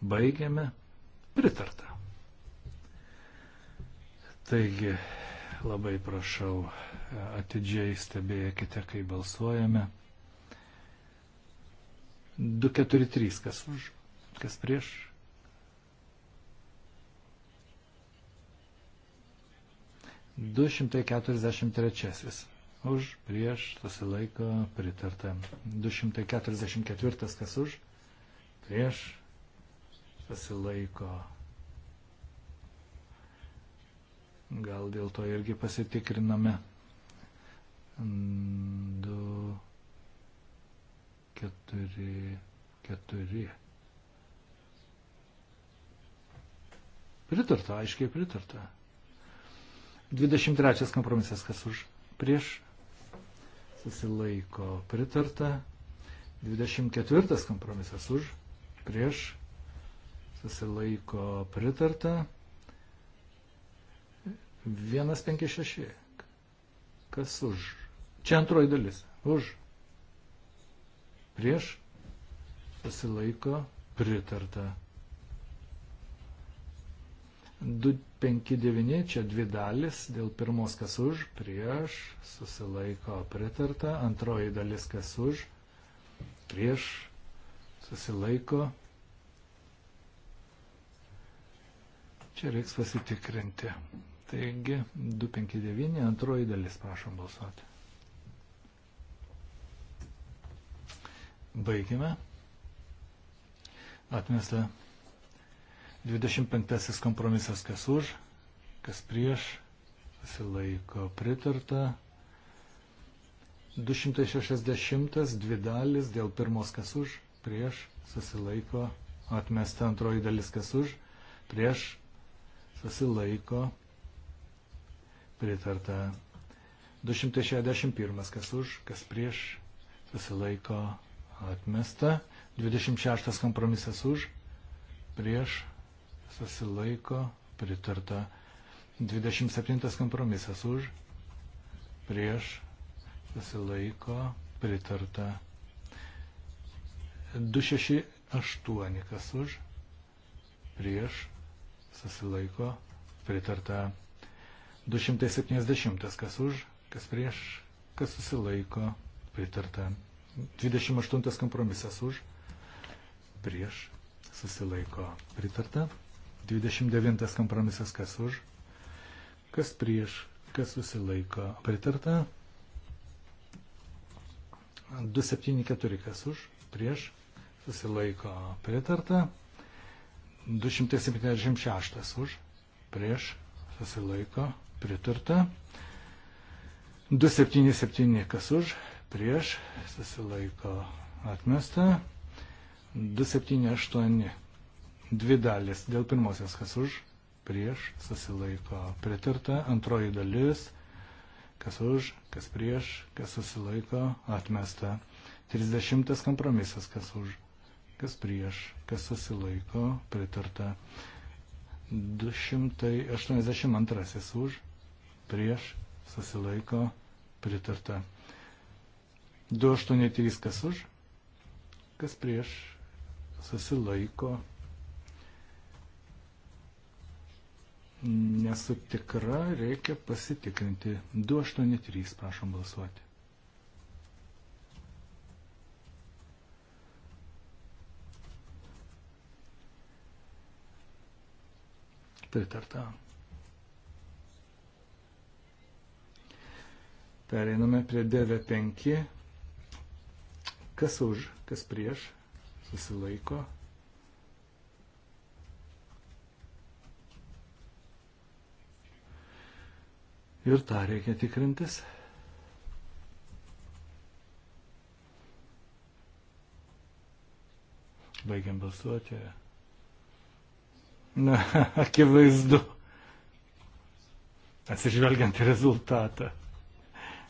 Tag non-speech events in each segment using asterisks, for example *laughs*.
Baigiame. Pritarta. Taigi, labai prašau, e, atidžiai stebėkite, kai balsuojame. 243, kas už, kas prieš. Du šimtai keturiasdešimt trečiasis. Už, prieš, susilaiko, pritarta. Du šimtai keturiasdešimt ketvirtas, kas už, prieš, susilaiko. Gal dėl to irgi pasitikriname. 2, 4, 4. Pritarta, aiškiai pritarta. 23 kompromisas, kas už prieš susilaiko pritarta. 24 kompromisas už prieš susilaiko pritarta. 156. Kas už? Čia antroji dalis. Už. Prieš susilaiko pritarta. 259, čia dvi dalis, dėl pirmos kas už, prieš, susilaiko pritarta, antroji dalis kas už, prieš, susilaiko pritarta Čia reiks pasitikrinti. Taigi, 259, antroji dalis, prašom balsuoti. Baigime. Atmesta 25 kompromisas, kas už, kas prieš, pasilaiko pritarta. 260, dvi dalis, dėl pirmos kas už, prieš, susilaiko, atmesta antroji dalis kas už, prieš, susilaiko pritarta. 261 kas už, kas prieš, susilaiko atmesta. 26 kompromisas už, prieš, susilaiko pritarta. 27 kompromisas už, prieš, susilaiko pritarta. 268 kas už, prieš, susilaiko pritarta 270, kas už, kas prieš, kas susilaiko pritarta 28 kompromisas už, prieš susilaiko pritarta 29 kompromisas kas už, kas prieš, kas susilaiko pritarta 274 kas už, prieš susilaiko pritarta 276 už, prieš, susilaiko, pritarta. 277 kas už, prieš, susilaiko, atmesta. 278 dvi dalis, dėl pirmosios kas už, prieš, susilaiko, pritarta. Antroji dalis, kas už, kas prieš, kas susilaiko, atmesta. 30 kompromisas kas už, kas prieš, kas susilaiko, pritarta. 282 už, prieš, susilaiko, pritarta. 283 kas už, kas prieš, susilaiko. Nesu tikra, reikia pasitikrinti. 283, prašom balsuoti. Pritarta. Pereiname prie DV5. Kas už, kas prieš, susilaiko. Ir tą reikia tikrintis. Baigiam balsuoti. Na, *laughs* akivaizdu, atsižvelgiant į rezultatą.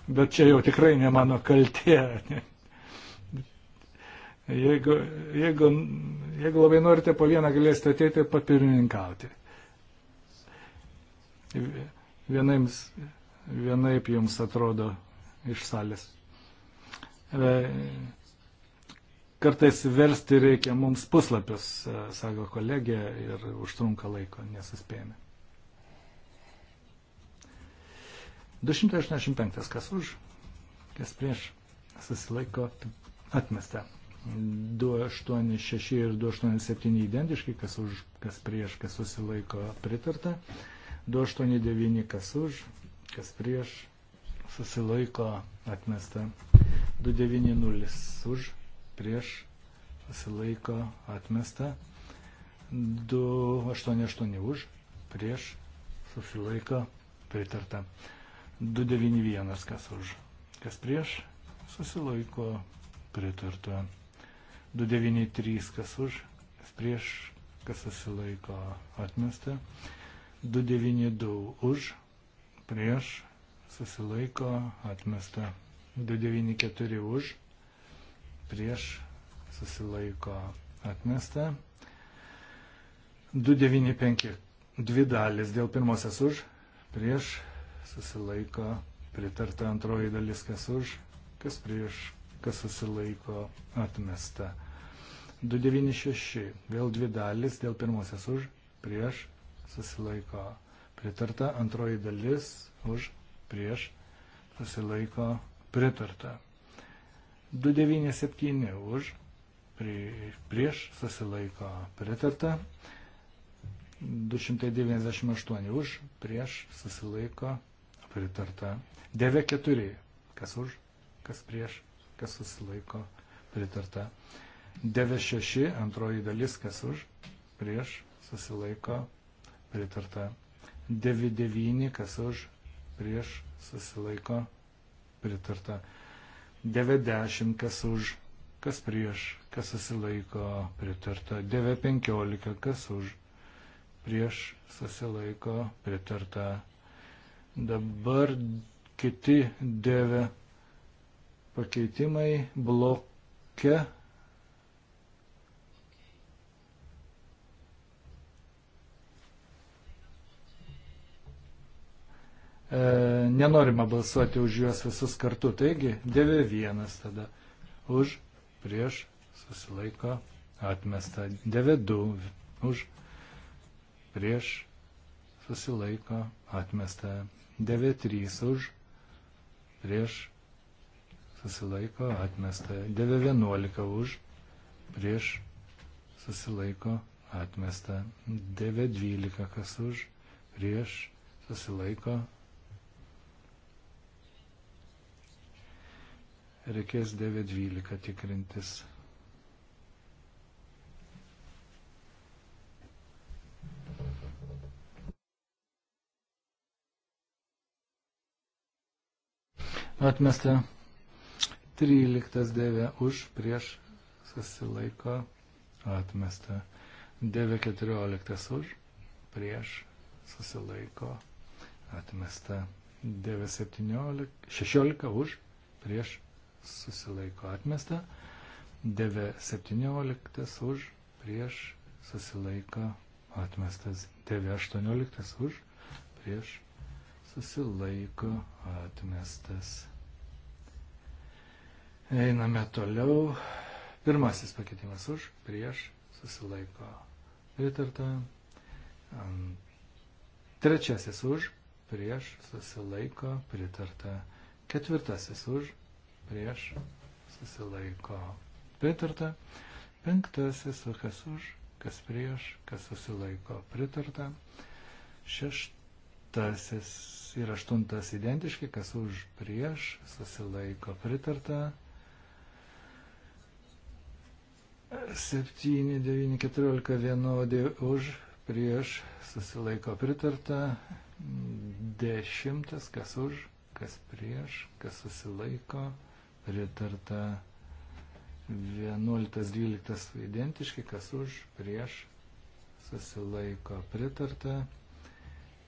Bet čia jau tikrai ne mano kaltė. *laughs* Jeigu, jeigu, jeigu labai norite po vieną galėsite ateiti papirininkauti. Vienaims, vienaip jums atrodo iš salės. E, Kartais versti reikia mums puslapius, e, sako kolegė, ir užtrunka laiko, nesuspėjame. 285. Kas už, kas prieš, susilaiko atmesta. 286 ir 287 identiški, kas už, kas prieš, kas susilaiko pritarta. 289 kas už, kas prieš, susilaiko atmesta. 290 už, prieš susilaiko atmesta. 288 už prieš susilaiko pritarta. 291 kas už. Kas prieš susilaiko pritarta. 293 kas už. Kas prieš kas susilaiko atmesta. 292 už prieš susilaiko atmesta. 294 už prieš susilaiko atmesta. 295 dvi dalis dėl pirmosios už, prieš susilaiko pritarta antroji dalis kas už, kas prieš, kas susilaiko atmesta. 296 vėl dvi dalis dėl pirmosios už, prieš susilaiko pritarta antroji dalis už, prieš susilaiko pritarta. 297 už, prie, prieš susilaiko pritarta, 298 už, prieš susilaiko pritarta, 94 kas už, kas prieš, kas susilaiko pritarta, 96 antroji dalis kas už, prieš susilaiko pritarta, 99 kas už, prieš susilaiko pritarta. 90, kas už, kas prieš, kas susilaiko, pritarta. 915, kas už, prieš, susilaiko, pritarta. Dabar kiti 9 pakeitimai bloke E, nenorima balsuoti už juos visus kartu. Taigi 9-1 tada už, prieš, susilaiko, atmesta. 9-2 už, prieš, susilaiko, atmesta. 9-3 už, prieš, susilaiko, atmesta. 9-11 už, prieš, susilaiko, atmesta. 9-12 kas už, prieš, susilaiko, atmesta reikės 9.12 tikrintis. Atmesta 13 dėvė už prieš susilaiko atmesta. Dėvė 14 už prieš susilaiko atmesta. Dėvė 16 už prieš susilaiko atmesta, DV17 už, prieš susilaiko atmestas, DV18 už, prieš susilaiko atmestas. Einame toliau. Pirmasis pakeitimas už, prieš susilaiko pritarta. Trečiasis už, prieš susilaiko pritarta. Ketvirtasis už, prieš susilaiko pritarta. Penktasis, kas už, kas prieš, kas susilaiko pritarta. Šeštasis ir aštuntas identiški, kas už, prieš susilaiko pritarta. 7, 9, 14 vienodi už, prieš susilaiko pritarta. Dešimtas, kas už, kas prieš, kas susilaiko pritarta pritarta 11.12 identiški, kas už, prieš, susilaiko pritarta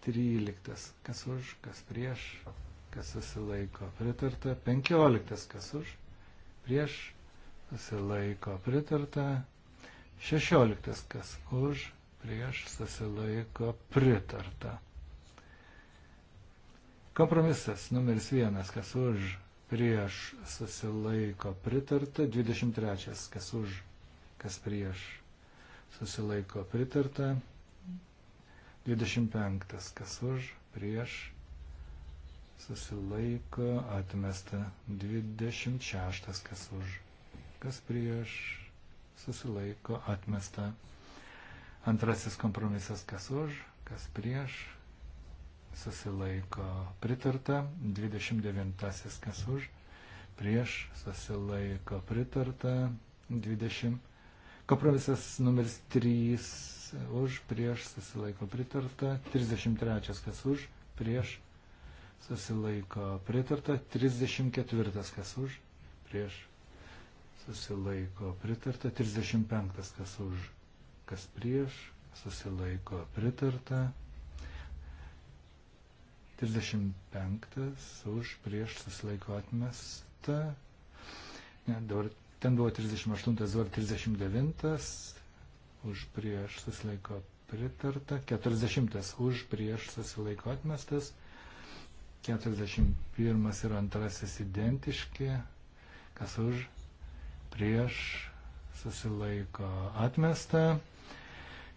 13. Kas už, kas prieš, kas susilaiko pritarta 15. Kas už, prieš, susilaiko pritarta 16. Kas už, prieš, susilaiko pritarta. Kompromisas numeris vienas, kas už, prieš susilaiko pritarta, 23 kas už, kas prieš susilaiko pritarta, 25 kas už, prieš susilaiko atmesta, 26 kas už, kas prieš susilaiko atmesta, antrasis kompromisas kas už, kas prieš susilaiko pritarta, 29 kas už, prieš susilaiko pritarta, 20. Kompromisas numeris 3 už, prieš susilaiko pritarta, 33 kas už, prieš susilaiko pritarta, 34 kas už, prieš susilaiko pritarta, 35 kas už, kas prieš susilaiko pritarta. 35 už prieš susilaiko atmesta. Ne, dabar ten buvo 38, dabar 39 už prieš susilaiko pritarta, 40 už prieš susilaiko atmestas, 41 ir 2 identiški, kas už prieš susilaiko atmestą.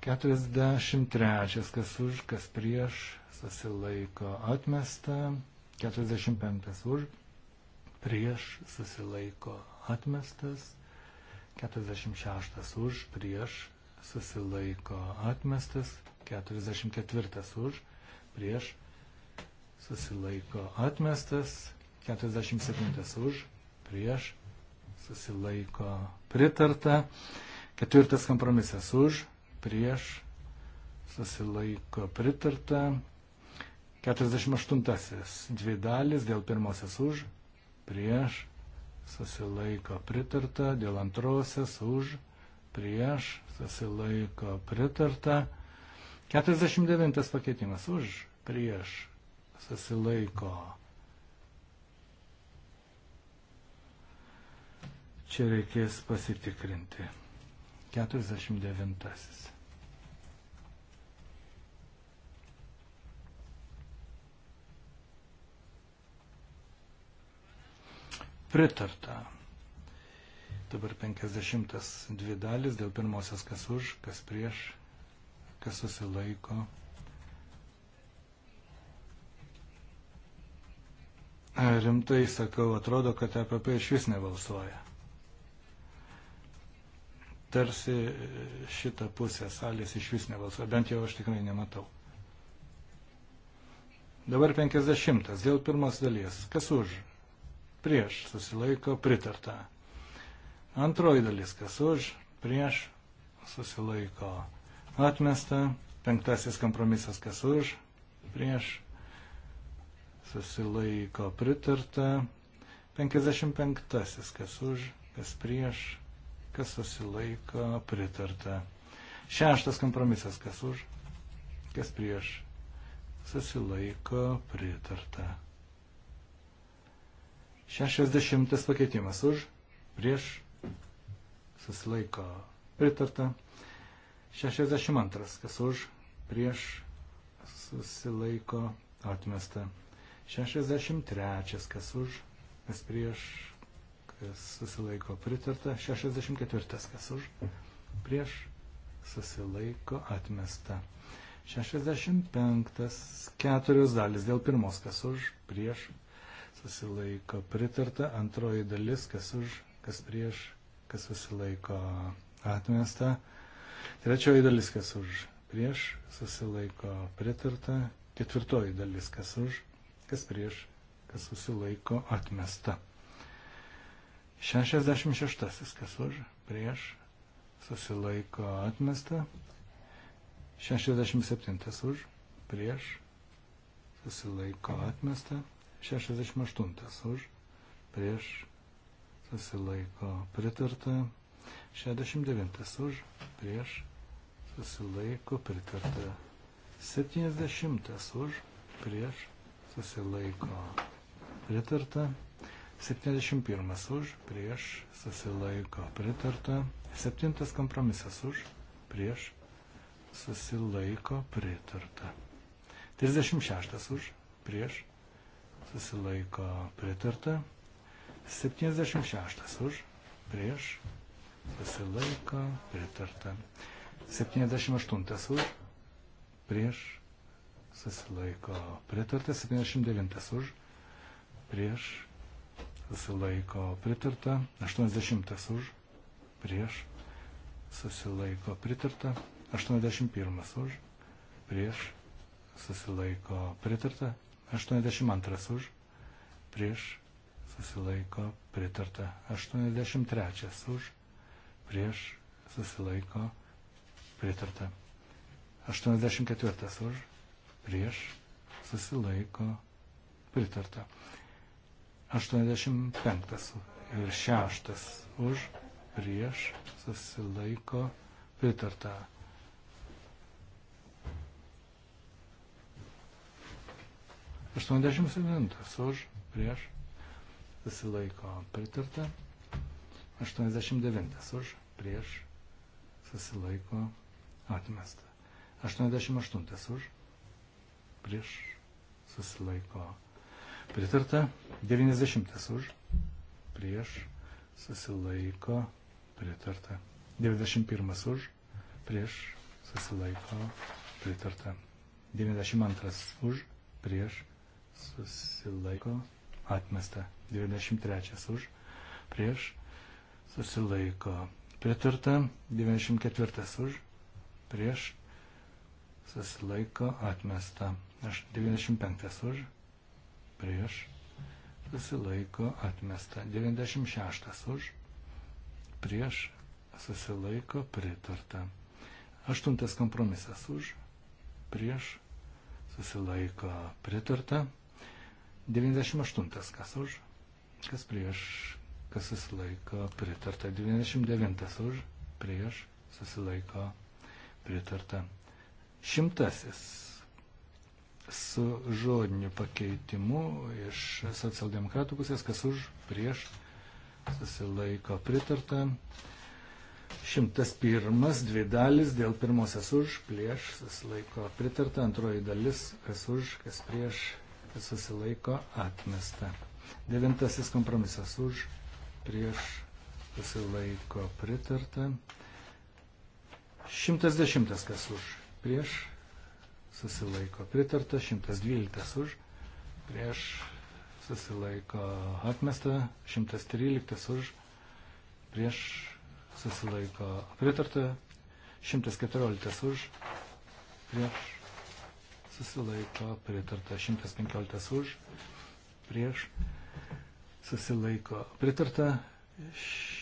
43, kas už, kas prieš, susilaiko atmesta. 45 už, prieš, susilaiko atmestas. 46 už, prieš, susilaiko atmestas. 44 už, prieš, susilaiko atmestas. 47 už, prieš, susilaiko pritarta. Ketvirtas kompromisas už, prieš, susilaiko pritarta. 48. Dvi dalis dėl pirmosios už, prieš, susilaiko pritarta, dėl antrosios už, prieš, susilaiko pritarta. 49 pakeitimas už, prieš, susilaiko. Čia reikės pasitikrinti. 49. pritarta. Dabar 52 dalis dėl pirmosios kas už, kas prieš, kas susilaiko. Rimtai sakau, atrodo, kad EPP iš vis nebalsuoja. Tarsi šitą pusę salės iš vis nebalsuoja, bent jau aš tikrai nematau. Dabar 50. Dėl pirmos dalies. Kas už? prieš susilaiko pritarta. Antroji dalis, kas už, prieš susilaiko atmesta. Penktasis kompromisas, kas už, prieš susilaiko pritarta. 55. kas už, kas prieš, kas susilaiko pritarta. Šeštas kompromisas, kas už, kas prieš, susilaiko pritarta. 60 pakeitimas už, prieš, susilaiko pritarta. 62 kas už, prieš, susilaiko atmesta. 63 kas už, kas prieš, kas susilaiko pritarta. 64 kas už, prieš, susilaiko atmesta. 65 keturios dalis dėl pirmos kas už, prieš, susilaiko pritarta, antroji dalis, kas už, kas prieš, kas susilaiko atmesta, trečioji dalis, kas už, prieš, susilaiko pritarta, ketvirtoji dalis, kas už, kas prieš, kas susilaiko atmesta. 66, kas už, prieš, susilaiko atmesta, 67 už, prieš, susilaiko atmesta, 68 už, prieš susilaiko pritarta, 69 už, prieš susilaiko pritarta, 70 už, prieš susilaiko pritarta, 71 už, prieš susilaiko pritarta, 7 kompromisas už, prieš susilaiko pritarta, 36 už, prieš susilaiko pritarta. 76 už, prieš, susilaiko pritarta. 78 už, prieš, susilaiko pritarta. 79 už, prieš, susilaiko pritarta. 80 už, prieš, susilaiko pritarta. 81 už, prieš, susilaiko pritarta. 82 už, prieš susilaiko pritarta. 83 už, prieš susilaiko pritarta. 84 už, prieš susilaiko pritarta. 85 ir 6 už, prieš susilaiko pritarta. 87 už, prieš, susilaiko pritarta. 89 už, prieš, susilaiko atmesta. 88 už, prieš, susilaiko pritarta. 90 už, prieš, susilaiko pritarta. 91 už, prieš, susilaiko pritarta. 92 už, prieš, susilaiko, atmesta. 93 už, prieš, susilaiko, pritarta. 94 už, prieš, susilaiko, atmesta. 95 už, prieš, susilaiko, atmesta. 96 už, prieš, susilaiko, pritarta. Aštuntas kompromisas už, prieš, susilaiko pritarta. 98. Kas už, kas prieš, kas susilaiko pritarta. 99. Už, prieš, susilaiko pritarta. Šimtasis su žodiniu pakeitimu iš socialdemokratų pusės, kas už, prieš, susilaiko pritarta. 101 dvi dalis, dėl pirmosios už, prieš, susilaiko pritarta, antroji dalis, kas už, kas prieš, susilaiko atmesta. Devintasis kompromisas už, prieš susilaiko pritarta. Šimtas dešimtas kas už, prieš susilaiko pritarta. Šimtas dvyliktas už, prieš susilaiko atmesta. Šimtas tryliktas už, prieš susilaiko pritarta. Šimtas keturioliktas už, prieš susilaiko, pritarta 115 už, prieš, susilaiko, pritarta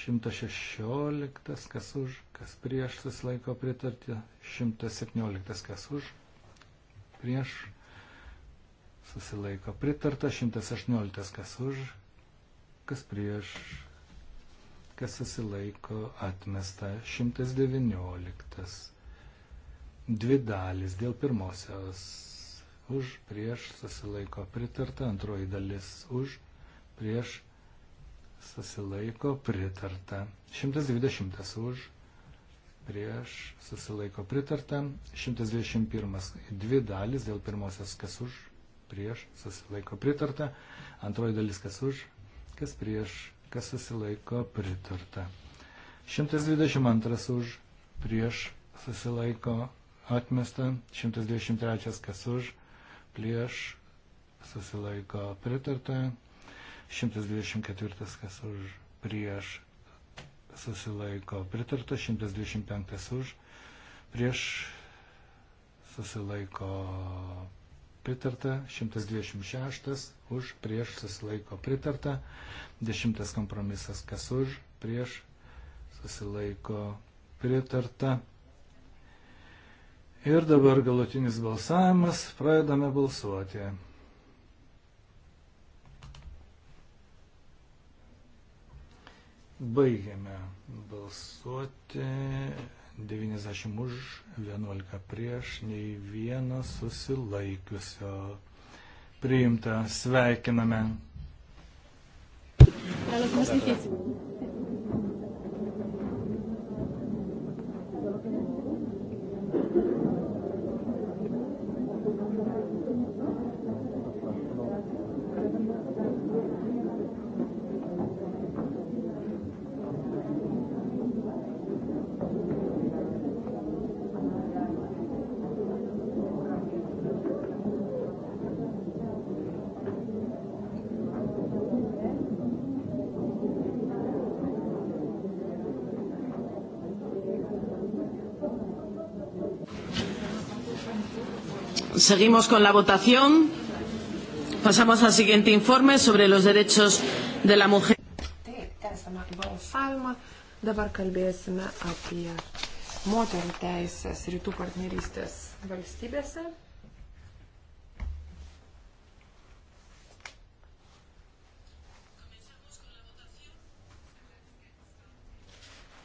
116, kas už, kas prieš, susilaiko, pritarta 117, kas už, prieš, susilaiko, pritarta 118, kas už, kas prieš, kas susilaiko, atmesta 119 dvi dalis dėl pirmosios. Už, prieš, susilaiko pritarta. Antroji dalis už, prieš, susilaiko pritarta. 120 už, prieš, susilaiko pritarta. 121 dvi dalis dėl pirmosios, kas už, prieš, susilaiko pritarta. Antroji dalis, kas už, kas prieš, kas susilaiko pritarta. 122 už, prieš, susilaiko pritarta atmesta, 123 kas už, prieš susilaiko pritarta, 124 kas už, prieš susilaiko pritarta, 125 už, prieš susilaiko pritarta, 126 už, prieš susilaiko pritarta, 10 kompromisas kas už, prieš susilaiko pritarta. Ir dabar galutinis balsavimas, pradedame balsuoti. Baigiame balsuoti 90 už, 11 prieš, nei vienas susilaikiusio. Priimta, sveikiname. Dar, dar, dar. Seguimos con la votación. Pasamos al siguiente informe sobre los derechos de la mujer. Taip, tęsame balsavimą. Dabar kalbėsime apie moterų teisės rytų partnerystės valstybėse.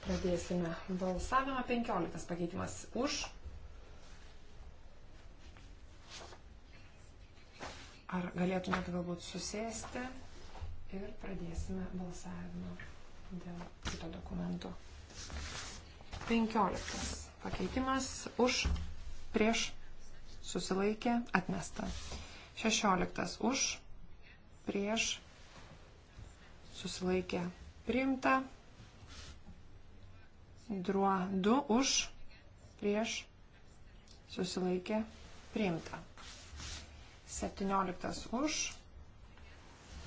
Pradėsime balsavimą. 15 pakeitimas už, Ar galėtumėte galbūt susėsti ir pradėsime balsavimą dėl kito dokumento. 15. Pakeitimas už, prieš, susilaikė, atmesta. 16. Už, prieš, susilaikė, priimta. Druo 2 už, prieš, susilaikė, priimta. 17 už,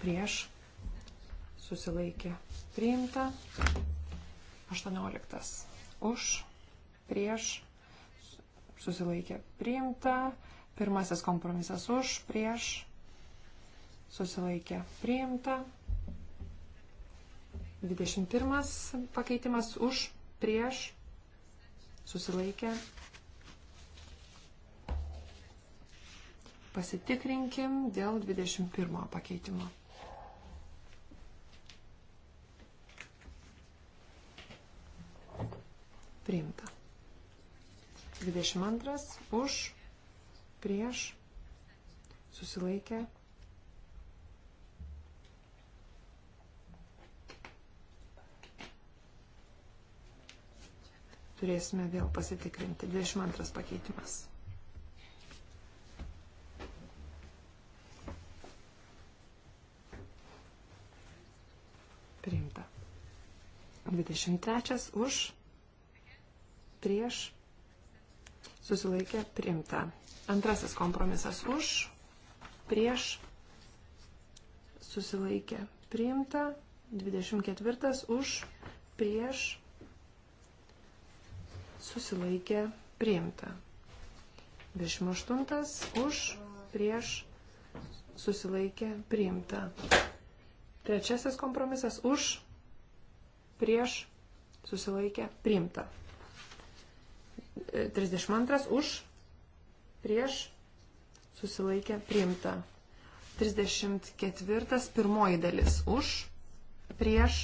prieš, susilaikė, priimta. 18 už, prieš, susilaikė, priimta. Pirmasis kompromisas už, prieš, susilaikė, priimta. 21 pakeitimas už, prieš, susilaikė, priimta Pasitikrinkim dėl 21 pakeitimo. Priimta. 22 už, prieš, susilaikę. Turėsime vėl pasitikrinti. 22 pakeitimas. priimta. 23 už, prieš, susilaikė, priimta. Antrasis kompromisas už, prieš, susilaikė, priimta. 24 už, prieš, susilaikė, priimta. 28 už, prieš, susilaikė, priimta. Trečiasis kompromisas už, prieš, susilaikė, priimta. 32 už, prieš, susilaikė, priimta. 34 pirmoji dalis už, prieš,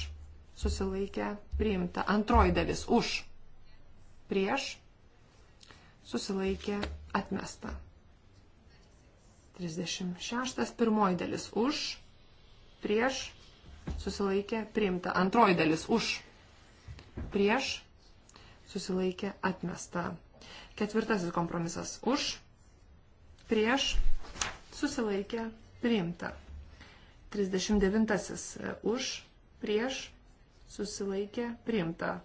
susilaikė, priimta. Antroji dalis už, prieš, susilaikė, atmesta. 36 pirmoji dalis už, prieš prieš, susilaikė, priimta. Antroji dalis už, prieš, susilaikė, atmesta. Ketvirtasis kompromisas už, prieš, susilaikė, priimta. 39 už, prieš, susilaikė, priimta.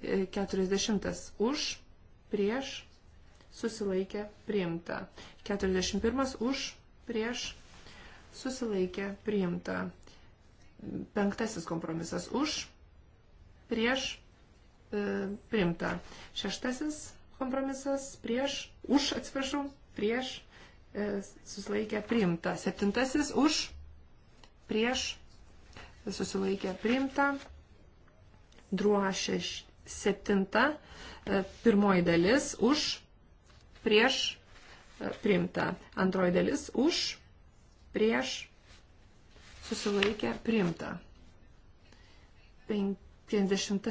40 už, prieš, susilaikė, priimta. 41 už, prieš, susilaikė priimta. Penktasis kompromisas už, prieš, e, priimta. Šeštasis kompromisas prieš, už, atsiprašau, prieš, e, susilaikė priimta. Septintasis už, prieš, susilaikė priimta. Druo šeš, septinta, e, pirmoji dalis už, prieš, e, priimta. Antroji dalis už, prieš, susilaikė, primta. 50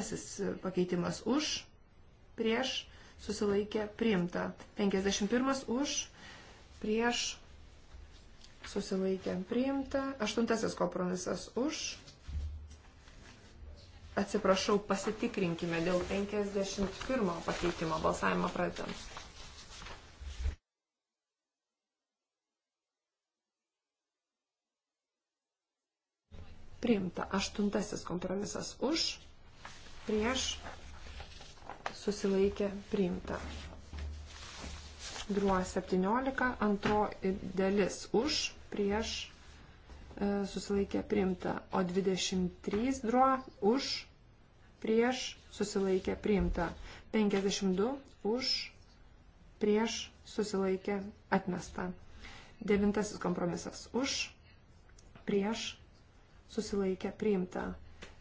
pakeitimas už, prieš, susilaikė, primta. 51 už, prieš, susilaikė, primta. 8 kompromisas už. Atsiprašau, pasitikrinkime dėl 51 pakeitimo balsavimo pradedant. priimta. Aštuntasis kompromisas už, prieš, susilaikė, priimta. Gruo 17, antro dalis už, prieš, e, susilaikė, priimta. O 23 gruo už, prieš, susilaikė, priimta. 52 už, prieš, susilaikė, atmesta. Devintasis kompromisas už, prieš, susilaikė priimta.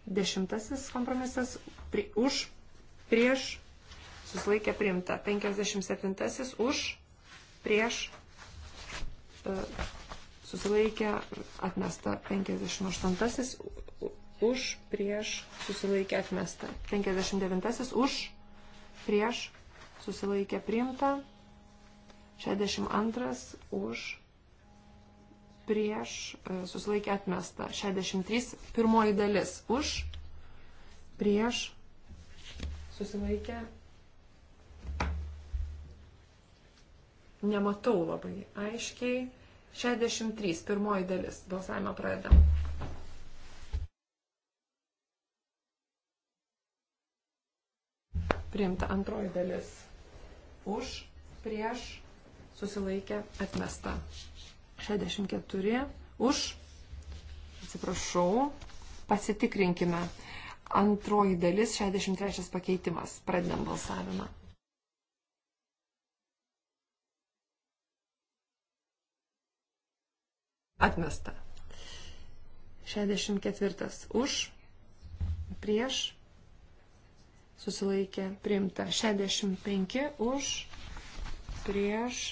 Dešimtasis kompromisas pri, už, prieš, susilaikė priimta. 57 e, už, prieš, susilaikė atmesta. 58 už, prieš, susilaikė atmesta. 59 už, prieš, susilaikė priimta. 62 už, prieš e, susilaikė atmesta. 63 pirmoji dalis už prieš susilaikė. Nematau labai aiškiai. 63 pirmoji dalis. Balsavimą pradedam. Priimta antroji dalis. Už, prieš, susilaikė, atmesta. 64 už. Atsiprašau. Pasitikrinkime. Antroji dalis 63 pakeitimas. Pradedam balsavimą. Atmesta. 64 už. Prieš. Susilaikė. Priimta. 65 už. Prieš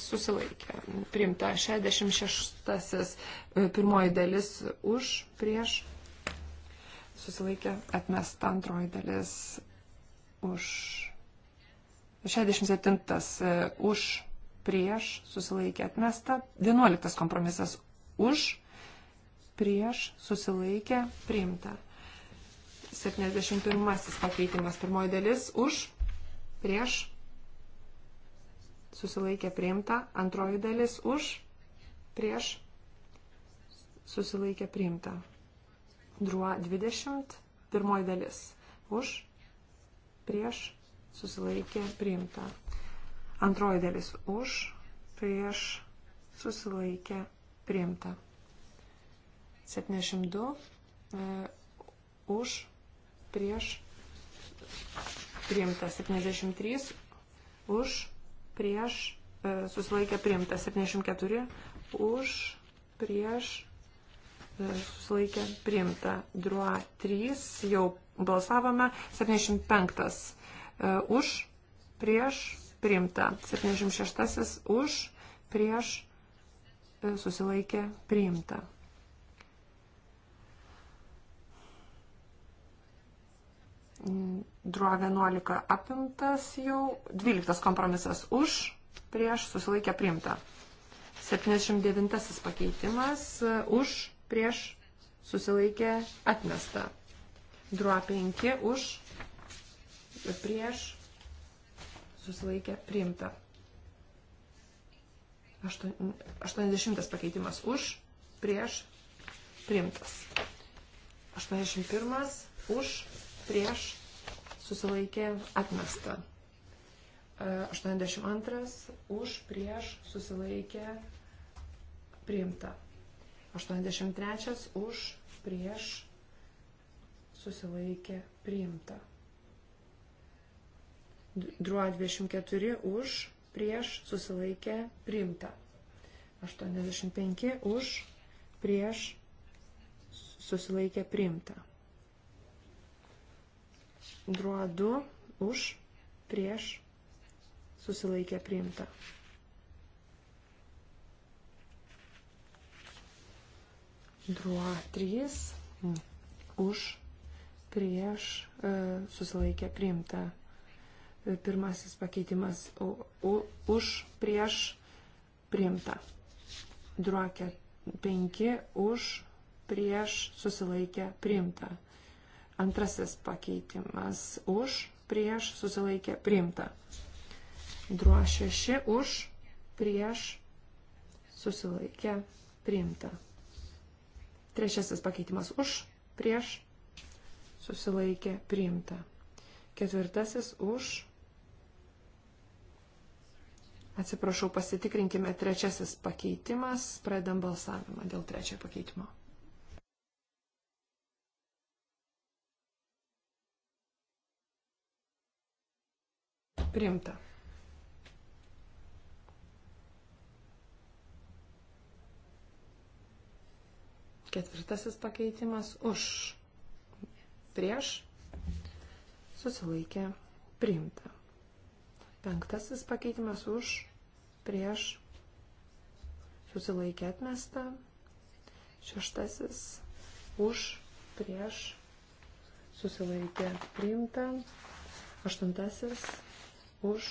susilaikė. Primta 66. E, pirmoji dalis už, prieš, susilaikė, atmesta antroji dalis už. 67. E, už, prieš, susilaikė, atmesta. 11. kompromisas už, prieš, susilaikė, priimta. 71. pakeitimas, pirmoji dalis už, prieš, susilaikė priimta, antroji dalis už, prieš, susilaikė priimta. Druo 20, pirmoji dalis už, prieš, susilaikė priimta. Antroji dalis už, prieš, susilaikė priimta. 72 e, už, prieš, priimta. 73 už, prieš prieš e, susilaikė priimta 74, už prieš e, susilaikė priimta druo 3, jau balsavome 75, e, už prieš priimta 76, už prieš susilaikė priimta. Druo 11 apimtas jau. 12 kompromisas už, prieš susilaikė priimta. 79 pakeitimas už, prieš susilaikė atmesta. Druo 5 už, prieš susilaikė priimta. 80 pakeitimas už, prieš priimtas. 81 už, prieš susilaikė atmesta. 82 e, už prieš susilaikė priimta. 83 už prieš susilaikė priimta. Druo 24 už prieš susilaikė priimta. 85 už prieš susilaikė priimta. Druo 2 už, prieš, susilaikė priimta. Druo 3 už, prieš, e, susilaikė priimta. E, pirmasis pakeitimas u, u, už, prieš, priimta. Druo 5 už, prieš, susilaikė priimta. Antrasis pakeitimas už, prieš, susilaikė, priimta. Druo 6 už, prieš, susilaikė, priimta. Trečiasis pakeitimas už, prieš, susilaikė, priimta. Ketvirtasis už, Atsiprašau, pasitikrinkime trečiasis pakeitimas, pradedam balsavimą dėl trečiojo pakeitimo. Priimta. Ketvirtasis pakeitimas už prieš susilaikė priimta. Penktasis pakeitimas už prieš susilaikė atmesta. Šeštasis už prieš susilaikė priimta. Aštuntasis už,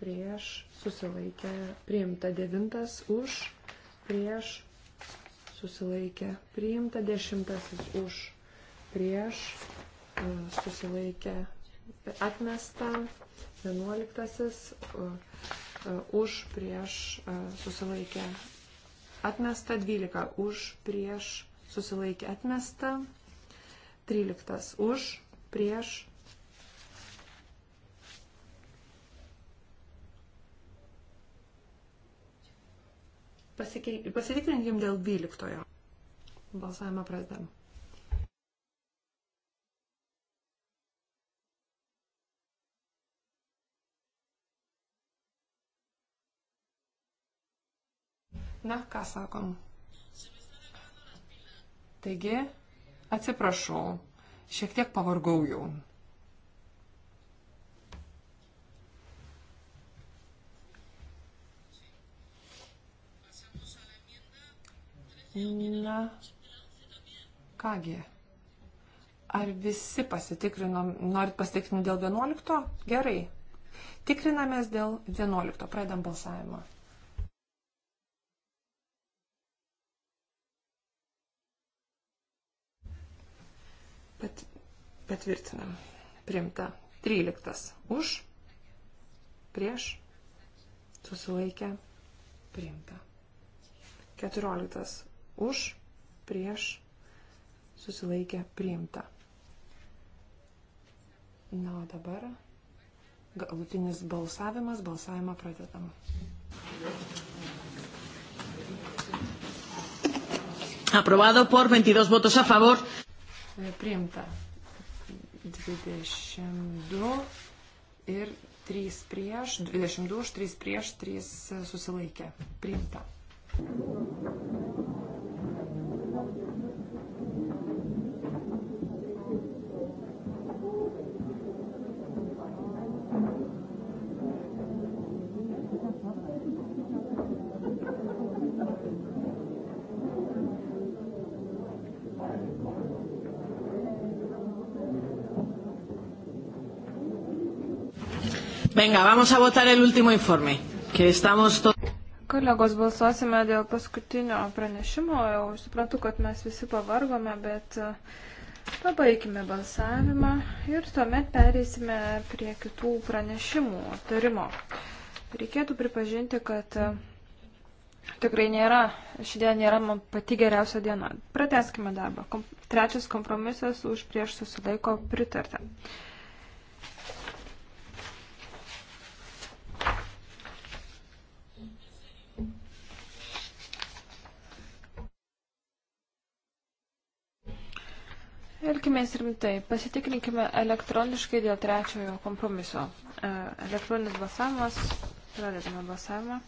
prieš, susilaikė, priimta devintas, už, prieš, susilaikė, priimta dešimtasis, už, prieš, e, susilaikė, atmesta, vienuoliktasis, e, e, už, prieš, susilaikė, atmesta, dvylika, už, prieš, susilaikė, atmesta, tryliktas, už, prieš, pasikei... pasitikrinkim dėl 12. Balsavimą pradedam. Na, ką sakom? Taigi, atsiprašau, šiek tiek pavargau jau. Na, kągi. Ar visi pasitikrinom, norit pasitikrinti dėl 11? Gerai. Tikrinamės dėl 11. Pradedam balsavimą. Pat, patvirtinam. Primta. 13. Už. Prieš. Susilaikę. Primta. 14 už, prieš, susilaikė, priimta. Na, o dabar galutinis balsavimas, balsavimą pradedam. Aprobado por 22 votos a favor. E, priimta. 22 ir 3 prieš, 22 už 3 prieš, 3 susilaikė. Priimta. Venga, vamos a votar el último informe, que estamos to... Kolegos, balsuosime dėl paskutinio pranešimo. Jau suprantu, kad mes visi pavargome, bet e, pabaigime balsavimą ir tuomet pereisime prie kitų pranešimų aptarimo. Reikėtų pripažinti, kad e, tikrai nėra, ši diena nėra man pati geriausia diena. Prateskime darbą. Kom, trečias kompromisas už prieš susilaiko pritartą. Elkimės rimtai, pasitikrinkime elektroniškai dėl trečiojo kompromiso. E, elektroninis balsavimas, pradedame balsavimą.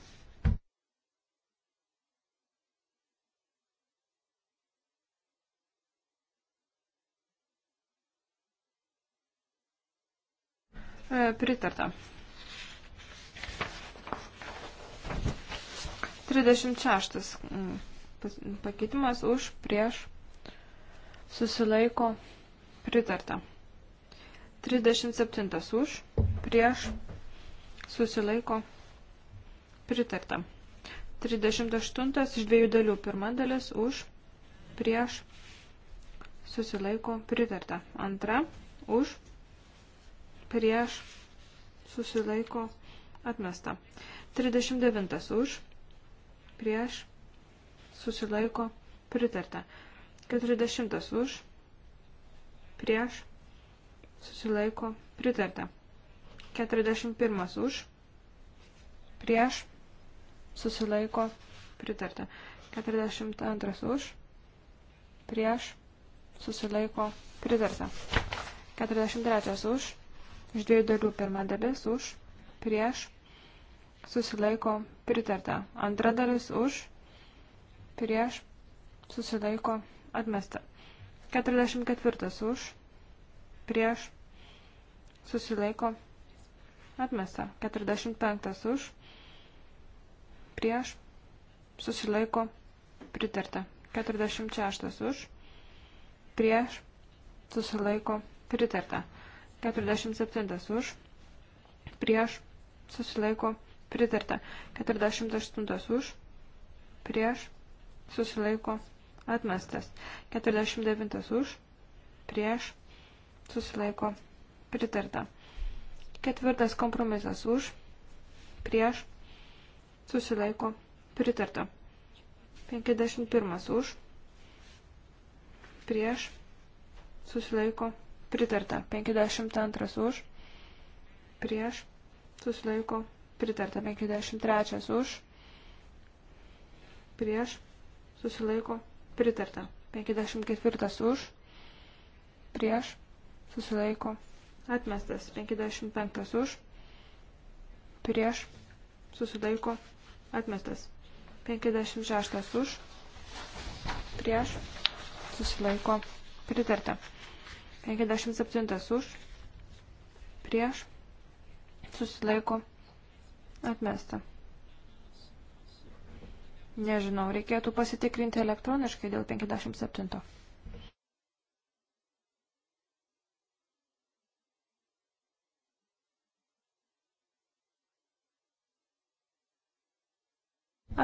E, pritarta. 36 mm, pakeitimas už prieš susilaiko pritarta. 37 už, prieš, susilaiko pritarta. 38 iš dviejų dalių. Pirma dalis už, prieš, susilaiko pritarta. Antra, už, prieš, susilaiko atmesta. 39 už, prieš, susilaiko pritarta. 40 už, prieš, susilaiko, pritarta. 41 už, prieš, susilaiko, pritarta. 42 už, prieš, susilaiko, pritarta. 43 už, iš dviejų dalių pirma dalis už, prieš, susilaiko, pritarta. Antra dalis už, prieš, susilaiko, pritarta Atmesta. 44 už. Prieš. Susilaiko. Atmesta. 45 už. Prieš. Susilaiko. Pritarta. 46 už. Prieš. Susilaiko. Pritarta. 47 už. Prieš. Susilaiko. Pritarta. 48 už. Prieš. Susilaiko. Pritarta Atmestas. 49 už. Prieš. Susilaiko. Pritarta. Ketvirtas kompromisas už. Prieš. Susilaiko. Pritarta. 51 už. Prieš. Susilaiko. Pritarta. 52 už. Prieš. Susilaiko. Pritarta. 53 už. Prieš. Susilaiko pritarta. 54 už, prieš, susilaiko, atmestas. 55 už, prieš, susilaiko, atmestas. 56 už, prieš, susilaiko, pritarta. 57 už, prieš, susilaiko, atmesta. Nežinau, reikėtų pasitikrinti elektroniškai dėl 57.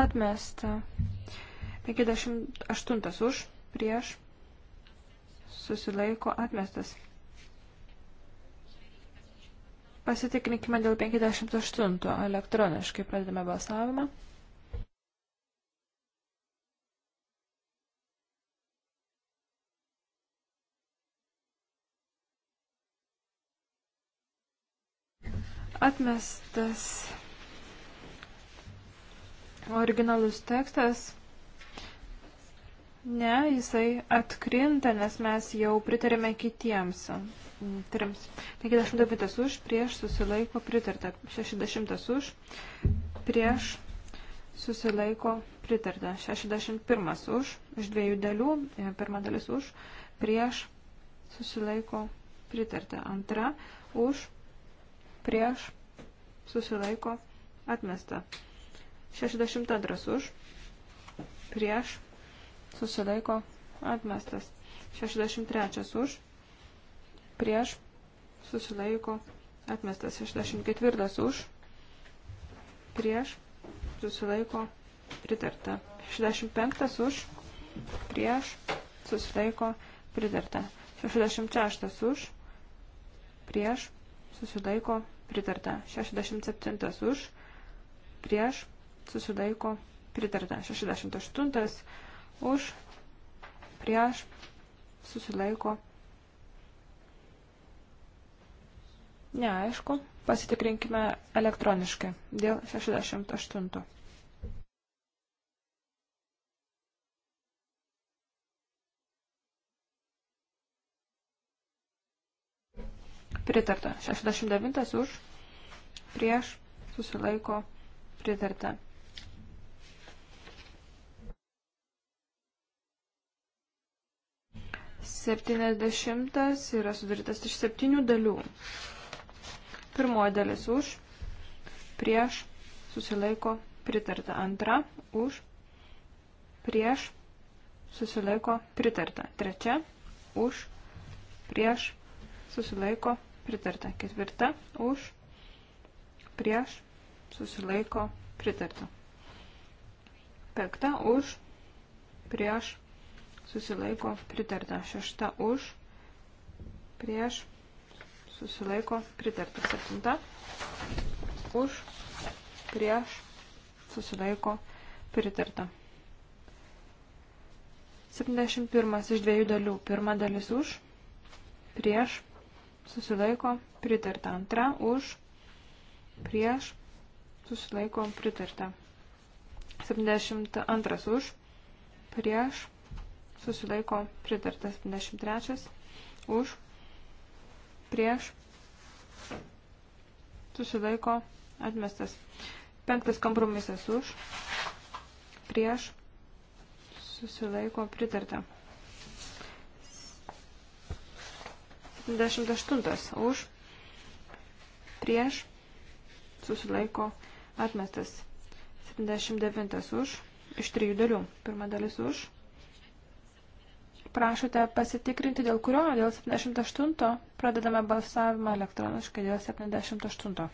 Atmesta. 58 už, prieš, susilaiko, atmestas. Pasitikrinkime dėl 58 elektroniškai, pradedame balsavimą. Atmestas originalus tekstas. Ne, jisai atkrinta, nes mes jau pritarėme kitiems trims. 59 už, prieš susilaiko pritarta. 60 už, prieš susilaiko pritarta. 61 už, iš dviejų dalių, pirma dalis už, prieš susilaiko pritarta. Antra už, prieš, susilaiko, atmesta. 62 už, prieš, susilaiko, atmestas. 63 už, prieš, susilaiko, atmestas. 64 už, prieš, susilaiko, pritarta. 65 už, prieš, susilaiko, pritarta. 66 už, prieš, susilaiko pritarta. 67 už, prieš, susilaiko pritarta. 68 už, prieš, susilaiko. Neaišku, pasitikrinkime elektroniškai dėl 68. pritarta. 69 už, prieš, susilaiko, pritarta. Septynesdešimtas yra sudarytas iš septynių dalių. Pirmoji dalis už, prieš, susilaiko, pritarta. Antra, už, prieš, susilaiko, pritarta. Trečia, už, prieš, susilaiko, pritarta pritarta. Ketvirta už, prieš, susilaiko, pritarta. Penkta už, prieš, susilaiko, pritarta. Šešta už, prieš, susilaiko, pritarta. Septinta už, prieš, susilaiko, pritarta. 71 iš dviejų dalių. Pirma dalis už, prieš, susilaiko pritarta. Antra už, prieš, susilaiko pritarta. 72 už, prieš, susilaiko pritarta. 73 už, prieš, susilaiko atmestas. Penktas kompromisas už, prieš, susilaiko pritarta. 78 už, prieš, susilaiko atmestas. 79 už, iš trijų dalių. Pirma dalis už. Prašote pasitikrinti, dėl kurio, dėl 78, pradedame balsavimą elektroniškai dėl 78.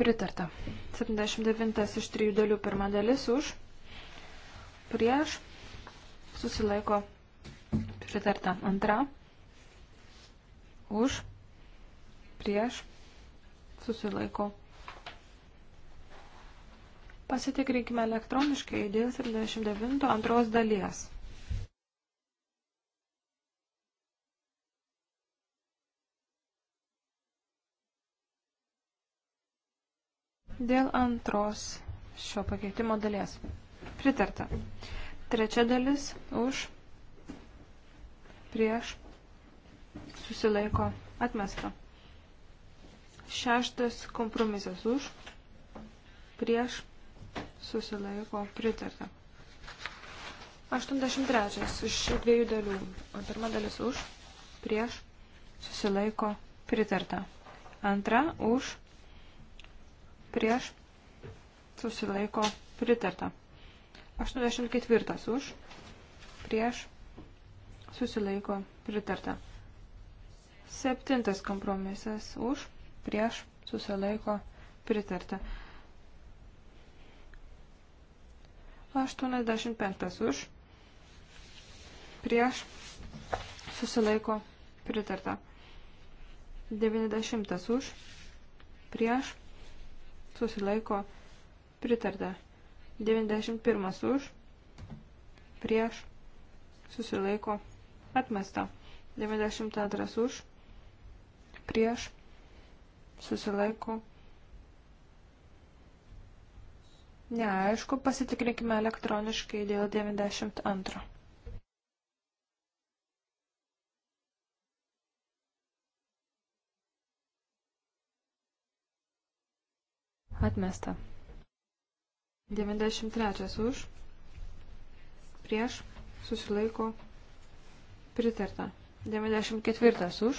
Pritarta. 79 iš trijų dalių pirma dalis už prieš, susilaiko pritarta. Antra, už, prieš, susilaiko. Pasitikrinkime elektroniškai dėl 79 antros dalies. Dėl antros šio pakeitimo dalies. Pritarta. Trečia dalis už, prieš, susilaiko, atmesta. Šeštas kompromisas už, prieš, susilaiko, pritarta. 83 iš dviejų dalių. O pirma dalis už, prieš, susilaiko, pritarta. Antra už, prieš, susilaiko, pritarta. 84 už, prieš, susilaiko, pritarta. Septintas kompromisas už, prieš, susilaiko, pritarta. 85 už, prieš, susilaiko, pritarta. 90 už, prieš, susilaiko, pritarta. 91 už, prieš, susilaiko, atmesta. 92 už, prieš, susilaiko. Neaišku, pasitikrinkime elektroniškai dėl 92. Atmesta. 93 už, prieš, susilaiko, pritarta. 94 už,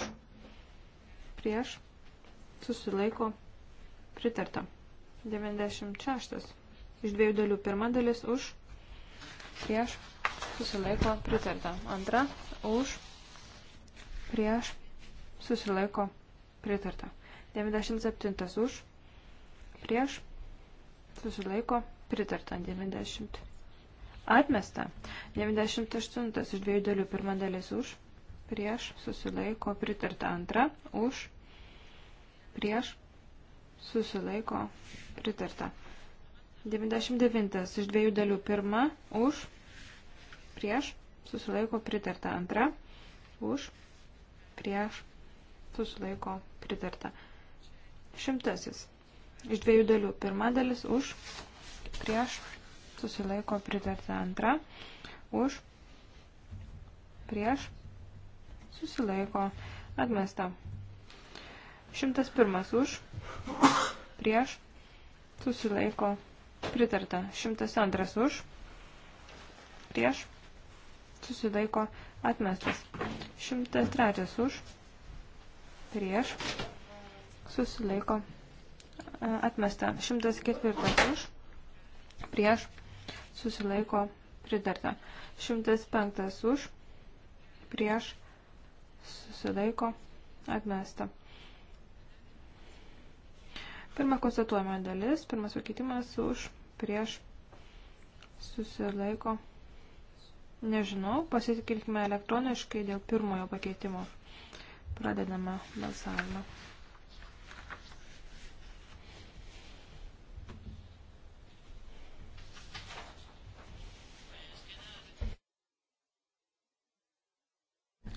prieš, susilaiko, pritarta. 96 iš dviejų dalių. Pirma dalis už, prieš, susilaiko, pritarta. Antra, už, prieš, susilaiko, pritarta. 97 už, prieš, susilaiko, pritarta. Pritarta 90. Atmesta. 98 iš dviejų dalių. Pirma dalis už. Prieš. Susilaiko. Pritarta antra. Už. Prieš. Susilaiko. Pritarta. 99 iš dviejų dalių. Pirma. Už. Prieš. Susilaiko. Pritarta antra. Už. Prieš. Susilaiko. Pritarta. Šimtasis. Iš dviejų dalių. Pirma dalis už. Prieš prieš, susilaiko pritarta antra, už, prieš, susilaiko atmesta. 101 už, prieš, susilaiko pritarta. 102 už, prieš, susilaiko atmestas. 103 už, prieš, susilaiko e, atmesta. 104 už prieš, susilaiko, pritarta. 105 už, prieš, susilaiko, atmesta. Pirma konstatuojama dalis, pirmas pakeitimas už, prieš, susilaiko, nežinau, pasitikilkime elektroniškai dėl pirmojo pakeitimo. Pradedame balsavimą.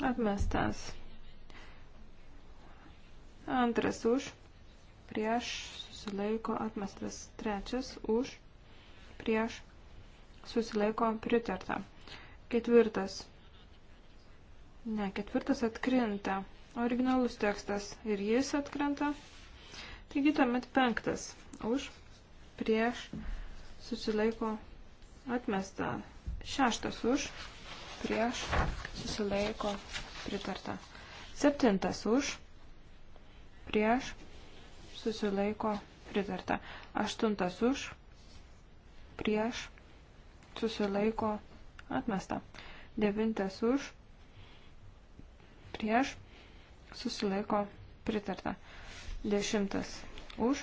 Atmestas. Antras už. Prieš. Susilaiko. Atmestas. Trečias už. Prieš. Susilaiko. Pritarta. Ketvirtas. Ne, ketvirtas atkrinta. Originalus tekstas. Ir jis atkrinta. Taigi tuomet penktas. Už. Prieš. Susilaiko. Atmesta. Šeštas už. Prieš prieš, susilaiko, pritarta. Septintas už, prieš, susilaiko, pritarta. Aštuntas už, prieš, susilaiko, atmesta. Devintas už, prieš, susilaiko, pritarta. Dešimtas už,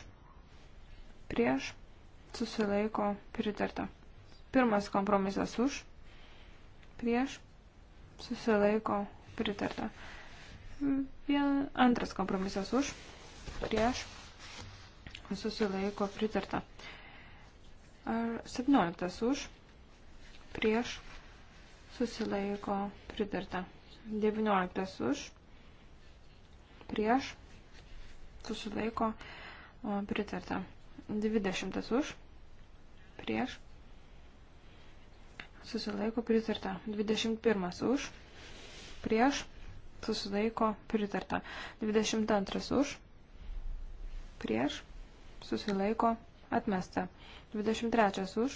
prieš, susilaiko, pritarta. Pirmas kompromisas už, prieš, susilaiko, pritarta. Vien antras kompromisas už, prieš, susilaiko, pritarta. Ar 17 už, prieš, susilaiko, pritarta. 19 už, prieš, susilaiko, pritarta. 20 už, prieš, susilaiko pritarta. 21 už, prieš, susilaiko pritarta. 22 už, prieš, susilaiko atmesta. 23 už,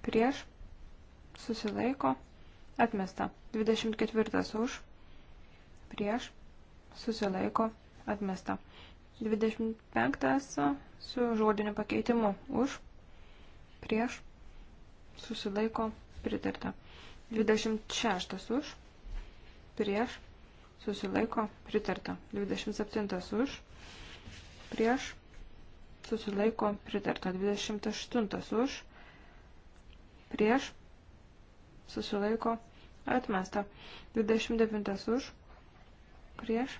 prieš, susilaiko atmesta. 24 už, prieš, susilaiko atmesta. 25 su žodiniu pakeitimu už, prieš, susilaiko pritarta. 26 už, prieš, susilaiko pritarta. 27 už, prieš, susilaiko pritarta. 28 už, prieš, susilaiko atmesta. 29 už, prieš,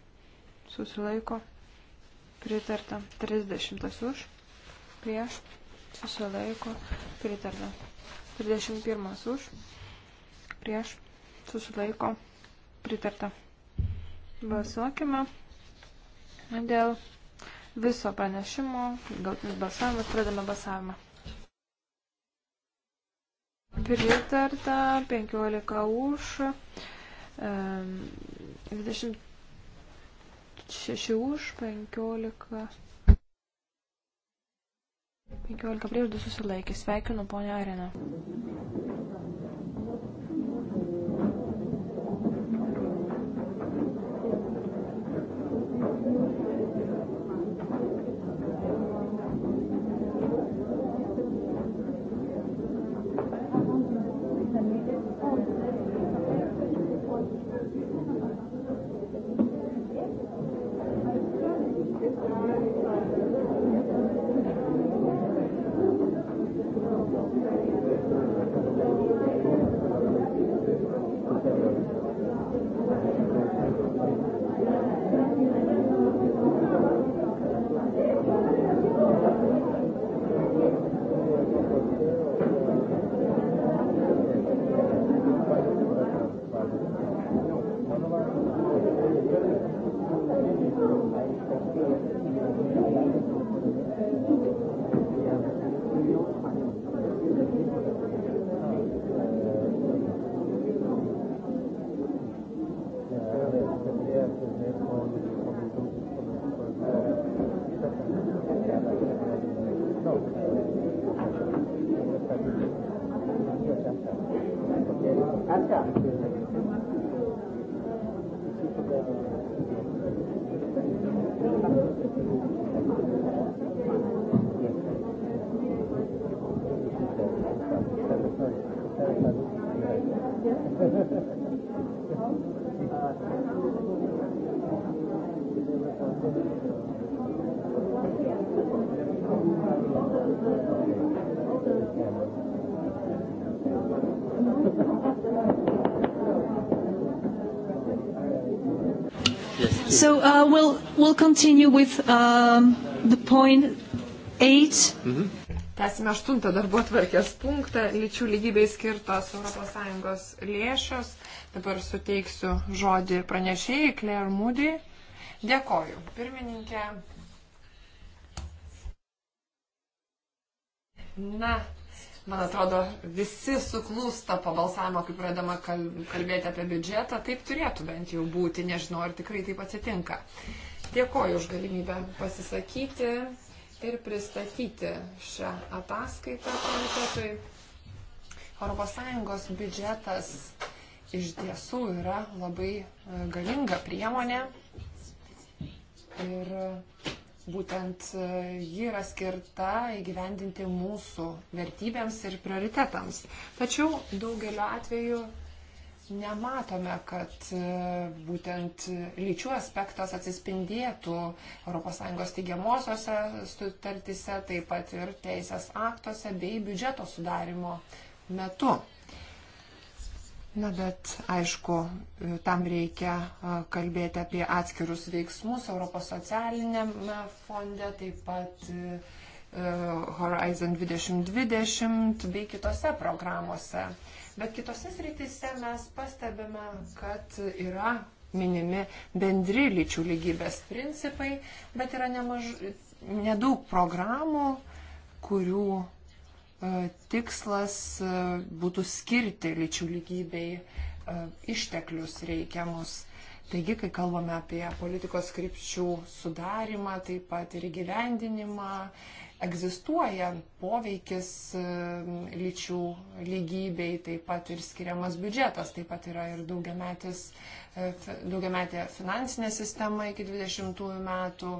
susilaiko pritarta. 30 už, prieš, susilaiko pritarta. 31 už, prieš, susilaiko, pritarta. Balsuokime dėl viso pranešimo, galtinis balsavimas, pradame balsavimą. Pritarta, 15 už, 26 už, 15 15 prieš 2 susilaikė. Sveikinu ponę Areną. So uh, we'll, we'll continue with um, the point eight. Mm-hmm Tęsime aštuntą darbo atvarkės punktą, lyčių lygybei skirtos ES lėšos. Dabar suteiksiu žodį pranešėjai Claire Moody. Dėkoju, pirmininkė. Na, man atrodo, visi suklūsta po balsavimo, kai pradama kalbėti apie biudžetą. Taip turėtų bent jau būti, nežinau, ar tikrai taip atsitinka. Dėkoju už galimybę pasisakyti ir pristatyti šią ataskaitą komitetui. ES biudžetas iš tiesų yra labai e, galinga priemonė ir būtent e, ji yra skirta įgyvendinti mūsų vertybėms ir prioritetams. Tačiau daugeliu atveju nematome, kad e, būtent lyčių aspektas atsispindėtų ES teigiamosiose sutartise, taip pat ir teisės aktuose bei biudžeto sudarimo metu. Na, bet aišku, tam reikia e, kalbėti apie atskirus veiksmus Europos socialinėme fonde, taip pat e, Horizon 2020 bei kitose programuose bet kitose sritise mes pastebime, kad yra minimi bendri lyčių lygybės principai, bet yra nemaž, nedaug programų, kurių e, tikslas e, būtų skirti lyčių lygybei e, išteklius reikiamus. Taigi, kai kalbame apie politikos skripčių sudarimą, taip pat ir įgyvendinimą, egzistuoja poveikis e, lyčių lygybei, taip pat ir skiriamas biudžetas, taip pat yra ir daugiametis, e, daugiametė finansinė sistema iki 20 metų.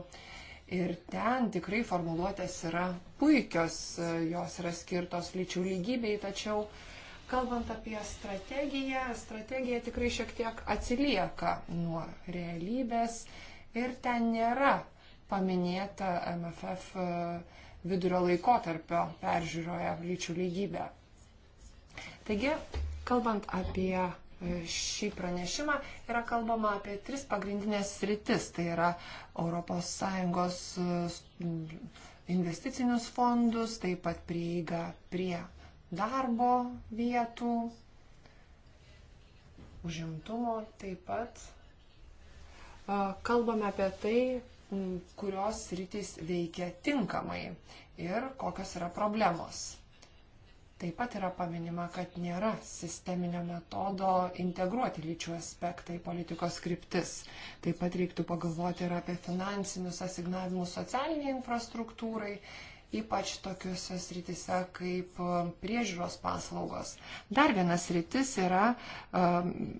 Ir ten tikrai formuluotės yra puikios, e, jos yra skirtos lyčių lygybei, tačiau kalbant apie strategiją, strategija tikrai šiek tiek atsilieka nuo realybės ir ten nėra paminėta MFF uh, vidurio laikotarpio peržiūroje lyčių lygybę. Taigi, kalbant apie e, šį pranešimą, yra kalbama apie tris pagrindinės sritis. Tai yra ES e, investicinius fondus, taip pat prieiga prie darbo vietų, užimtumo taip pat. E, kalbame apie tai, kurios rytis veikia tinkamai ir kokios yra problemos. Taip pat yra paminima, kad nėra sisteminio metodo integruoti lyčių aspektai politikos kryptis. Taip pat reiktų pagalvoti ir apie finansinius asignavimus socialiniai infrastruktūrai, ypač tokiuose sritise kaip um, priežiūros paslaugos. Dar vienas sritis yra um,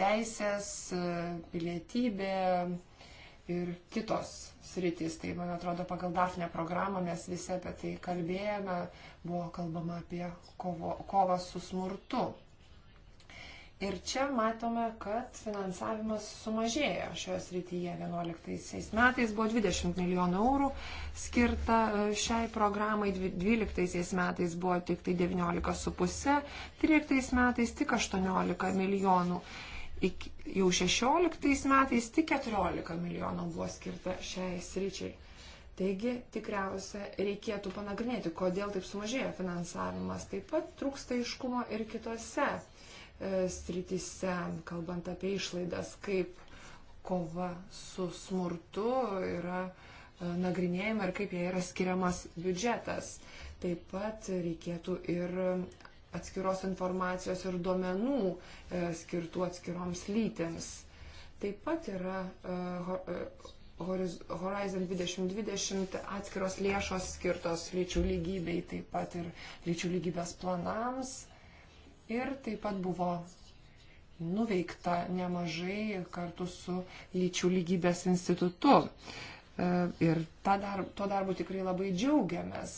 teisės, uh, pilietybė, ir kitos sritys. Tai, man atrodo, pagal DAFNE programą mes visi apie tai kalbėjome, buvo kalbama apie kovo, kovą su smurtu. Ir čia matome, kad finansavimas sumažėjo šioje srityje. 11 metais buvo 20 milijonų eurų skirta e, šiai programai, 12 metais buvo tik tai 19,5, 13 metais tik 18 milijonų eurų jau 16 metais tik 14 milijonų buvo skirta šiai sričiai. Taigi tikriausia reikėtų panagrinėti, kodėl taip sumažėjo finansavimas. Taip pat trūksta iškumo ir kitose e, sritise, kalbant apie išlaidas, kaip kova su smurtu yra e, nagrinėjama ir kaip jie yra skiriamas biudžetas. Taip pat reikėtų ir atskiros informacijos ir duomenų e, skirtų atskiroms lytims. Taip pat yra e, e, Horizon 2020 atskiros lėšos skirtos lyčių lygybei, taip pat ir lyčių lygybės planams. Ir taip pat buvo nuveikta nemažai kartu su lyčių lygybės institutu. Ir dar, tuo darbu tikrai labai džiaugiamės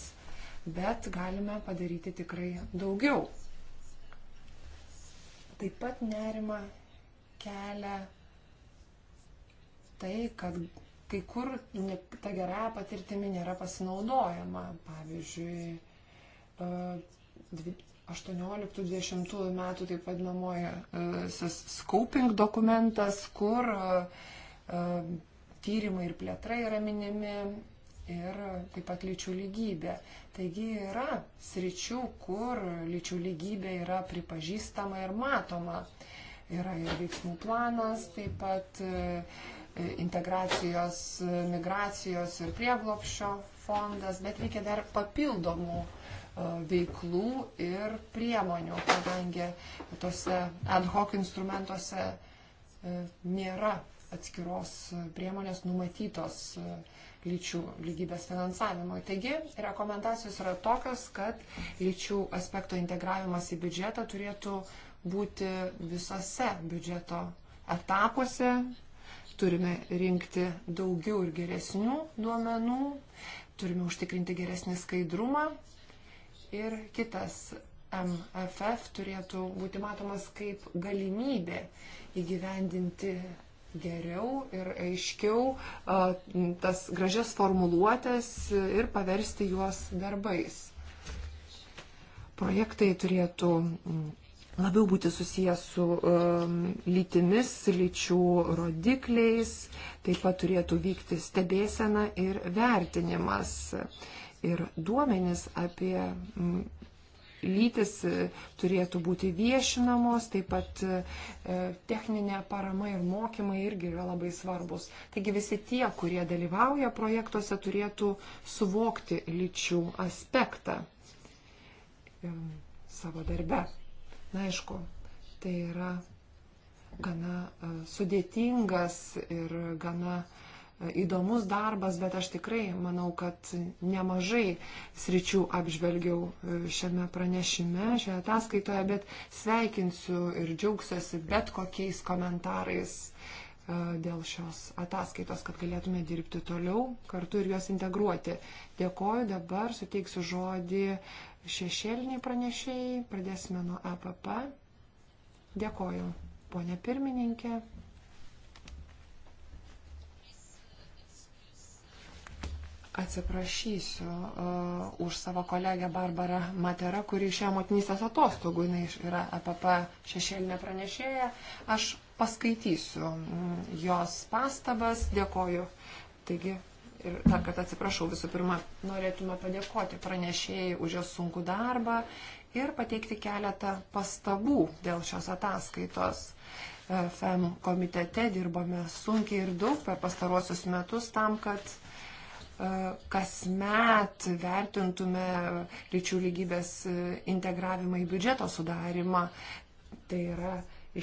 bet galime padaryti tikrai daugiau. Taip pat nerima kelia tai, kad kai kur ta gera patirtimi nėra pasinaudojama. Pavyzdžiui, 18-20 e, metų taip vadinamoji e, scoping dokumentas, kur e, tyrimai ir plėtra yra minimi, ir taip pat lyčių lygybė. Taigi yra sričių, kur lyčių lygybė yra pripažįstama ir matoma. Yra ir veiksmų planas, taip pat e, integracijos, migracijos ir prieglopščio fondas, bet reikia dar papildomų e, veiklų ir priemonių, kadangi tose ad hoc instrumentuose e, nėra atskiros priemonės numatytos lyčių lygybės finansavimui. Taigi, rekomendacijos yra tokios, kad lyčių aspekto integravimas į biudžetą turėtų būti visose biudžeto etapuose. Turime rinkti daugiau ir geresnių duomenų, turime užtikrinti geresnį skaidrumą. Ir kitas MFF turėtų būti matomas kaip galimybė įgyvendinti geriau ir aiškiau tas gražias formuluotės ir paversti juos darbais. Projektai turėtų labiau būti susijęs su um, lytimis, lyčių rodikliais, taip pat turėtų vykti stebėsena ir vertinimas. Ir duomenys apie lytis e, turėtų būti viešinamos, taip pat e, techninė parama ir mokymai irgi yra labai svarbus. Taigi visi tie, kurie dalyvauja projektuose, turėtų suvokti lyčių aspektą e, savo darbe. Na, aišku, tai yra gana sudėtingas ir gana uh, įdomus darbas, bet aš tikrai manau, kad nemažai sričių apžvelgiau e, šiame pranešime, šioje ataskaitoje, bet sveikinsiu ir džiaugsiuosi bet kokiais komentarais e, dėl šios ataskaitos, kad galėtume dirbti toliau kartu ir juos integruoti. Dėkoju, dabar suteiksiu žodį šešėliniai pranešėjai, pradėsime nuo APP. E Dėkoju, ponė pirmininkė. atsiprašysiu uh, už savo kolegę Barbarą Materą, kuri išėjo motinystės atostogų, jinai yra EPP šešėlinė pranešėja. Aš paskaitysiu um, jos pastabas, dėkoju. Taigi, ir dar kartą atsiprašau, visų pirma, norėtume padėkoti pranešėjai už jos sunkų darbą ir pateikti keletą pastabų dėl šios ataskaitos. E, FEM komitete dirbome sunkiai ir daug per pastaruosius metus tam, kad uh, E, kasmet vertintume lyčių lygybės e, integravimą į biudžeto sudarimą. Tai yra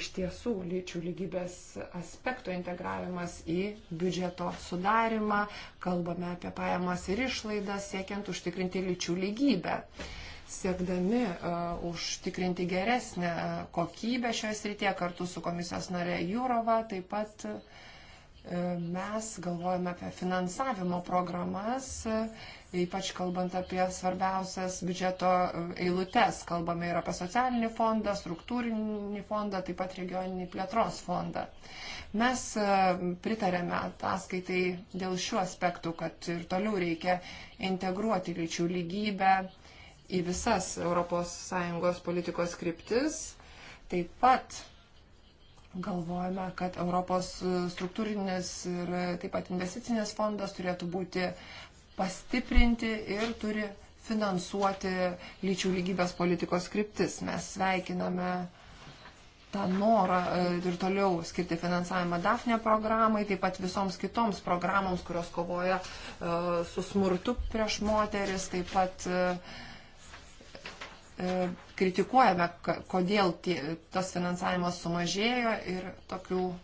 iš tiesų lyčių lygybės aspekto integravimas į biudžeto sudarimą, kalbame apie pajamas ir išlaidas, siekiant užtikrinti lyčių lygybę. Siekdami uh, užtikrinti geresnę kokybę šioje srityje kartu su komisijos nare Jūrova, taip pat uh, E, mes galvojame apie finansavimo programas, e, ypač kalbant apie svarbiausias biudžeto e, eilutes. Kalbame ir apie socialinį fondą, struktūrinį fondą, taip pat regioninį plėtros fondą. Mes pritarėme ataskaitai dėl šių aspektų, kad ir toliau reikia integruoti lyčių lygybę į visas ES politikos kryptis. Taip pat galvojame, kad Europos struktūrinis ir taip pat investicinis fondas turėtų būti pastiprinti ir turi finansuoti lyčių lygybės politikos kryptis. Mes sveikiname tą norą e, ir toliau skirti finansavimą DAFNE programai, taip pat visoms kitoms programoms, kurios kovoja e, su smurtu prieš moteris, taip pat uh, E, kritikuojame, kodėl tie, tas finansavimas sumažėjo ir tokių e,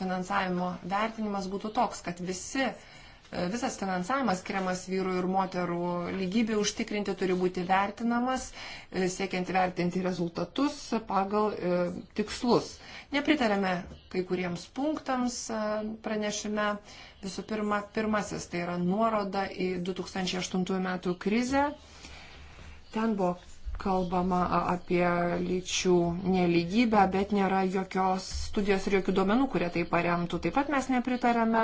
finansavimo vertinimas būtų toks, kad visi, e, visas finansavimas skiriamas vyrų ir moterų lygybė užtikrinti turi būti vertinamas, siekiant vertinti rezultatus pagal tikslus. Nepritarėme kai kuriems punktams pranešime. Visų pirma, pirmasis tai yra nuoroda į 2008 metų krizę. Ten buvo kalbama apie lyčių neligybę, bet nėra jokios studijos ir jokių duomenų, kurie tai paremtų. Taip pat mes nepritarėme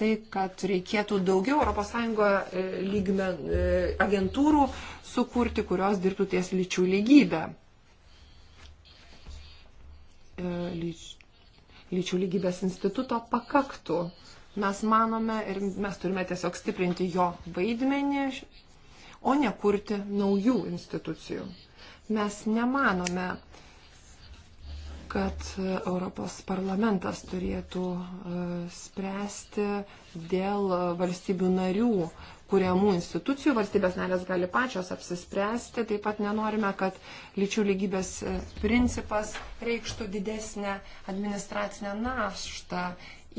tai, kad reikėtų daugiau ES e, lygmen, e, agentūrų sukurti, kurios dirbtų ties lyčių lygybę. E, lyč, lyčių lygybės instituto pakaktų. Mes manome ir mes turime tiesiog stiprinti jo vaidmenį o ne kurti naujų institucijų. Mes nemanome, kad Europos parlamentas turėtų e, spręsti dėl valstybių narių kuriamų institucijų. Valstybės narės gali pačios apsispręsti. Taip pat nenorime, kad lyčių lygybės e, principas reikštų didesnę administracinę naštą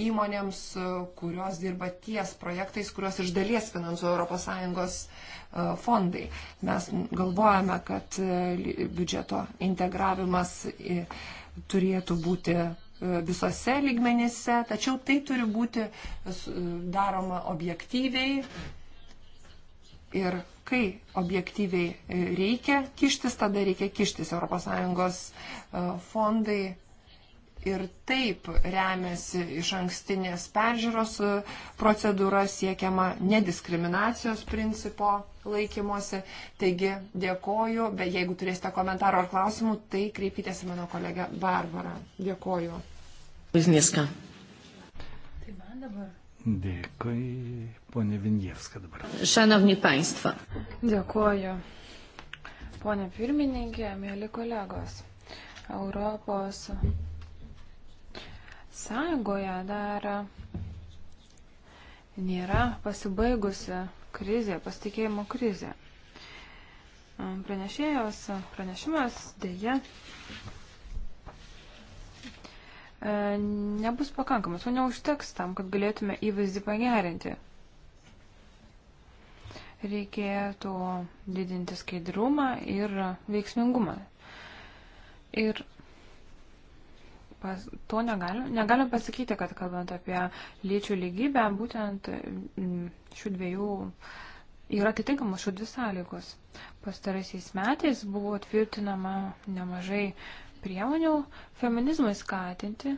įmonėms, e, kurios dirba ties projektais, kurios iš dalies finansuoja ES e, fondai. Mes galvojame, kad e, biudžeto integravimas turėtų būti visose lygmenyse, tačiau tai turi būti daroma objektyviai. Ir kai objektyviai reikia kištis, tada reikia kištis. ES fondai ir taip remiasi iš ankstinės peržiūros procedūra siekiama nediskriminacijos principo laikymosi. Taigi dėkoju, bet jeigu turėsite komentarų ar klausimų, tai kreipkitės į mano kolegę Barbarą. Dėkoju. Vizniska. Tai man dabar. Dėkui, ponė Vinievska dabar. Šanovni paistva. Dėkoju. Pone pirmininkė, mėly kolegos. Europos Sąjungoje dar nėra pasibaigusi krizė, pasitikėjimo krizė. Pranešėjos pranešimas dėja e, nebus pakankamas, o neužteks tam, kad galėtume įvaizdį pagerinti. Reikėtų didinti skaidrumą ir veiksmingumą. Ir pas, to negalim, negalim pasakyti, kad kalbant apie lyčių lygybę, būtent mm, šių dviejų yra atitinkamos šių dvi sąlygos. Pastaraisiais metais buvo tvirtinama nemažai priemonių feminizmui skatinti,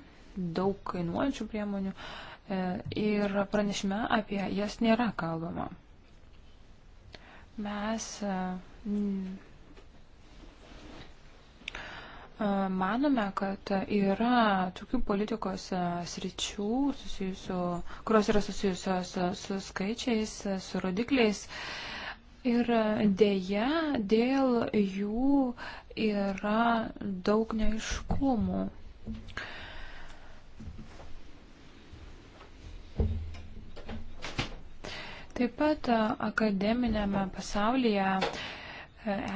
daug kainuojančių priemonių e, ir pranešime apie jas nėra kalbama. Mes e, Manome, kad yra tokių politikos e, sričių, susijusių, kurios yra susijusios e, su skaičiais, e, su rodikliais. Ir dėja, dėl jų yra daug neiškumų. Taip pat akademinėme pasaulyje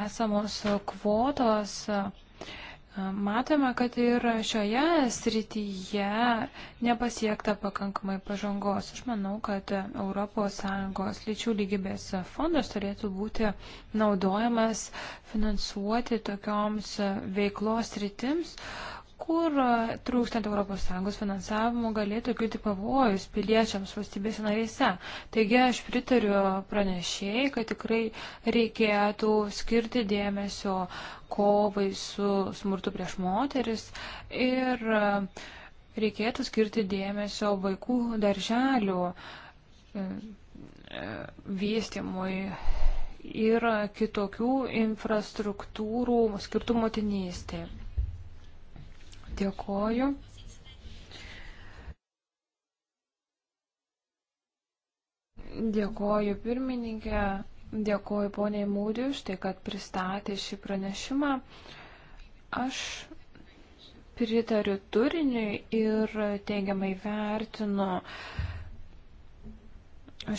esamos kvotos Matome, kad ir šioje srityje nepasiekta pakankamai pažangos. Aš manau, kad ES lyčių lygybės fondas turėtų būti naudojamas finansuoti tokioms veiklos sritims, kur e, trūkstant ES finansavimo galėtų kilti pavojus piliečiams valstybėse narėse. Taigi aš pritariu pranešėjai, kad tikrai reikėtų skirti dėmesio kovai su smurtu prieš moteris ir e, reikėtų skirti dėmesio vaikų darželių e, vystimui ir kitokių infrastruktūrų skirtų motinystėje. Dėkoju. Dėkoju pirmininkė, dėkoju poniai Mūdį už tai, kad pristatė šį pranešimą. Aš pritariu turiniui ir teigiamai vertinu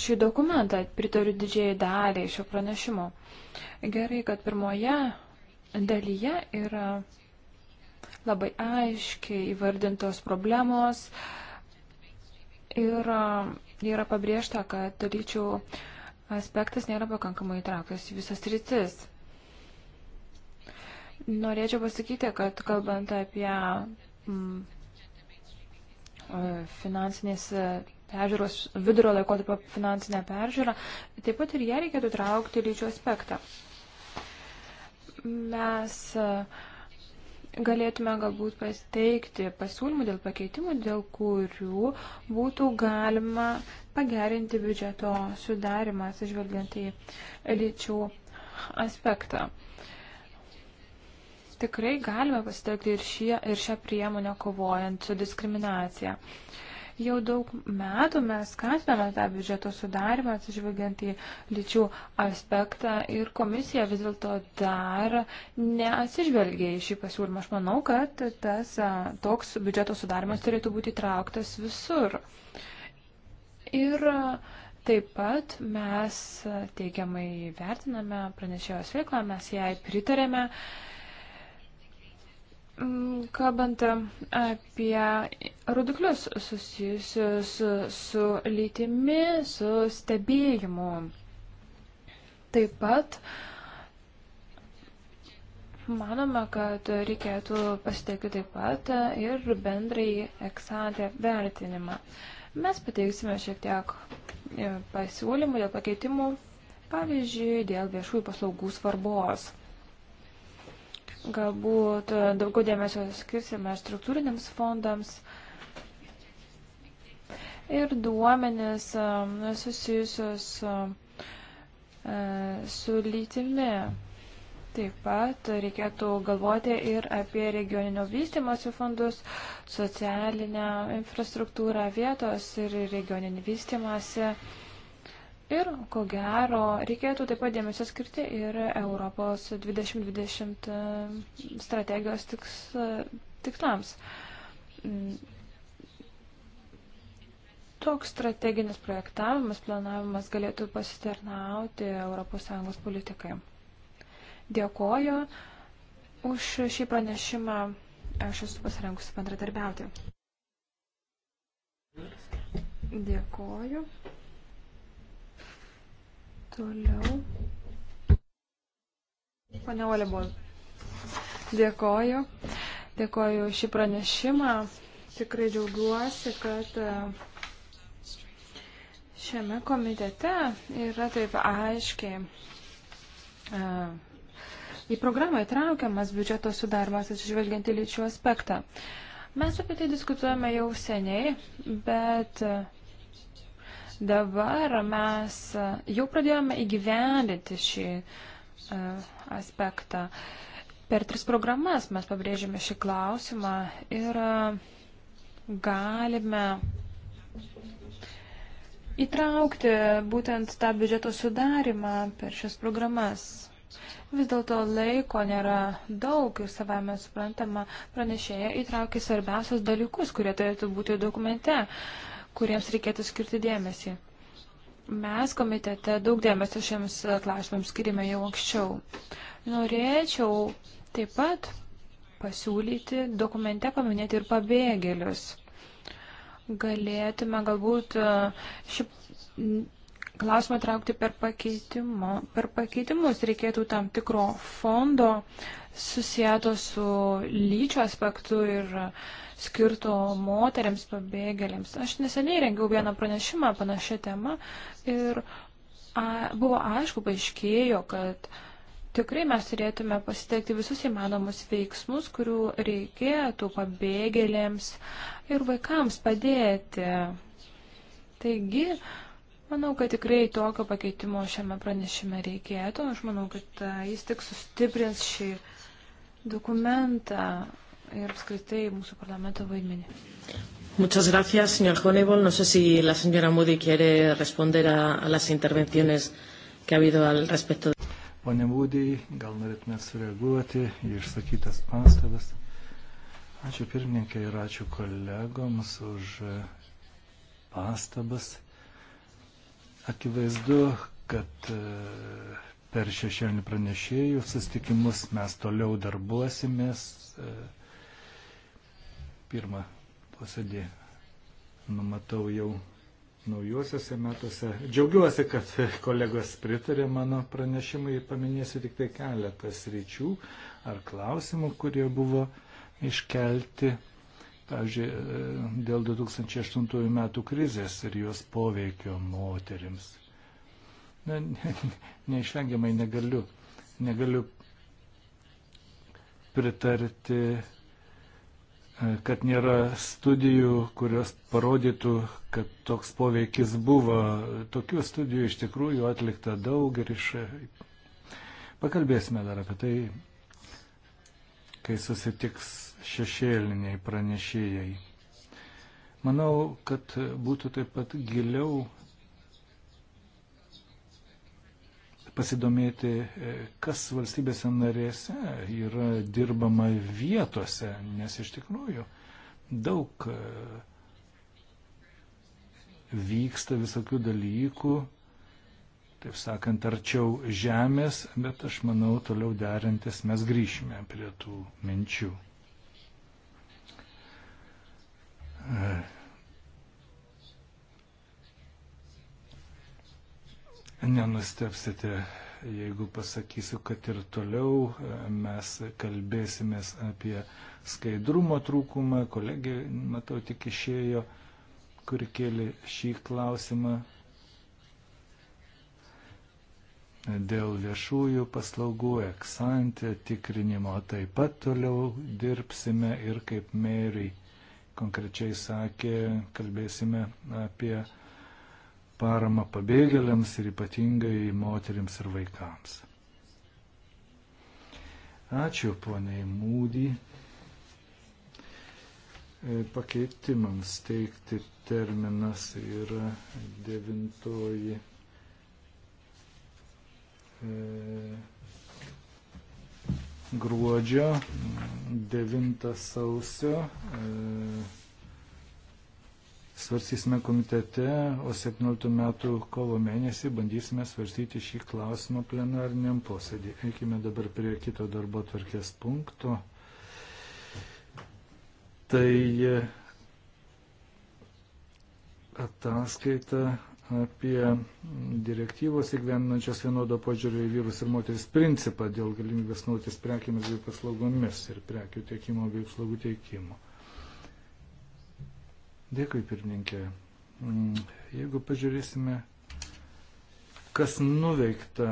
šį dokumentą, pritariu didžiai daliai šio pranešimo. Gerai, kad pirmoje dalyje yra labai aiškiai įvardintos problemos ir e, yra pabrėžta, kad lyčių aspektas nėra pakankamai įtrauktas į visas rytis. Norėčiau pasakyti, kad kalbant apie mm, e, finansinės peržiūros, vidurio laikotarpio finansinę peržiūrą, taip pat ir ją reikėtų traukti lyčių aspektą. Mes uh, galėtume galbūt pasteikti pasiūlymų dėl pakeitimų, dėl kurių būtų galima pagerinti biudžeto sudarimą, atsižvelgiant į lyčių aspektą. Tikrai galime pasitelkti ir, šie, ir šią priemonę kovojant su diskriminacija. Uh, Jau daug metų mes skatiname tą biudžeto sudarimą atsižvelgiant į lyčių aspektą ir komisija vis dėlto dar neatsižvelgia į šį pasiūlymą. Aš manau, kad tas toks biudžeto sudarimas turėtų būti įtrauktas visur. Ir Taip pat mes teigiamai vertiname pranešėjos veiklą, mes jai pritarėme Kalbant apie rodiklius susijusius su, su lytimi, su stebėjimu, taip pat manome, kad reikėtų pasitekti taip pat ir bendrai eksantę vertinimą. Mes pateiksime šiek tiek pasiūlymų dėl pakeitimų, pavyzdžiui, dėl viešųjų paslaugų svarbos. Galbūt e, daugiau dėmesio skirsime struktūriniams fondams ir duomenis e, susijusios e, su lytimi. Taip pat reikėtų galvoti ir apie regioninio vystimosi fondus, socialinę infrastruktūrą vietos ir regioninį vystimąsi. Ir, ko gero, reikėtų taip pat dėmesio skirti ir Europos 2020 strategijos tiks, tikslams. Toks strateginis projektavimas, planavimas galėtų pasitarnauti ES politikai. Dėkoju už šį pranešimą. Aš esu pasirengusi bendradarbiauti. Dėkoju. Toliau. Pane Olebol, dėkoju. Dėkoju šį pranešimą. Tikrai džiaugiuosi, kad e, šiame komitete yra taip aiškiai e, į programą įtraukiamas biudžeto sudarmas atsižvelgiant į lyčių aspektą. Mes apie tai diskutuojame jau seniai, bet Dabar mes jau pradėjome įgyvendinti šį e, aspektą. Per tris programas mes pabrėžėme šį klausimą ir e, galime įtraukti būtent tą biudžeto sudarimą per šias programas. Vis dėlto laiko nėra daug ir savame suprantama pranešėja įtraukė svarbiausios dalykus, kurie turėtų būti dokumente. Uh, kuriems reikėtų skirti dėmesį. Mes komitete daug dėmesio šiems klausimams skirime jau anksčiau. Norėčiau taip pat pasiūlyti dokumente paminėti ir pabėgėlius. Galėtume galbūt e, šį klausimą traukti per, pakeitimą. per pakeitimus. Reikėtų tam tikro fondo susijęto su lyčio aspektu ir uh, skirto moteriams pabėgėliams. Aš neseniai rengiau vieną pranešimą panašią temą ir a, buvo aišku, paaiškėjo, kad tikrai mes turėtume pasitekti visus įmanomus veiksmus, kurių reikėtų pabėgėlėms ir vaikams padėti. Taigi, manau, kad tikrai tokio pakeitimo šiame pranešime reikėtų. Aš manau, kad jis tik sustiprins šį dokumentą ir apskritai mūsų parlamento vaidmenį. Muchas gracias, señor Honeyball. No sé si la señora Moody quiere responder a, a las intervenciones que ha habido al respecto. Pone Moody, gal norėtumėt sureaguoti į išsakytas pastabas. Ačiū pirmininkai ir ačiū kolegoms už e, pastabas. Akivaizdu, kad e, per šešėlinių pranešėjų sustikimus mes toliau darbuosimės. E, pirmą posėdį numatau jau naujuosiuose metuose. Džiaugiuosi, kad kolegos pritarė mano pranešimui, paminėsiu tik tai keletą sričių ar klausimų, kurie buvo iškelti, pavyzdžiui, e, dėl 2008 metų krizės ir jos poveikio moterims. Na, ne, *laughs* neišvengiamai negaliu, negaliu pritarti kad nėra studijų, kurios parodytų, kad toks poveikis buvo. Tokių studijų iš tikrųjų atlikta daug ir iš. Pakalbėsime dar apie tai, kai susitiks šešėliniai pranešėjai. Manau, kad būtų taip pat giliau pasidomėti, e, kas valstybėse narėse yra dirbama vietose, nes iš tikrųjų daug e, vyksta visokių dalykų, taip sakant, arčiau žemės, bet aš manau, toliau derintis mes grįšime prie tų minčių. E, Nenustepsite, jeigu pasakysiu, kad ir toliau e, mes kalbėsimės apie skaidrumo trūkumą. Kolegė, matau, tik išėjo, kuri kėlė šį klausimą dėl viešųjų paslaugų eksantė tikrinimo. Taip pat toliau dirbsime ir kaip Mary konkrečiai sakė, kalbėsime apie paramą pabėgėliams ir ypatingai moteriams ir vaikams. Ačiū poniai Mūdy. E, pakeitimams teikti terminas yra 9 e, gruodžio, 9 sausio. E, svarstysime komitete, o 17 metų kovo mėnesį bandysime svarstyti šį klausimą plenariniam posėdį. Eikime dabar prie kito darbo tvarkės punkto. Tai e, ataskaita apie direktyvos įgyvendinančios vienodo požiūrio į vyrus ir moteris principą dėl galimybės naudotis prekiamis bei paslaugomis ir prekių tiekimo bei paslaugų teikimo. Dėkui, pirmininkė. Mm, jeigu pažiūrėsime, kas nuveikta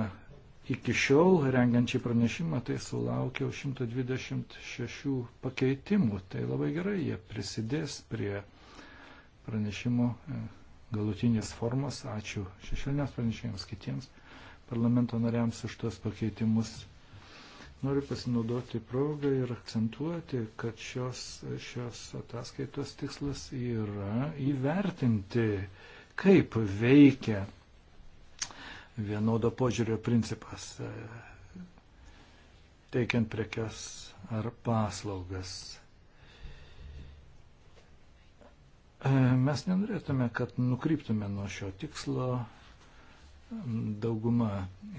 iki šiol rengiančiai pranešimą, tai sulaukiau 126 pakeitimų. Tai labai gerai, jie prisidės prie pranešimo e, galutinės formos. Ačiū šešėlinės pranešėjams kitiems parlamento nariams už tuos pakeitimus Noriu pasinaudoti progą ir akcentuoti, kad šios, šios ataskaitos tikslas yra įvertinti, kaip veikia vienodo požiūrio principas teikiant prekes ar paslaugas. Mes nenorėtume, kad nukryptume nuo šio tikslo Dauguma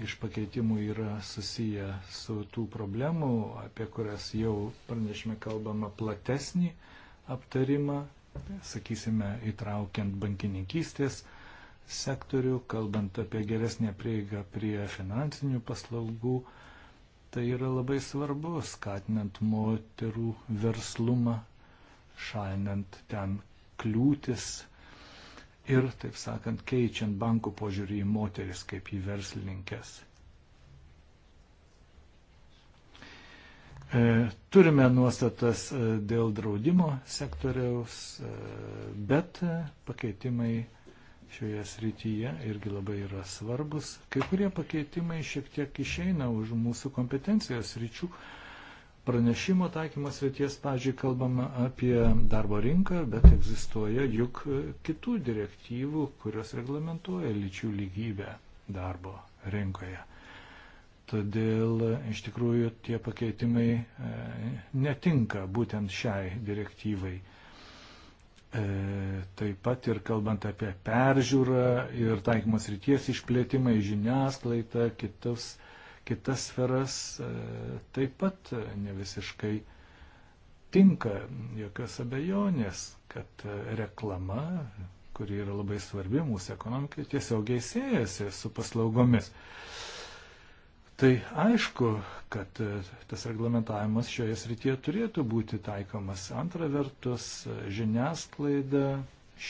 iš pakeitimų yra susiję su tų problemų, apie kurias jau pranešime kalbama platesnį aptarimą, sakysime, įtraukiant bankininkystės sektorių, kalbant apie geresnę prieigą prie finansinių paslaugų. Tai yra labai svarbu, skatinant moterų verslumą, šalinant ten kliūtis ir, taip sakant, keičiant bankų požiūrį į moteris kaip į verslininkės. E, turime nuostatas e, dėl draudimo sektoriaus, e, bet pakeitimai šioje srityje irgi labai yra svarbus. Kai kurie pakeitimai šiek tiek išeina už mūsų kompetencijos ryčių, pranešimo taikymas ryties, pažiūrėjau, kalbama apie darbo rinką, bet egzistuoja juk kitų direktyvų, kurios reglamentuoja lyčių lygybę darbo rinkoje. Todėl iš tikrųjų tie pakeitimai e, netinka būtent šiai direktyvai. E, taip pat ir kalbant apie peržiūrą ir taikymas ryties išplėtimą į žiniasklaidą, kitus kitas sferas e, taip pat e, ne visiškai tinka, jokios abejonės, kad e, reklama, kuri yra labai svarbi mūsų ekonomikai, tiesiogiai siejasi su paslaugomis. Tai aišku, kad tas reglamentavimas šioje srityje turėtų būti taikomas. Antra vertus, žiniasklaida,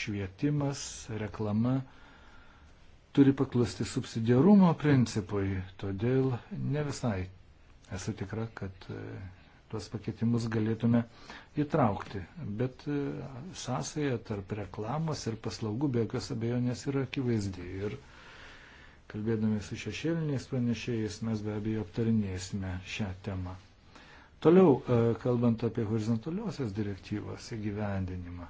švietimas, reklama turi paklusti subsidiarumo principui, todėl ne visai esu tikra, kad e, tuos pakeitimus galėtume įtraukti. Bet e, sąsaja tarp reklamos ir paslaugų be jokios abejonės yra akivaizdi. Ir kalbėdami su šešėliniais pranešėjais mes be abejo aptarinėsime šią temą. Toliau, e, kalbant apie horizontaliosios direktyvos įgyvendinimą,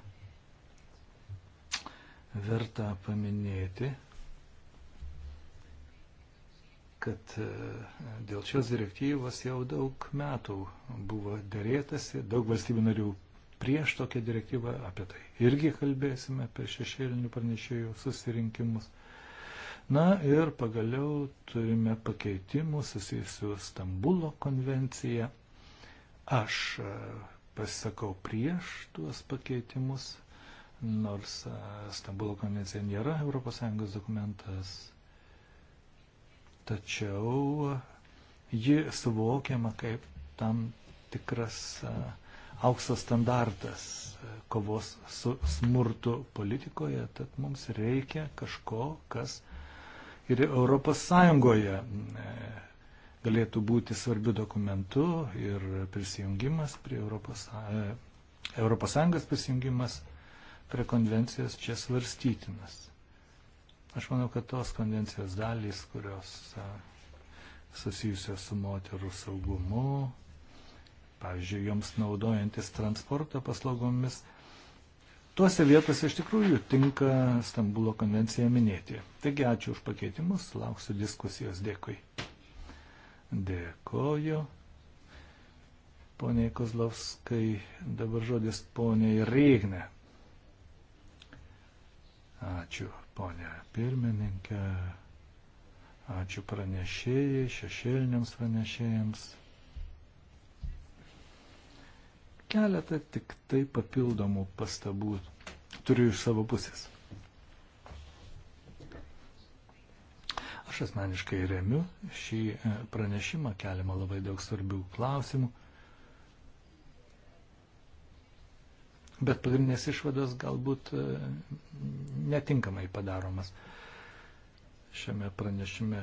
verta paminėti, kad e, dėl šios direktyvos jau daug metų buvo dėrėtasi, daug valstybių narių prieš tokią direktyvą, apie tai irgi kalbėsime per šešėlinių pranešėjų susirinkimus. Na ir pagaliau turime pakeitimų susijusių Stambulo konvenciją. Aš e, pasisakau prieš tuos pakeitimus, nors e, Stambulo konvencija nėra ES dokumentas, tačiau ji suvokiama kaip tam tikras e, aukso standartas e, kovos su smurtu politikoje, tad mums reikia kažko, kas ir Europos Sąjungoje e, galėtų būti svarbių dokumentų ir prisijungimas prie Europos, Europos Sąjungos prisijungimas prie konvencijos čia svarstytinas. Aš manau, kad tos konvencijos dalys, kurios susijusios su moterų saugumu, pavyzdžiui, joms naudojantis transporto paslaugomis, tuose vietose iš tikrųjų tinka Stambulo konvenciją minėti. Taigi ačiū už pakeitimus, lauksiu diskusijos, dėkui. Dėkoju. Poniai Kozlovskai, dabar žodis poniai Reigne. Ačiū ponė pirmininkė. Ačiū pranešėjai, šešėliniams pranešėjams. Keletą tik tai papildomų pastabų turiu iš savo pusės. Aš asmeniškai remiu šį pranešimą, keliama labai daug svarbių klausimų. bet pagrindinės išvados galbūt e, netinkamai padaromas šiame pranešime.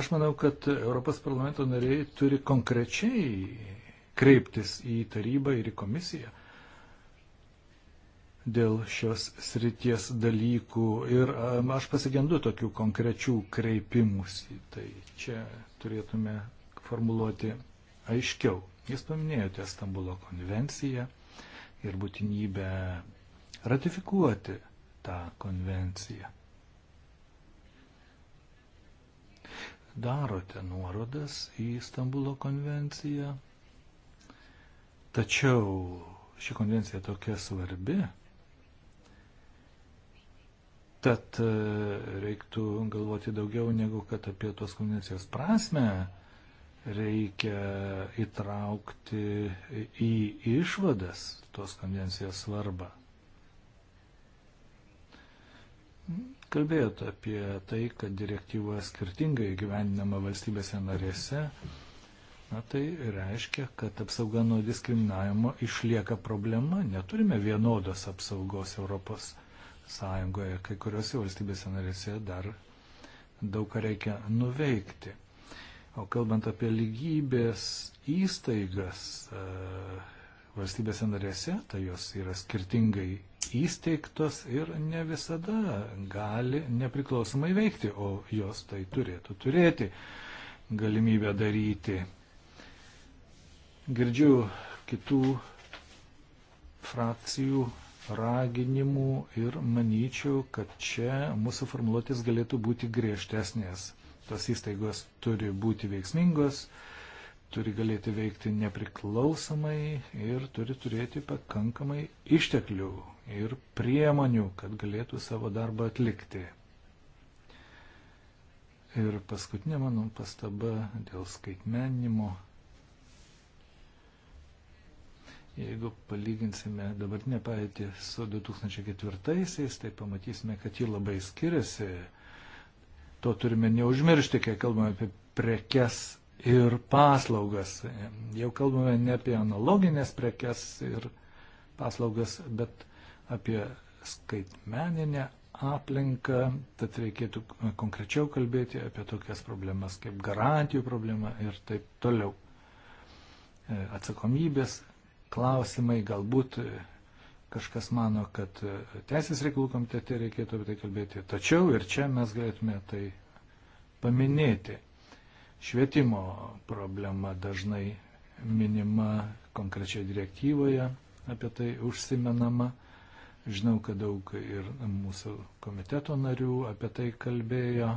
Aš manau, kad Europos parlamento nariai turi konkrečiai kreiptis į tarybą ir į komisiją dėl šios srities dalykų. Ir e, aš pasigendu tokių konkrečių kreipimus. Tai čia turėtume formuluoti aiškiau. Jūs paminėjote Stambulo konvenciją ir būtinybę ratifikuoti tą konvenciją. Darote nuorodas į Stambulo konvenciją, tačiau ši konvencija tokia svarbi, tad e, reiktų galvoti daugiau negu kad apie tos konvencijos prasme, reikia įtraukti į išvadas tos konvencijos svarbą. Kalbėjote apie tai, kad direktyva skirtingai gyvendinama valstybėse narėse. Na tai reiškia, kad apsauga nuo diskriminavimo išlieka problema. Neturime vienodos apsaugos Europos Sąjungoje. Kai kuriuose valstybėse narėse dar daug ką reikia nuveikti. O kalbant apie lygybės įstaigas e, valstybėse narėse, tai jos yra skirtingai įsteigtos ir ne visada gali nepriklausomai veikti, o jos tai turėtų turėti galimybę daryti. Girdžiu kitų frakcijų raginimų ir manyčiau, kad čia mūsų formuluotės galėtų būti griežtesnės tos įstaigos turi būti veiksmingos, turi galėti veikti nepriklausomai ir turi turėti pakankamai išteklių ir priemonių, kad galėtų savo darbą atlikti. Ir paskutinė mano pastaba dėl skaitmenimo. Jeigu palyginsime dabartinę paėtį su 2004-aisiais, tai pamatysime, kad ji labai skiriasi. To turime neužmiršti, kai kalbame apie prekes ir paslaugas. Jau kalbame ne apie analoginės prekes ir paslaugas, bet apie skaitmeninę aplinką, tad reikėtų konkrečiau kalbėti apie tokias problemas kaip garantijų problema ir taip toliau. E, atsakomybės klausimai galbūt Kažkas mano, kad e, Teisės reikalų komitete reikėtų apie tai kalbėti. Tačiau ir čia mes galėtume tai paminėti. Švietimo problema dažnai minima konkrečioje direktyvoje, apie tai užsimenama. Žinau, kad daug ir mūsų komiteto narių apie tai kalbėjo.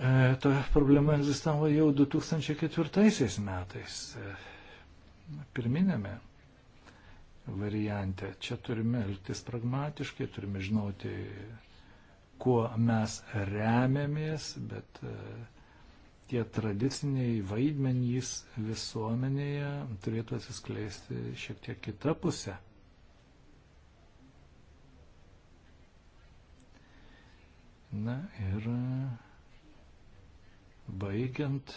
E, ta problema egzistavo jau 2004 metais e, pirminėme variante. Čia turime elgtis pragmatiškai, turime žinoti, kuo mes remiamės, bet e, tie tradiciniai vaidmenys visuomenėje turėtų atsiskleisti šiek tiek kitą pusę. Na ir. Yra... Baigiant,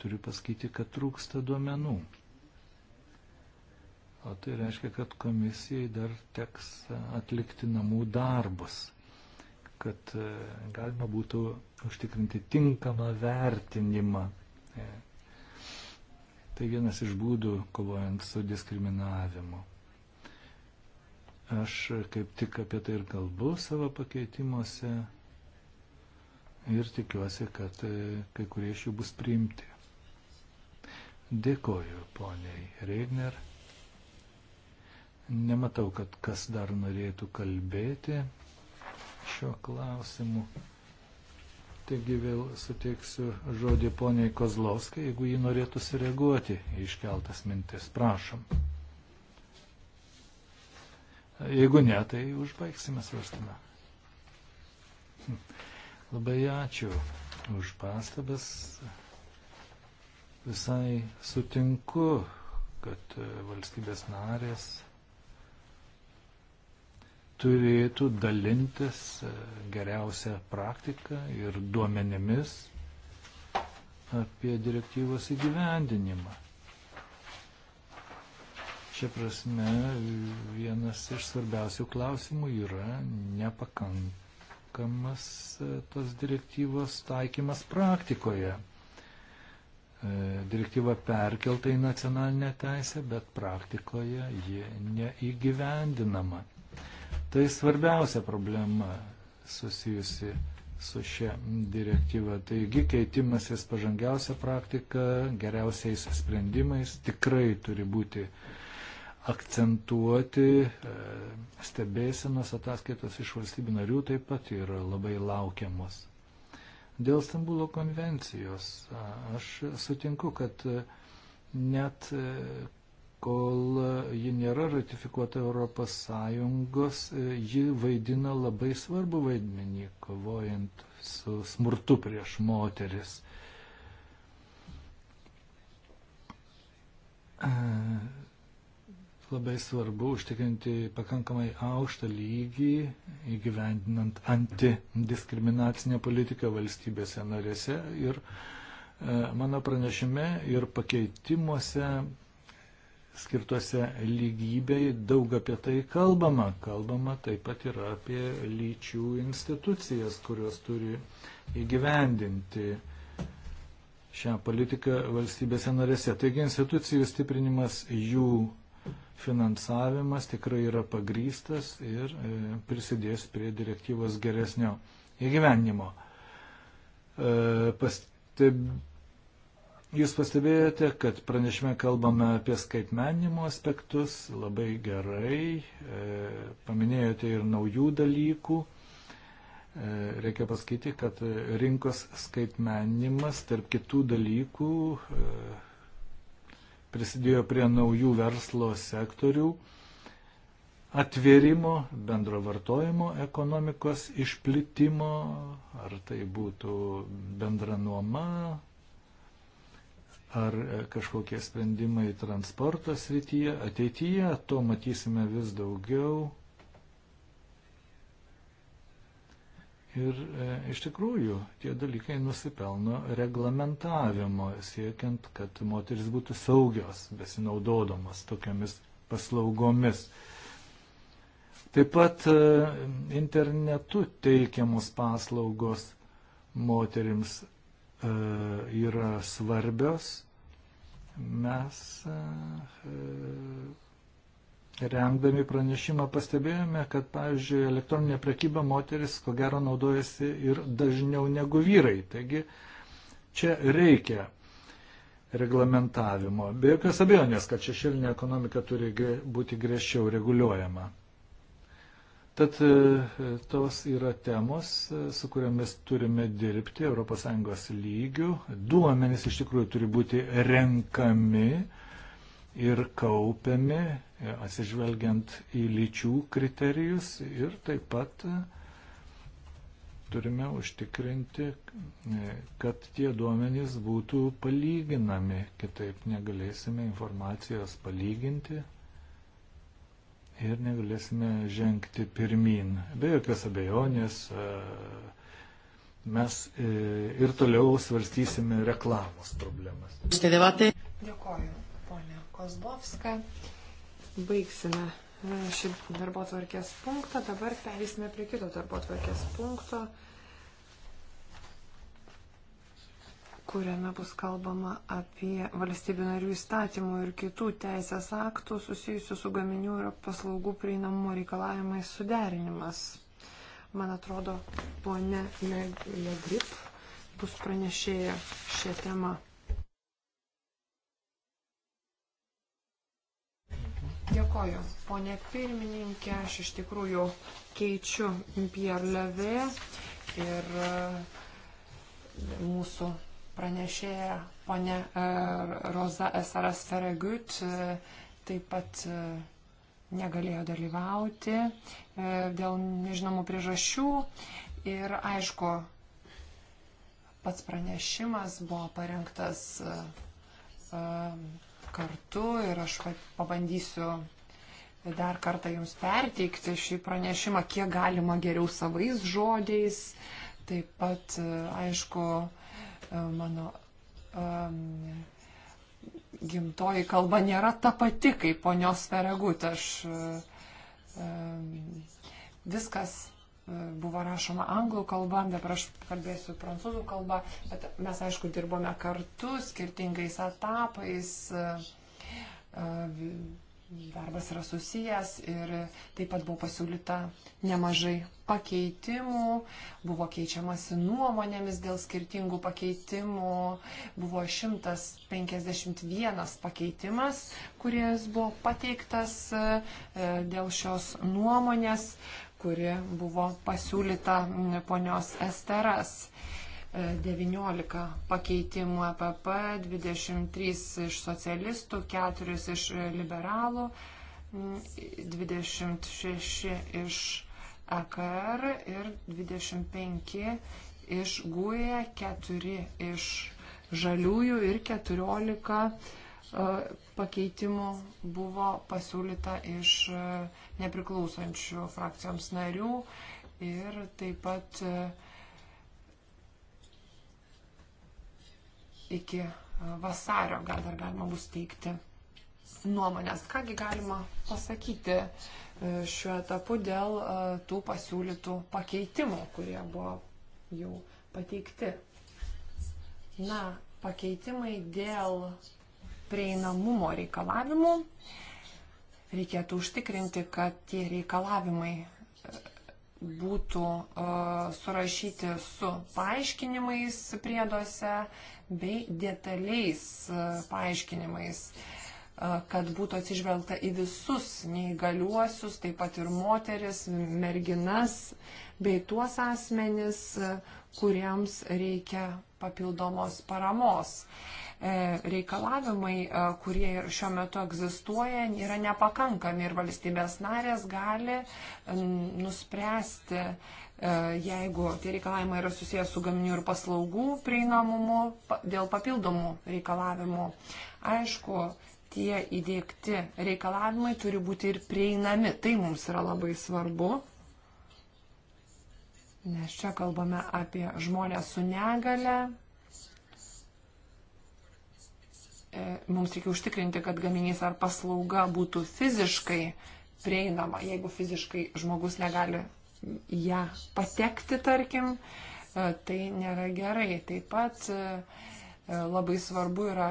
turiu pasakyti, kad trūksta duomenų. O tai reiškia, kad komisijai dar teks e, atlikti namų darbus, kad e, galima būtų užtikrinti tinkamą vertinimą. E, tai vienas iš būdų kovojant su diskriminavimu. Aš kaip tik apie tai ir kalbu savo pakeitimuose, ir tikiuosi, kad e, kai kurie iš jų bus priimti. Dėkoju poniai Regner. Nematau, kad kas dar norėtų kalbėti šiuo klausimu. Taigi vėl suteiksiu žodį poniai Kozlovskai, jeigu ji norėtų sureaguoti į iškeltas mintis. Prašom. Jeigu ne, tai užbaigsime svarstymą. Hm. Labai ačiū už pastabas. Visai sutinku, kad valstybės narės turėtų dalintis geriausią praktiką ir duomenimis apie direktyvos įgyvendinimą. Šia prasme, vienas iš svarbiausių klausimų yra nepakankamai tinkamas e, tos direktyvos taikymas praktikoje. E, direktyva perkelta į nacionalinę teisę, bet praktikoje ji neįgyvendinama. Tai svarbiausia problema susijusi su šia direktyva. Taigi keitimasis pažangiausia praktika, geriausiais sprendimais tikrai turi būti uh, akcentuoti. E, Stebėsinas ataskaitos iš valstybių narių taip pat yra labai laukiamos. Dėl Stambulo konvencijos aš sutinku, kad e, net e, kol ji nėra ratifikuota Europos Sąjungos, ji vaidina labai svarbu vaidmenį, kovojant su smurtu prieš moteris. Labai svarbu užtikrinti pakankamai aukštą lygį įgyvendinant antidiskriminacinę politiką valstybėse narėse ir e, mano pranešime ir pakeitimuose skirtuose lygybei daug apie tai kalbama. Kalbama taip pat ir apie lyčių institucijas, kurios turi įgyvendinti šią politiką valstybėse narėse. Taigi institucijų stiprinimas, jų finansavimas tikrai yra pagrystas ir e, prisidės prie direktyvos geresnio įgyvenimo. E, pasteb... Jūs pastebėjote, kad pranešime kalbame apie skaitmenimo aspektus labai gerai, e, paminėjote ir naujų dalykų. Reikia pasakyti, kad rinkos skaitmenimas tarp kitų dalykų prisidėjo prie naujų verslo sektorių atvėrimo, bendro vartojimo ekonomikos išplitimo, ar tai būtų bendra nuoma, ar kažkokie sprendimai transporto srityje. Ateityje to matysime vis daugiau Ir e, iš tikrųjų tie dalykai nusipelno reglamentavimo, siekiant, kad moteris būtų saugios, besinaudodamas tokiamis paslaugomis. Taip pat e, internetu teikiamos paslaugos moterims e, yra svarbios. Mes e, Remdami pranešimą pastebėjome, kad, pavyzdžiui, elektroninė prekyba moteris ko gero naudojasi ir dažniau negu vyrai. Taigi čia reikia reglamentavimo. Be jokios abejonės, kad šešėlinė ekonomika turi būti griežčiau reguliuojama. Tad e, tos yra temos, e, su kuriamis turime dirbti ES lygių. Duomenys iš tikrųjų turi būti renkami ir kaupiami atsižvelgiant į lyčių kriterijus ir taip pat e, turime užtikrinti, e, kad tie duomenys būtų palyginami, kitaip negalėsime informacijos palyginti ir negalėsime žengti pirmin. Be jokios abejonės e, mes ir toliau svarstysime reklamos problemas. Dėkoju, ponia Kozlovska baigsime e, šį darbo tvarkės punktą. Dabar perėsime prie kito darbo tvarkės punkto, kuriame bus kalbama apie valstybių narių įstatymų ir kitų teisės aktų susijusių su gaminių ir paslaugų prieinamumo reikalavimais suderinimas. Man atrodo, ponė Legrip bus pranešėja šią temą. Dėkoju, ponė pirmininkė, aš iš tikrųjų keičiu Pierre Levė ir e, mūsų pranešėja ponė e, Roza Esaras Feregut e, taip pat negalėjo dalyvauti dėl nežinomų priežasčių ir aišku, pats pranešimas buvo parengtas kartu ir aš pabandysiu dar kartą jums perteikti šį pranešimą, kiek galima geriau savais žodžiais. Taip pat, aišku, mano um, gimtoji kalba nėra ta pati kaip ponios Feregut. Aš um, viskas buvo rašoma anglų kalba, dabar aš kalbėsiu prancūzų kalba, bet mes aišku dirbome kartu, skirtingais etapais, e, darbas yra susijęs ir taip pat buvo pasiūlyta nemažai pakeitimų, buvo keičiamasi nuomonėmis dėl skirtingų pakeitimų, buvo 151 pakeitimas, kuris buvo pateiktas e, dėl šios nuomonės kuri buvo pasiūlyta mm, ponios Esteras. 19 e, pakeitimų APP, 23 iš socialistų, 4 iš e, liberalų, 26 mm, iš AKR e ir 25 iš GUE, 4 iš žaliųjų ir 14 E, pakeitimų buvo pasiūlyta iš e, nepriklausančių frakcijoms narių ir taip pat e, iki vasario gal dar galima bus teikti nuomonės. Kągi galima pasakyti šiuo etapu dėl tų pasiūlytų pakeitimų, kurie buvo jau pateikti. Na, pakeitimai dėl prieinamumo reikalavimų. Reikėtų užtikrinti, kad tie reikalavimai e, būtų e, surašyti su paaiškinimais prieduose bei detaliais e, paaiškinimais, kad būtų atsižvelgta į visus neįgaliuosius, taip pat ir moteris, merginas bei tuos asmenis, kuriems reikia papildomos paramos. Uh, E, reikalavimai, e, kurie ir šiuo metu egzistuoja, yra nepakankami ir valstybės narės gali nuspręsti, e, jeigu tie reikalavimai yra susijęs su gaminių ir paslaugų prieinamumu dėl papildomų reikalavimų. Aišku, tie įdėkti reikalavimai turi būti ir prieinami. Tai mums yra labai svarbu, nes čia kalbame apie žmonės su negale, E, mums reikia užtikrinti, kad gaminys ar paslauga būtų fiziškai prieinama, jeigu fiziškai žmogus negali ją patekti, tarkim, e, tai nėra gerai. Taip pat e, labai svarbu yra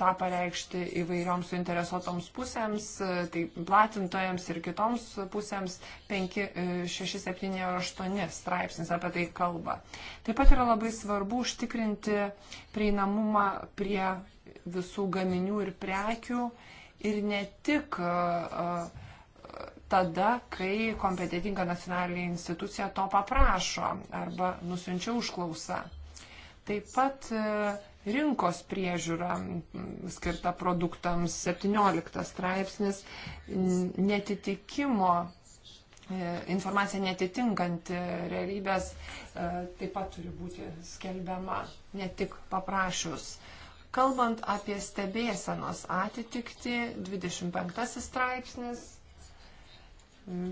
tą pareikšti įvairioms suinteresuotoms pusėms, tai platintojams ir kitoms pusėms 5, 6, 7 ar 8 straipsnis apie tai kalba. Taip pat yra labai svarbu užtikrinti prieinamumą prie visų gaminių ir prekių ir ne tik tada, kai kompetitinga nacionalinė institucija to paprašo arba nusinčia užklausą. Taip pat e, rinkos priežiūra skirta produktams 17 straipsnis netitikimo e, informacija netitinkanti realybės e, taip pat turi būti skelbiama, ne tik paprašius. Kalbant apie stebėsenos atitikti, 25 straipsnis,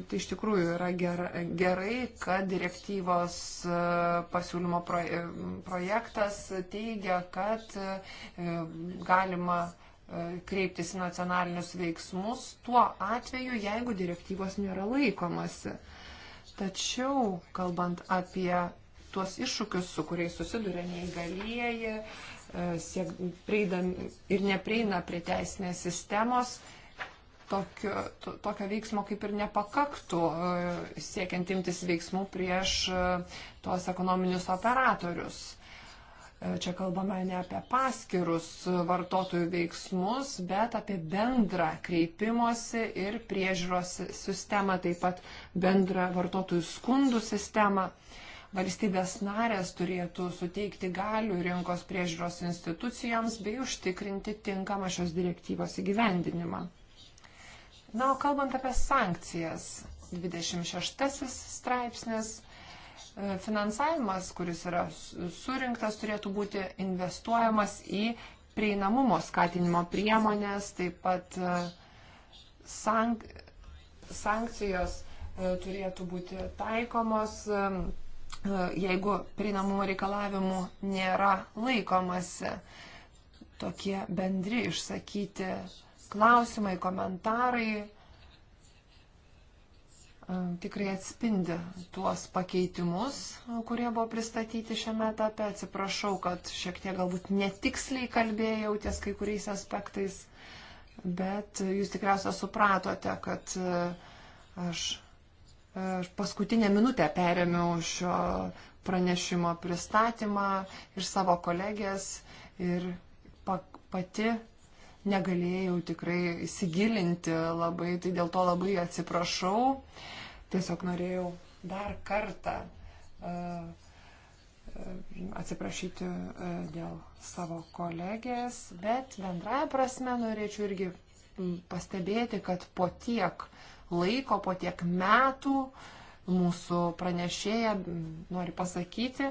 tai iš tikrųjų yra gerai, kad direktyvos e, pasiūlymo projektas teigia, kad e, galima e, kreiptis į nacionalinius veiksmus tuo atveju, jeigu direktyvos nėra laikomasi. Tačiau, kalbant apie tuos iššūkius, su kuriais susiduria neįgalieji, E, siek, prieidam, ir neprieina prie teisinės sistemos, tokio, to, tokio veiksmo kaip ir nepakaktų e, siekiant imtis veiksmų prieš e, tuos ekonominius operatorius. Čia kalbame ne apie paskirus vartotojų veiksmus, bet apie bendrą kreipimosi ir priežiūros sistemą, taip pat bendrą vartotojų skundų sistemą. Uh, valstybės narės turėtų suteikti galių rinkos priežiūros institucijoms bei užtikrinti tinkamą šios direktyvos įgyvendinimą. Na, o kalbant apie sankcijas, 26 straipsnis e, finansavimas, kuris yra surinktas, turėtų būti investuojamas į prieinamumo skatinimo priemonės, taip pat e, sank, sankcijos e, turėtų būti taikomos E, jeigu prieinamumo reikalavimų nėra laikomasi. Tokie bendri išsakyti klausimai, komentarai e, tikrai atspindi tuos pakeitimus, kurie buvo pristatyti šiame etape. Atsiprašau, kad šiek tiek galbūt netiksliai kalbėjau ties kai kuriais aspektais, bet jūs tikriausiai supratote, kad e, aš Aš paskutinę minutę perėmiau šio pranešimo pristatymą iš savo kolegės ir pati negalėjau tikrai įsigilinti labai, tai dėl to labai atsiprašau. Tiesiog norėjau dar kartą e, e, atsiprašyti e, dėl savo kolegės, bet bendrąją prasme norėčiau irgi pastebėti, kad po tiek uh, laiko, po tiek metų mūsų pranešėja nori pasakyti,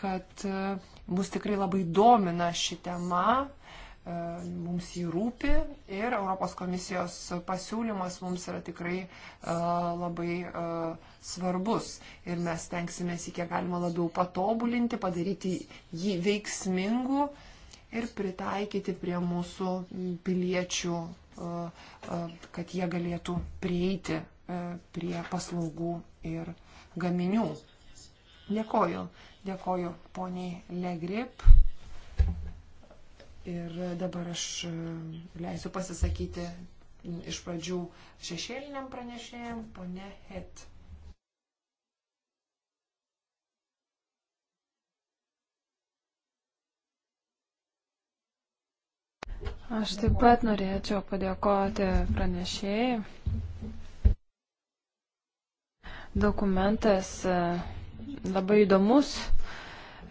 kad e, mus tikrai labai domina ši tema, e, mums jį rūpi ir Europos komisijos pasiūlymas mums yra tikrai e, labai svarbus. Ir mes tenksimės jį kiek galima labiau patobulinti, padaryti jį veiksmingu ir pritaikyti prie mūsų piliečių kad jie galėtų prieiti prie paslaugų ir gaminių. Dėkoju, dėkoju poniai Legrip. Ir dabar aš leisiu pasisakyti iš pradžių šešėliniam pranešėjam, ponė Het. Aš taip pat norėčiau padėkoti pranešėjai. Dokumentas e, labai įdomus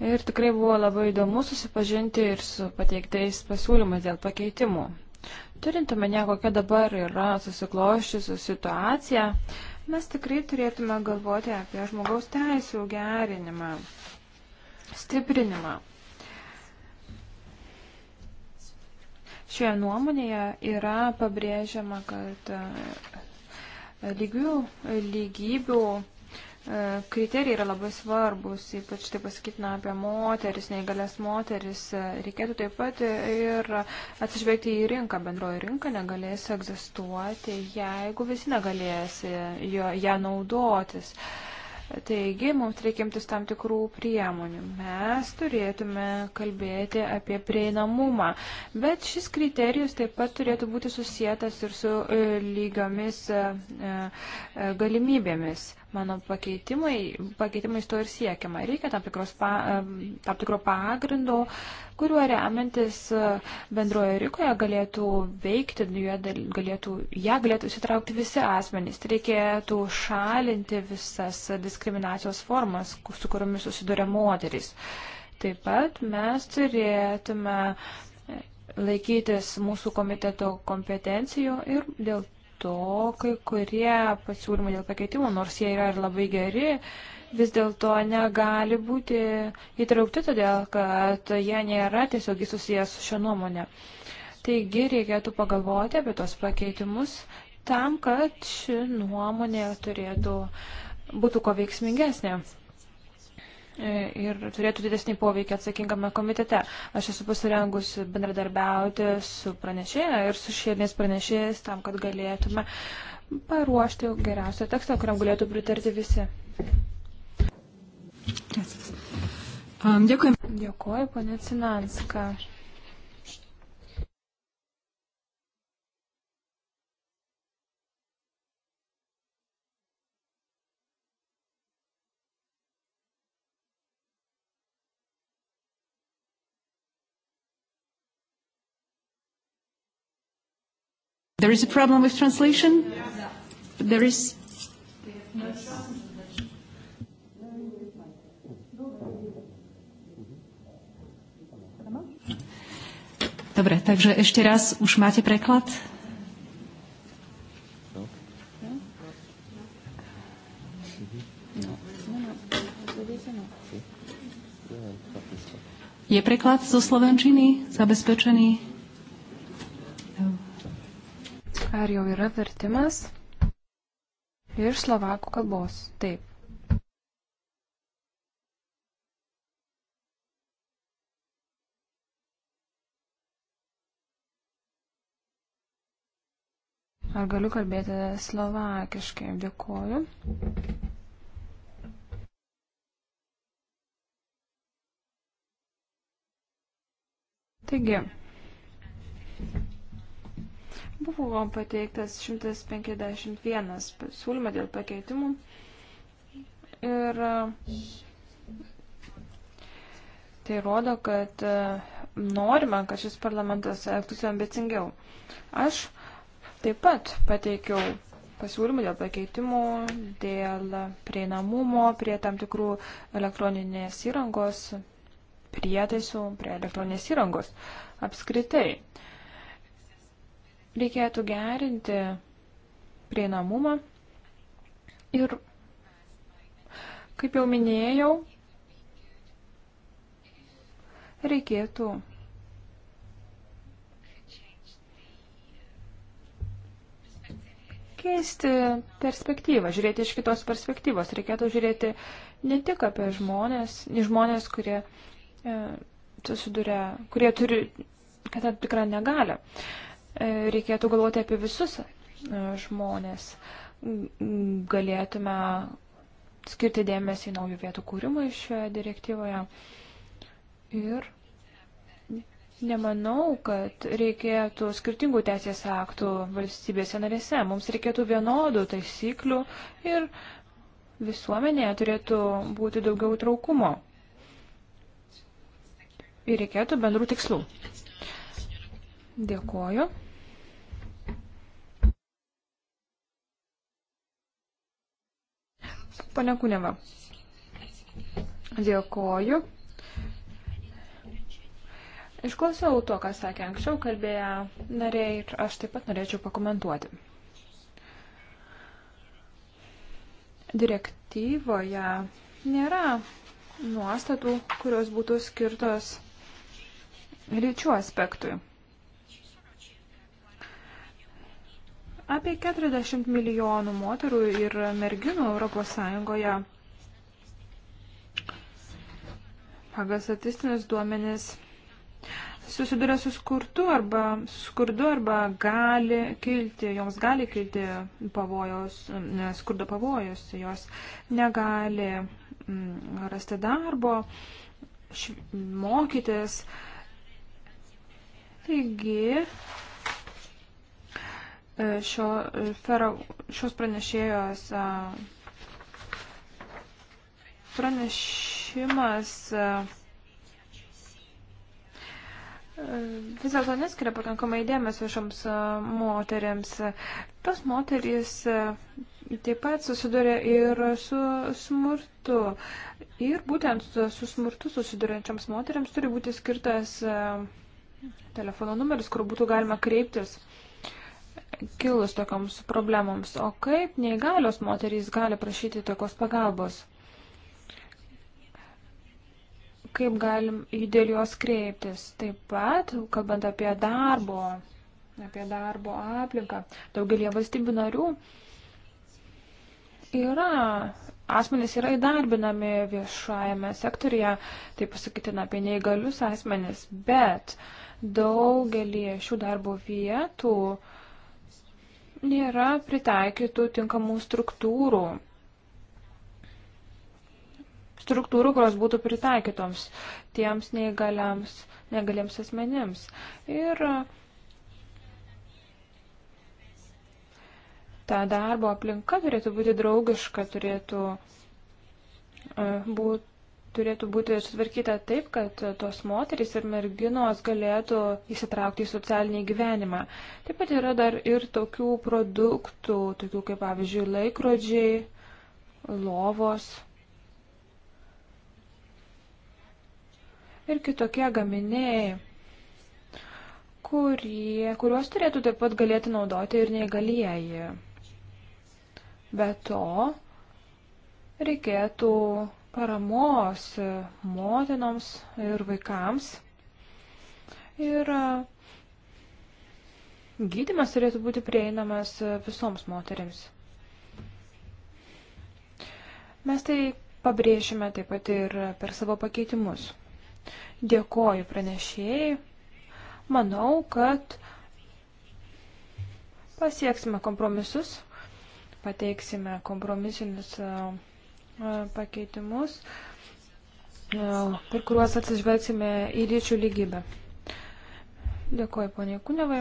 ir tikrai buvo labai įdomu susipažinti ir su pateiktais pasiūlymais dėl pakeitimų. Turint omenyje, kokia dabar yra susikloščiusi situacija, mes tikrai turėtume galvoti apie žmogaus teisų gerinimą, stiprinimą. Šioje nuomonėje yra pabrėžiama, kad e, lygių lygybių e, kriterijai yra labai svarbus, ypač tai pasakytina apie moteris, neįgalės moteris. E, reikėtų taip pat ir atsižvelgti į rinką. Bendroji rinka negalės egzistuoti, jeigu visi negalės ją naudotis. Uh, Taigi, mums reikimtis tam tikrų priemonių. Mes turėtume kalbėti apie prieinamumą, bet šis kriterijus taip pat turėtų būti susijęs ir su e, lygiomis e, e, galimybėmis mano pakeitimai, pakeitimais to ir siekiama. Reikia tam, pa, tam tikro pagrindo, kuriuo remiantis e, bendroje rikoje galėtų veikti, galėtų, ją galėtų įsitraukti visi asmenys. Tai reikėtų šalinti visas diskriminacijos formas, su kuriomis susiduria moteris. Taip pat mes turėtume laikytis mūsų komiteto kompetencijų ir dėl to kai kurie pasiūlymai dėl pakeitimų, nors jie yra ir labai geri, vis dėlto negali būti įtraukti, todėl kad jie nėra tiesiogiai susijęs su šia nuomonė. Taigi reikėtų pagalvoti apie tos pakeitimus tam, kad ši nuomonė turėtų būtų ko veiksmingesnė. E, ir turėtų didesnį poveikį atsakingame komitete. Aš esu pasirengusi bendradarbiauti su pranešėja ir su šiandienis pranešėjais tam, kad galėtume paruošti geriausią tekstą, kuriam galėtų pritarti visi. Um, Dėkuoju, ponė Cinanska. There is a problem with translation? There is. Dobre, takže ešte raz, už máte preklad? Je preklad zo Slovenčiny zabezpečený? Ar jau yra vertimas? Iš slovakų kalbos. Taip. Ar galiu kalbėti slovakiškai? Dėkuoju. Taigi, Buvo pateiktas 151 pasiūlymą dėl pakeitimų. Ir e, tai rodo, kad e, norime, kad šis parlamentas elgtųsi ambicingiau. Aš taip pat pateikiau pasiūlymų dėl pakeitimų, dėl prieinamumo prie tam tikrų elektroninės įrangos, prietaisų, prie elektroninės įrangos apskritai. Reikėtų gerinti prieinamumą ir, kaip jau minėjau, reikėtų keisti perspektyvą, žiūrėti iš kitos perspektyvos. Reikėtų žiūrėti ne tik apie žmonės, ne žmonės, kurie e, susiduria, kurie turi tam tikrą negalę. E, reikėtų galvoti apie visus e, žmonės. Galėtume skirti dėmesį naujų vietų kūrimui šioje direktyvoje. Ir nemanau, kad reikėtų skirtingų teisės aktų valstybėse narėse. Mums reikėtų vienodų taisyklių ir visuomenėje turėtų būti daugiau traukumo. Ir reikėtų bendrų tikslų. Dėkuoju. Pane Kuneva. Dėkoju. Išklausiau to, ką sakė anksčiau kalbėję nariai ir aš taip pat norėčiau pakomentuoti. Direktyvoje nėra nuostatų, kurios būtų skirtos lyčių aspektui. Apie 40 milijonų moterų ir merginų ES pagal statistinius duomenis susiduria su skurdu arba, skurdu arba gali kilti, joms gali kilti pavojos, skurdo pavojus, jos negali mm, rasti darbo, mokytis. Taigi, E, šio, e, fero, šios pranešėjos e, pranešimas vis dėlto neskiria pakankamai dėmesio šioms moteriams. Tos moterys taip pat susiduria ir su smurtu. Ir būtent su smurtu susiduriančiams moteriams turi būti skirtas telefono numeris, kur būtų galima kreiptis kilus tokiams problemams. O kaip neįgalios moterys gali prašyti tokios pagalbos? Kaip galim į dėl jos kreiptis? Taip pat, kalbant apie darbo, apie darbo aplinką, daugelie valstybių narių yra, asmenys yra įdarbinami viešajame sektorija, taip pasakytina apie neįgalius asmenys, bet daugelį šių darbo vietų uh, nėra pritaikytų tinkamų struktūrų. Struktūrų, kurios būtų pritaikytoms tiems neįgaliams, negaliems asmenims. Ir ta darbo aplinka turėtų būti draugiška, turėtų e, būti turėtų būti sutvarkyta taip, kad tos moterys ir merginos galėtų įsitraukti į socialinį gyvenimą. Taip pat yra dar ir tokių produktų, tokių kaip pavyzdžiui laikrodžiai, lovos ir kitokie gaminiai, kurie, kuriuos turėtų taip pat galėti naudoti ir neįgalieji. Be to, reikėtų paramos motinoms ir vaikams. Ir e, gydimas turėtų būti prieinamas e, visoms moteriams. Mes tai pabrėžime taip pat ir per savo pakeitimus. Dėkoju pranešėjai. Manau, kad pasieksime kompromisus, pateiksime kompromisinius uh, E, pakeitimus, e, per kuriuos atsižvelgsime į lyčių lygybę. Dėkuoju, poniai Kunevai.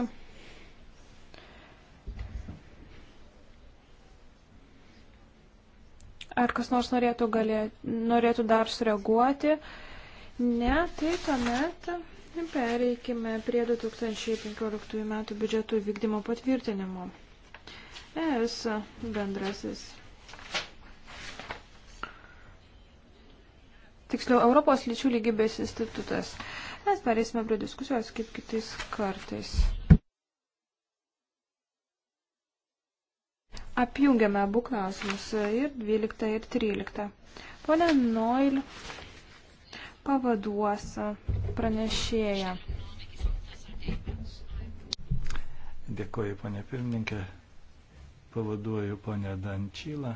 Ar kas nors norėtų, galė, norėtų dar sureaguoti? Ne, tai tuomet pereikime prie 2015 metų biudžeto vykdymo patvirtinimo. ES bendrasis tiksliau Europos lyčių lygybės institutas. Mes perėsime prie diskusijos kaip kitais kartais. Apjungiame abu klausimus ir 12 ir 13. Pone Noil pavaduos pranešėją. Dėkoju, ponė pirmininkė. Pavaduoju ponę Dančylą.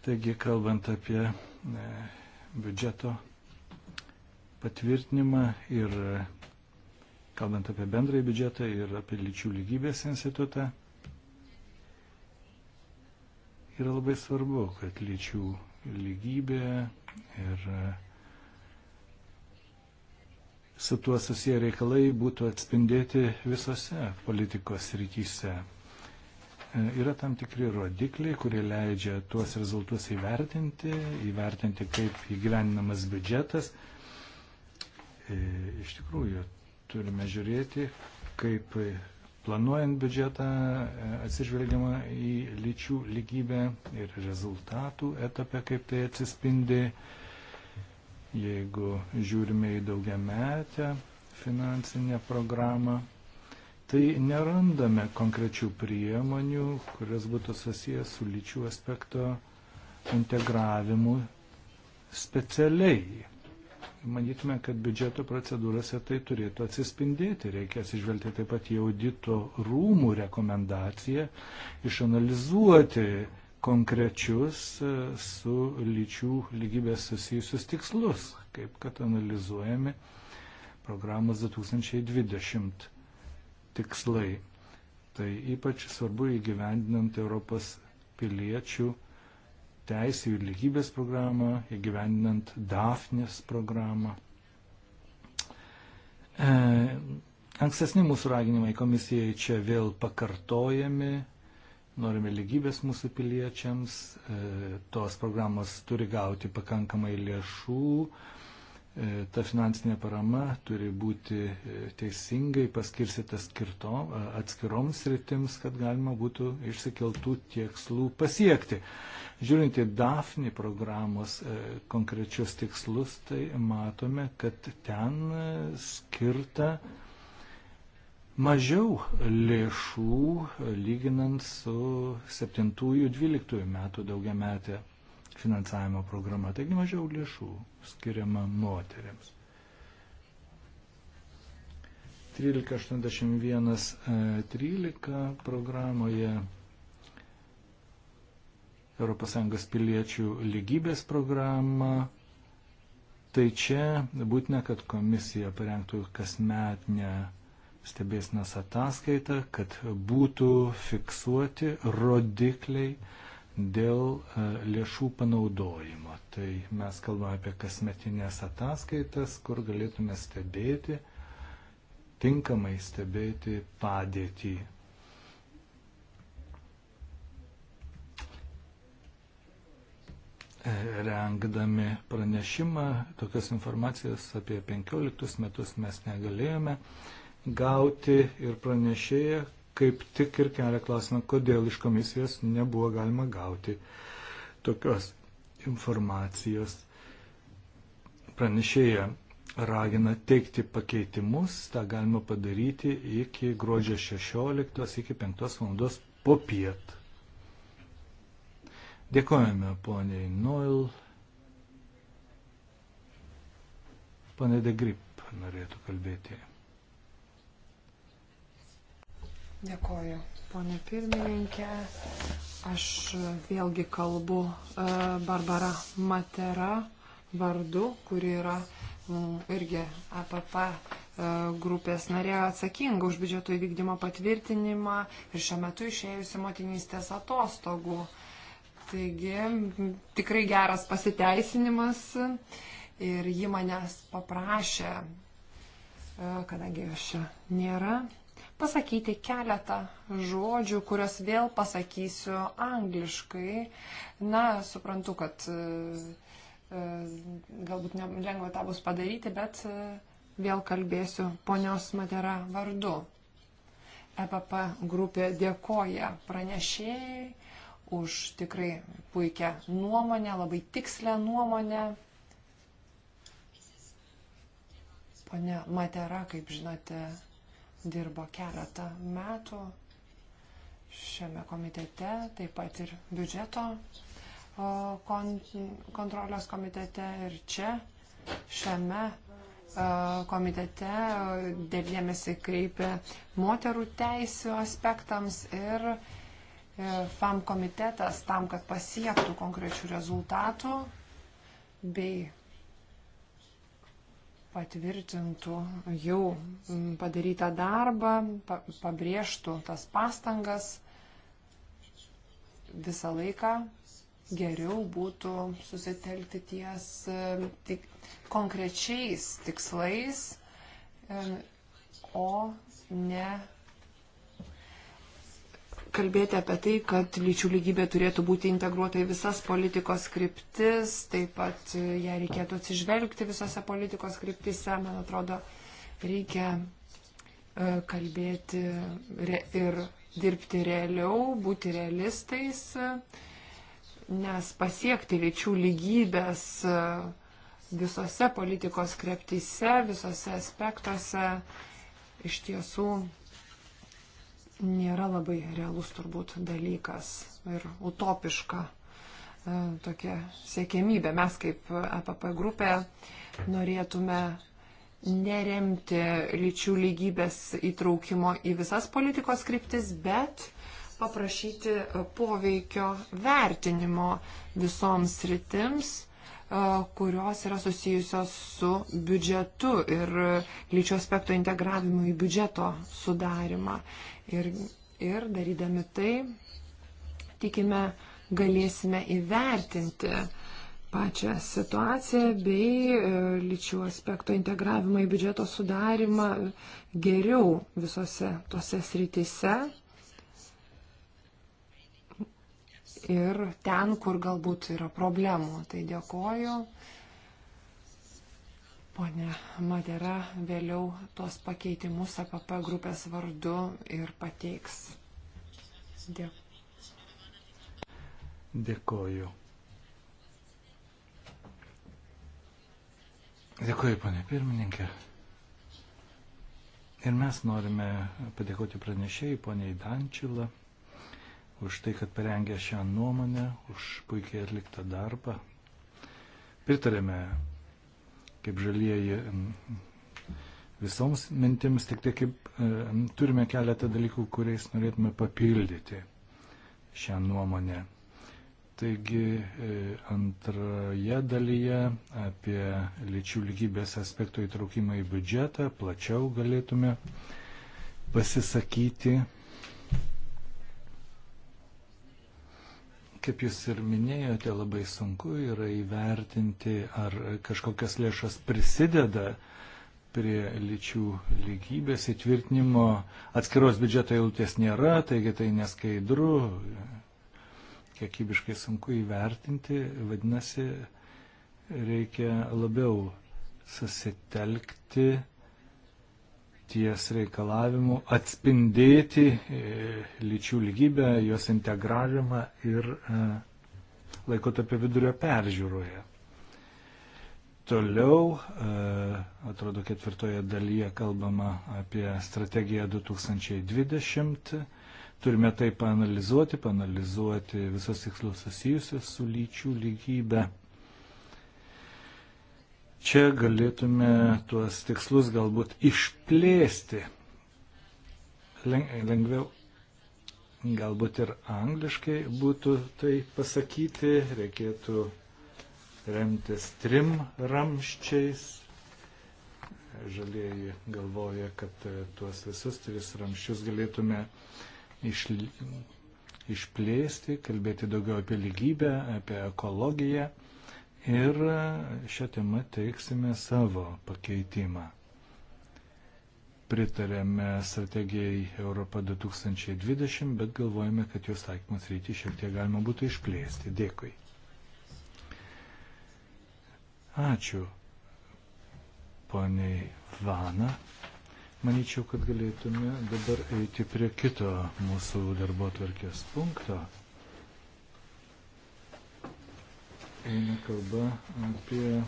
Taigi, kalbant apie E, biudžeto patvirtinimą ir e, kalbant apie bendrąjį biudžetą ir apie lyčių lygybės institutą, yra labai svarbu, kad lyčių lygybė ir e, su tuo susiję reikalai būtų atspindėti visose politikos rytise. E, yra tam tikri rodikliai, kurie leidžia tuos rezultus įvertinti, įvertinti, kaip įgyveninamas biudžetas. E, iš tikrųjų, turime žiūrėti, kaip planuojant biudžetą e, atsižvelgiama į lyčių lygybę ir rezultatų etape, kaip tai atsispindi, jeigu žiūrime į daugiametę finansinę programą tai nerandame konkrečių priemonių, kurias būtų susijęs su lyčių aspekto integravimu specialiai. Manytume, kad biudžeto procedūrose tai turėtų atsispindėti. Reikia atsižvelgti taip pat į audito rūmų rekomendaciją, išanalizuoti konkrečius e, su lyčių lygybės susijusius tikslus, kaip kad analizuojami programos 2020 tikslai. Tai ypač svarbu įgyvendinant Europos piliečių teisų ir lygybės programą, įgyvendinant DAFNES programą. E, ankstesni mūsų raginimai komisijai čia vėl pakartojami, norime lygybės mūsų piliečiams, e, tos programos turi gauti pakankamai lėšų, e, E, ta finansinė parama turi būti e, teisingai paskirsita skirto, e, atskiroms rytims, kad galima būtų išsikeltų tikslų pasiekti. Žiūrint į DAFNI programos konkrečius tikslus, tai matome, kad ten skirta mažiau lėšų lyginant su 7-12 metų daugiametė finansavimo programa, taigi mažiau lėšų skiriama moteriams. 1381.13 e, programoje ES piliečių lygybės programą. Tai čia būtina, kad komisija parengtų kasmetinę stebėsnas ataskaitą, kad būtų fiksuoti rodikliai, dėl e, lėšų panaudojimo. Tai mes kalbame apie kasmetinės ataskaitas, kur galėtume stebėti, tinkamai stebėti padėtį. E, rengdami pranešimą, tokios informacijos apie 15 metus mes negalėjome gauti ir pranešėja kaip tik ir kelia klausimą, kodėl iš komisijos nebuvo galima gauti tokios informacijos. Pranešėja ragina teikti pakeitimus, tą galima padaryti iki gruodžio 16, iki 5 val. po piet. Dėkojame poniai Noil. Pane Degrip norėtų kalbėti. Dėkoju, ponė pirmininkė. Aš vėlgi kalbu e, Barbara Matera vardu, kuri yra mm, irgi APP e, grupės narė atsakinga už biudžeto įvykdymo patvirtinimą ir šiuo metu išėjusi motinystės atostogų. Taigi tikrai geras pasiteisinimas ir ji manęs paprašė, e, kadangi aš čia nėra, pasakyti keletą žodžių, kuriuos vėl pasakysiu angliškai. Na, suprantu, kad e, e, galbūt lengva tą bus padaryti, bet e, vėl kalbėsiu ponios Matera vardu. EPP grupė dėkoja pranešėjai už tikrai puikią nuomonę, labai tikslę nuomonę. Pone Matera, kaip žinote, dirbo keletą metų šiame komitete, taip pat ir biudžeto kontrolės komitete ir čia, šiame komitete dėmesį kreipia moterų teisų aspektams ir e, FAM komitetas tam, kad pasiektų konkrečių rezultatų bei patvirtintų jau padarytą darbą, pabrėžtų tas pastangas visą laiką geriau būtų susitelkti ties e, tik konkrečiais tikslais, e, o ne kalbėti apie tai, kad lyčių lygybė turėtų būti integruota į visas politikos kryptis, taip pat e, ją reikėtų atsižvelgti visose politikos kryptise, man atrodo, reikia e, kalbėti ir dirbti realiau, būti realistais, e, nes pasiekti lyčių lygybės visose politikos kryptise, visose aspektuose iš tiesų nėra labai realus turbūt dalykas ir utopiška e, tokia siekėmybė. Mes kaip APP e grupė norėtume neremti lyčių lygybės įtraukimo į visas politikos kryptis, bet paprašyti poveikio vertinimo visoms rytims kurios yra susijusios su biudžetu ir lyčio aspekto integravimu į biudžeto sudarimą. Ir, ir darydami tai, tikime, galėsime įvertinti pačią situaciją bei e, lyčių aspekto integravimą į biudžeto sudarimą geriau visose tose sritise ir ten, kur galbūt yra problemų. Tai dėkoju. Pone Madera vėliau tuos pakeitimus APP grupės vardu ir pateiks. Dėkoju. Dėkoju. Dėkuoju, panė pirmininkė. Ir mes norime padėkoti pranešėjai, poniai Dančilą, už tai, kad parengė šią nuomonę, už puikiai atliktą darbą. Pritarėme, kaip žalieji, visoms mintims, tik tai kaip e, turime keletą dalykų, kuriais norėtume papildyti šią nuomonę. Taigi e, antroje dalyje apie lyčių lygybės aspektų įtraukimą į biudžetą plačiau galėtume pasisakyti Kaip jūs ir minėjote, labai sunku yra įvertinti, ar kažkokias lėšas prisideda prie lyčių lygybės įtvirtinimo. Atskiros biudžeto eilutės nėra, taigi tai neskaidru, kiekybiškai sunku įvertinti, vadinasi, reikia labiau susitelkti ties reikalavimu atspindėti e, lyčių lygybę, jos integravimą ir e, laikotapio vidurio peržiūroje. Toliau, e, atrodo, ketvirtoje dalyje kalbama apie strategiją 2020. Turime tai panalizuoti, panalizuoti visus tikslus susijusius su lyčių lygybė. Čia galėtume tuos tikslus galbūt išplėsti. Lengviau galbūt ir angliškai būtų tai pasakyti, reikėtų remtis trim ramščiais. Žalieji galvoja, kad e, tuos visus tris ramščius galėtume išl... išplėsti, kalbėti daugiau apie lygybę, apie ekologiją ir šią temą teiksime savo pakeitimą. Pritarėme strategijai Europa 2020, bet galvojame, kad jos taikymas rytį šiek tiek galima būtų išplėsti. Dėkui. Ačiū, poniai Vana. Manyčiau, kad galėtume dabar eiti prie kito mūsų darbo tvarkės punkto. eina kalba apie.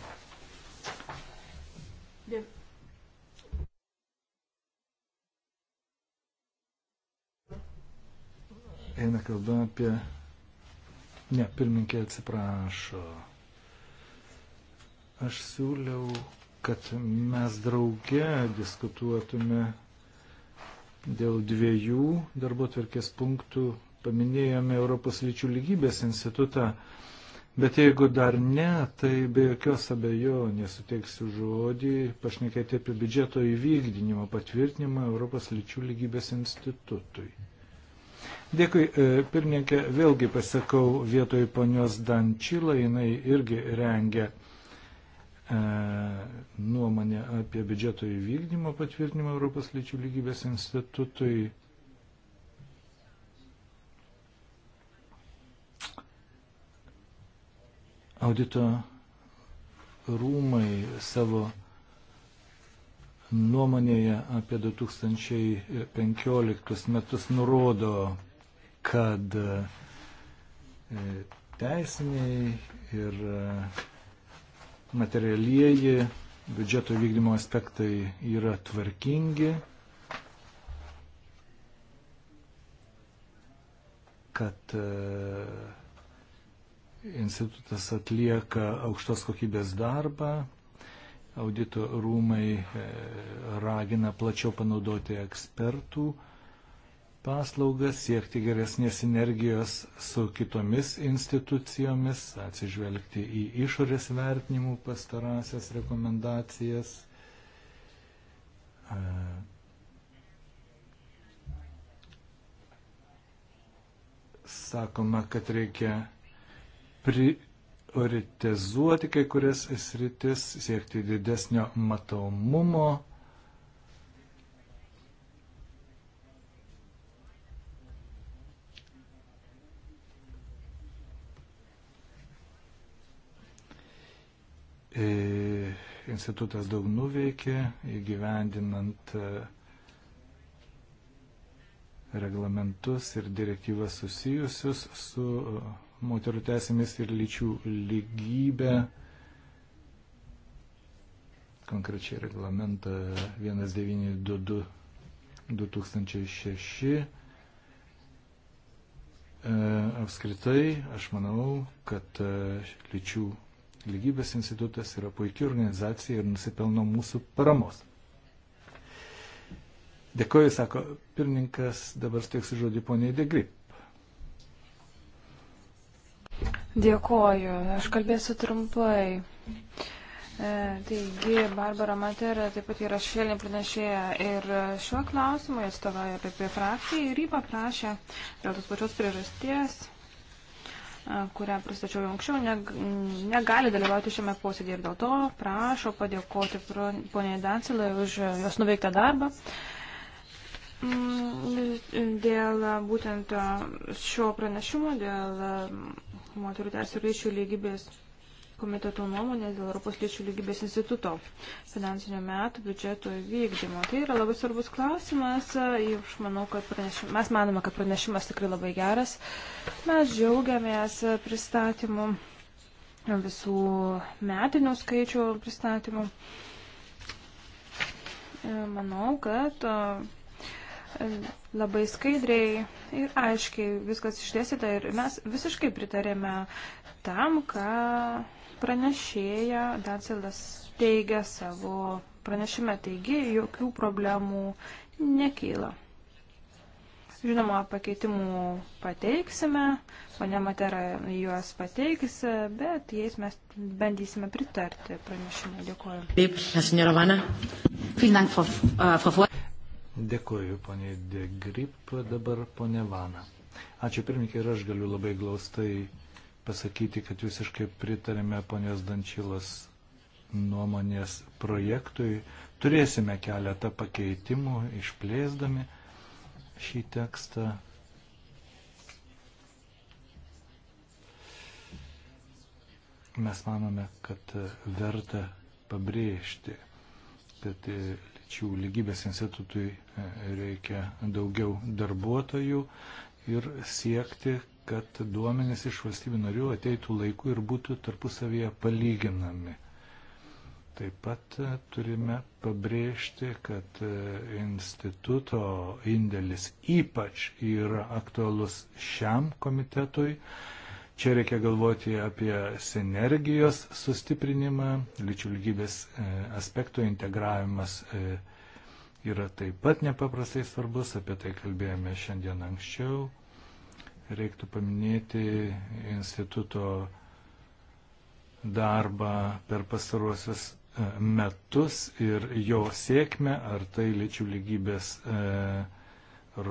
Eina kalba apie. Ne, pirmininkė atsiprašo. Aš siūliau, kad mes drauge diskutuotume dėl dviejų darbo tvarkės punktų. Paminėjome Europos lyčių lygybės institutą. Uh, Bet jeigu dar ne, tai be jokios abejonės suteiksiu žodį pašnekėti apie biudžeto įvykdinimo patvirtinimą Europos lyčių lygybės institutui. Dėkui, e, pirmininkė, vėlgi pasakau vietoj ponios Dančila, jinai irgi rengia e, nuomonę apie biudžeto įvykdymo patvirtinimą Europos lyčių lygybės institutui. Audito rūmai savo nuomonėje apie 2015 metus nurodo, kad e, teisiniai ir e, materialieji biudžeto vykdymo aspektai yra tvarkingi, kad e, institutas atlieka aukštos kokybės darbą, audito rūmai e, ragina plačiau panaudoti ekspertų paslaugas, siekti geresnės sinergijos su kitomis institucijomis, atsižvelgti į išorės vertinimų pastarąsias rekomendacijas. E, sakoma, kad reikia prioritizuoti kai kurias sritis, siekti didesnio matomumo. E, institutas daug nuveikė įgyvendinant e, reglamentus ir direktyvas susijusius su moterų teisėmis ir lyčių lygybę, konkrečiai reglamentą 1922 2006. E, apskritai, aš manau, kad e, lyčių lygybės institutas yra puikia organizacija ir nusipelno mūsų paramos. Dėkoju, sako pirmininkas, dabar steiksiu žodį poniai Degri. Dėkoju, aš kalbėsiu trumpai. E, taigi, Barbara Matera taip pat yra švelniai pranešėja ir šiuo klausimu atstovauja PP frakcijai ir jį paprašė dėl tos pačios priežasties, e, kurią pristačiau anksčiau, negali dalyvauti šiame posėdėje ir dėl to prašo padėkoti poniai Dancilai už jos nuveiktą darbą. Mm, dėl būtent šio pranešimo, dėl moterų teisų ir lyčių lygybės komiteto nuomonės dėl Europos lyčių lygybės instituto finansinio metų biudžeto vykdymo. Tai yra labai svarbus klausimas. Aš manau, kad pranešim, mes manome, kad pranešimas tikrai labai geras. Mes džiaugiamės pristatymu visų metinių skaičių pristatymų. Manau, kad labai skaidriai ir aiškiai viskas išdėstyta ir mes visiškai pritarėme tam, ką pranešėja Dacilas teigia savo pranešime, taigi jokių problemų nekyla. Žinoma, pakeitimų pateiksime, ponia Matera juos pateiks, bet jais mes bandysime pritarti pranešimą. Dėkuoju. Taip, senjora Vana. Dėkuoju, ponė Degrip, dabar ponė Vana. Ačiū pirmininkai ir aš galiu labai glaustai pasakyti, kad visiškai pritarėme ponios Dančilos nuomonės projektui. Turėsime keletą pakeitimų išplėsdami šį tekstą. Mes manome, kad verta pabrėžti, kad lyčių lygybės institutui e, reikia daugiau darbuotojų ir siekti, kad duomenys iš valstybių narių ateitų laiku ir būtų tarpusavyje palyginami. Taip pat e, turime pabrėžti, kad e, instituto indėlis ypač yra aktualus šiam komitetui Čia reikia galvoti apie sinergijos sustiprinimą, lyčių lygybės e, aspektų integravimas e, yra taip pat nepaprastai svarbus, apie tai kalbėjome šiandien anksčiau. Reiktų paminėti instituto darbą per pastaruosius e, metus ir jo sėkmę, ar tai lyčių lygybės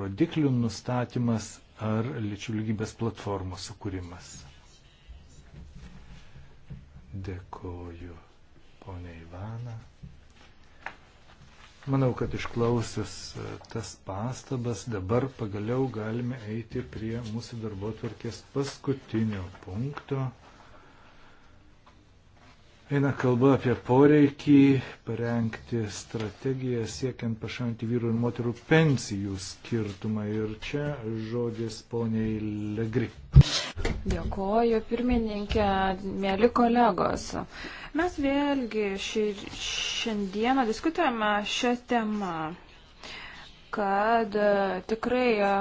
rodiklių nustatymas ar lyčių lygybės platformos sukūrimas. Dėkoju, ponė Ivana. Manau, kad išklausius e, tas pastabas, dabar pagaliau galime eiti prie mūsų darbo tvarkės paskutinio punkto. Eina kalba apie poreikį parengti strategiją siekiant pašalinti vyrų ir moterų pensijų skirtumą. Ir čia žodis poniai Legri. Dėkoju, pirmininkė, mėly kolegos. Mes vėlgi šį, šiandieną diskutuojame šią temą, kad e, tikrai e,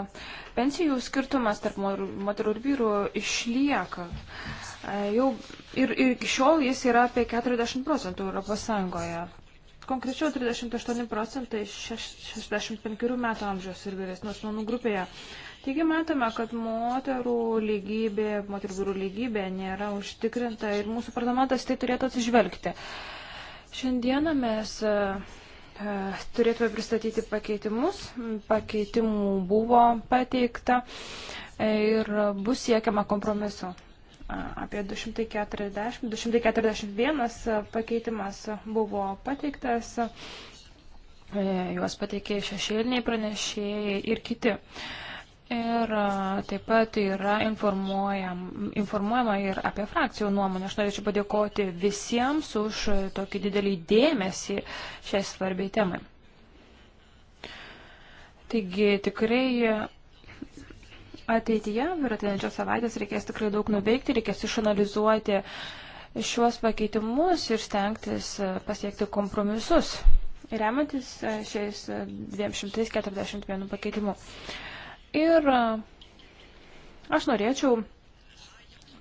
pensijų skirtumas tarp moterų ir vyrų išlieka. E, jau ir iki šiol jis yra apie 40 procentų Europos Sąjungoje. Konkrečiau 38 procentai 65 metų amžiaus ir vyresnių asmenų grupėje. Taigi matome, kad moterų lygybė, moterų vyrų lygybė nėra užtikrinta ir mūsų parlamentas tai turėtų atsižvelgti. Šiandieną mes e, e, turėtume pristatyti pakeitimus. Pakeitimų buvo pateikta e, ir bus siekiama kompromisu apie 240, 241 pakeitimas buvo pateiktas, e, juos pateikė šešėliniai pranešėjai ir kiti. Ir e, taip pat yra informuojam, informuojama ir apie frakcijų nuomonę. Aš norėčiau padėkoti visiems už tokį didelį dėmesį šiai svarbiai temai. Taigi tikrai Ateityje ir ateinančios savaitės reikės tikrai daug nuveikti, reikės išanalizuoti šiuos pakeitimus ir stengtis e, pasiekti kompromisus, remiantis e, šiais 241 e, pakeitimu. Ir aš norėčiau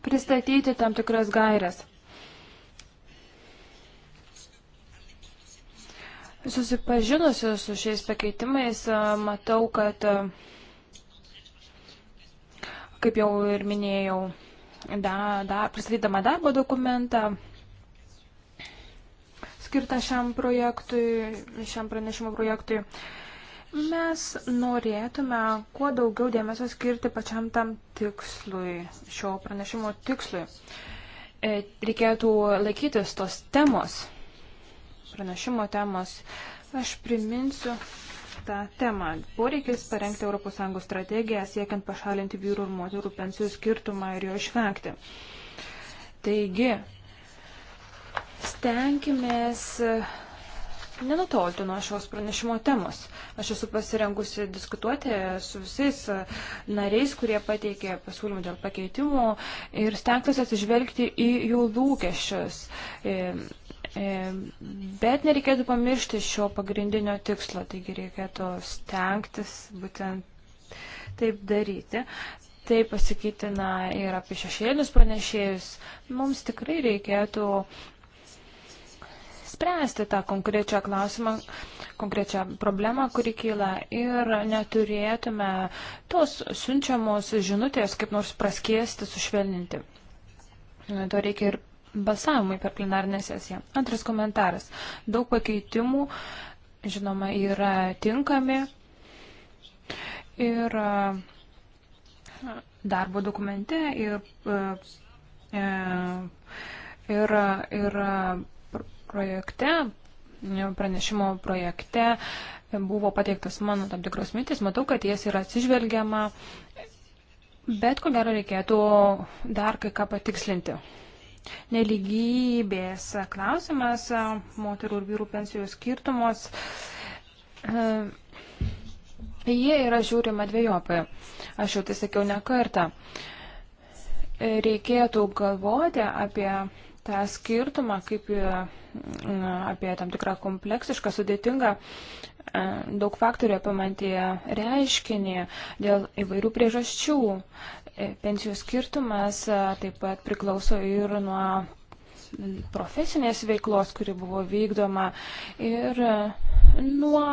pristatyti tam tikras gairias. Susipažinusi su šiais pakeitimais, matau, kad Kaip jau ir minėjau, da, da, pristatydama darbo dokumentą skirtą šiam projektui, šiam pranešimo projektui, mes norėtume kuo daugiau dėmesio skirti pačiam tam tikslui, šio pranešimo tikslui. E, reikėtų laikytis tos temos, pranešimo temos. Aš priminsiu, tą temą. Poreikis parengti ES strategiją siekiant pašalinti vyrų ir moterų pensijų skirtumą ir jo išvengti. Taigi, stenkimės e, nenutolti nuo šios pranešimo temos. Aš esu pasirengusi diskutuoti su visais e, nariais, kurie pateikė pasiūlymų dėl pakeitimų ir stengtis atsižvelgti į jų lūkesčius. E, E, bet nereikėtų pamiršti šio pagrindinio tikslo, taigi reikėtų stengtis būtent taip daryti. Tai pasakytina ir apie šešėlius pranešėjus. Mums tikrai reikėtų spręsti tą konkrečią klausimą, konkrečią problemą, kuri kyla ir neturėtume tos siunčiamos žinutės kaip nors praskėsti, sušvelninti. To reikia ir balsavimai per plenarinę sesiją. Antras komentaras. Daug pakeitimų, žinoma, yra tinkami ir e, darbo dokumente ir, e, e, ir, ir projekte, pranešimo projekte buvo pateiktas mano tam tikros mintis. Matau, kad jas yra atsižvelgiama, bet ko gero reikėtų dar kai ką patikslinti neligybės klausimas, moterų ir vyrų pensijų skirtumos, jie yra žiūrima dviejopai. Aš jau tai sakiau ne kartą. Reikėtų galvoti apie tą skirtumą kaip apie tam tikrą kompleksišką, sudėtingą daug faktorių apimantį reiškinį dėl įvairių priežasčių. Pensijų skirtumas taip pat priklauso ir nuo profesinės veiklos, kuri buvo vykdoma ir nuo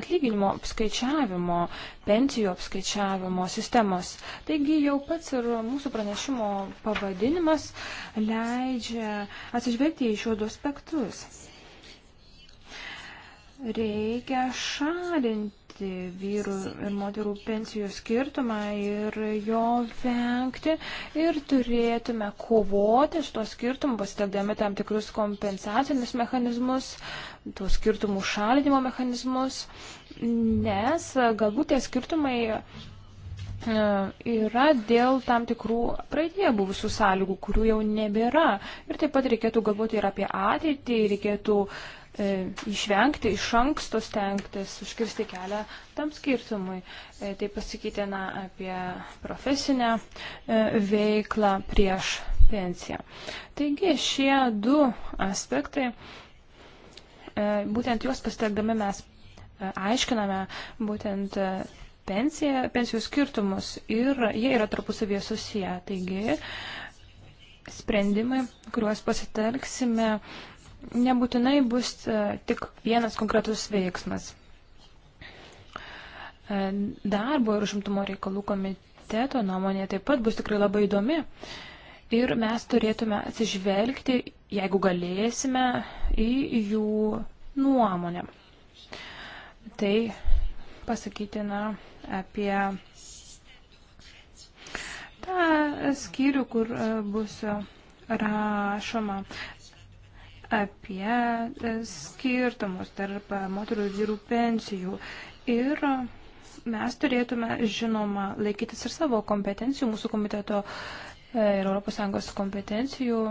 atlyginimo apskaičiavimo, pensijų apskaičiavimo sistemos. Taigi jau pats ir mūsų pranešimo pavadinimas leidžia atsižvelgti į šiuos aspektus. Reikia šalinti mažinti vyrų ir moterų pensijų skirtumą ir jo vengti. Ir turėtume kovoti su to skirtumu, pasitelkdami tam tikrus kompensacinius mechanizmus, tų skirtumų šalinimo mechanizmus, nes galbūt tie skirtumai e, yra dėl tam tikrų praeitie buvusių sąlygų, kurių jau nebėra. Ir taip pat reikėtų galvoti ir apie ateitį, reikėtų uh, E, išvengti, iš anksto stengtis, užkirsti kelią tam skirtumui. E, tai pasakytina apie profesinę e, veiklą prieš pensiją. Taigi šie du aspektai, būtent juos pasitelkdami mes aiškiname būtent pensiją, pensijų skirtumus ir jie yra tarpusavėje susiję. Taigi sprendimai, kuriuos pasitelksime, nebūtinai bus e, tik vienas konkretus veiksmas. E, darbo ir užimtumo reikalų komiteto nuomonė taip pat bus tikrai labai įdomi. Ir mes turėtume atsižvelgti, jeigu galėsime, į jų nuomonę. Tai pasakytina apie tą skyrių, kur e, bus rašoma apie skirtumus tarp moterų ir vyrų pensijų. Ir mes turėtume, žinoma, laikytis ir savo kompetencijų, mūsų komiteto e, ir ES kompetencijų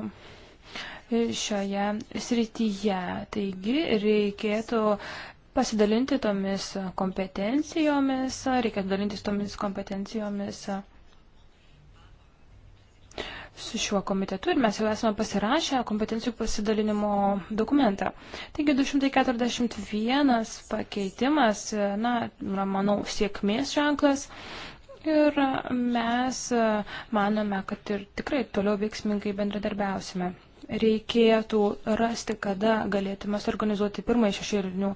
šioje srityje. Taigi reikėtų pasidalinti tomis kompetencijomis, reikėtų dalintis tomis kompetencijomis su šiuo komitetu ir mes jau esame pasirašę kompetencijų pasidalinimo dokumentą. Taigi 241 pakeitimas, na, yra, manau, sėkmės ženklas. Ir mes manome, kad ir tikrai toliau veiksmingai bendradarbiausime. Reikėtų rasti, kada galėtume suorganizuoti pirmąjį šešėlinių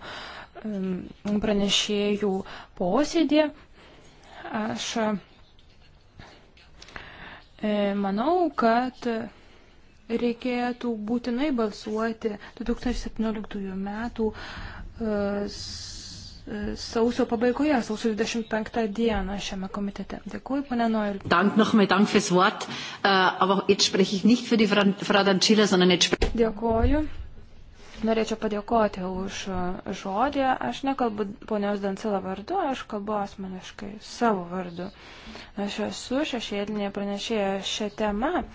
pranešėjų posėdį. Aš E, manau, kad reikėtų būtinai balsuoti 2017 metų e, e, sausio pabaigoje, sausio 25 dieną šiame komitete. Dėkuoju, pane Noel. Dank nochmal, dank fürs Wort, äh, aber jetzt spreche ich nicht für die Frau Dancila, sondern jetzt spreche ich. Dėkuoju norėčiau padėkoti už žodį. Aš nekalbu ponios Dancila vardu, aš kalbu asmeniškai savo vardu. Aš esu šešėlinė pranešėja šią temą e,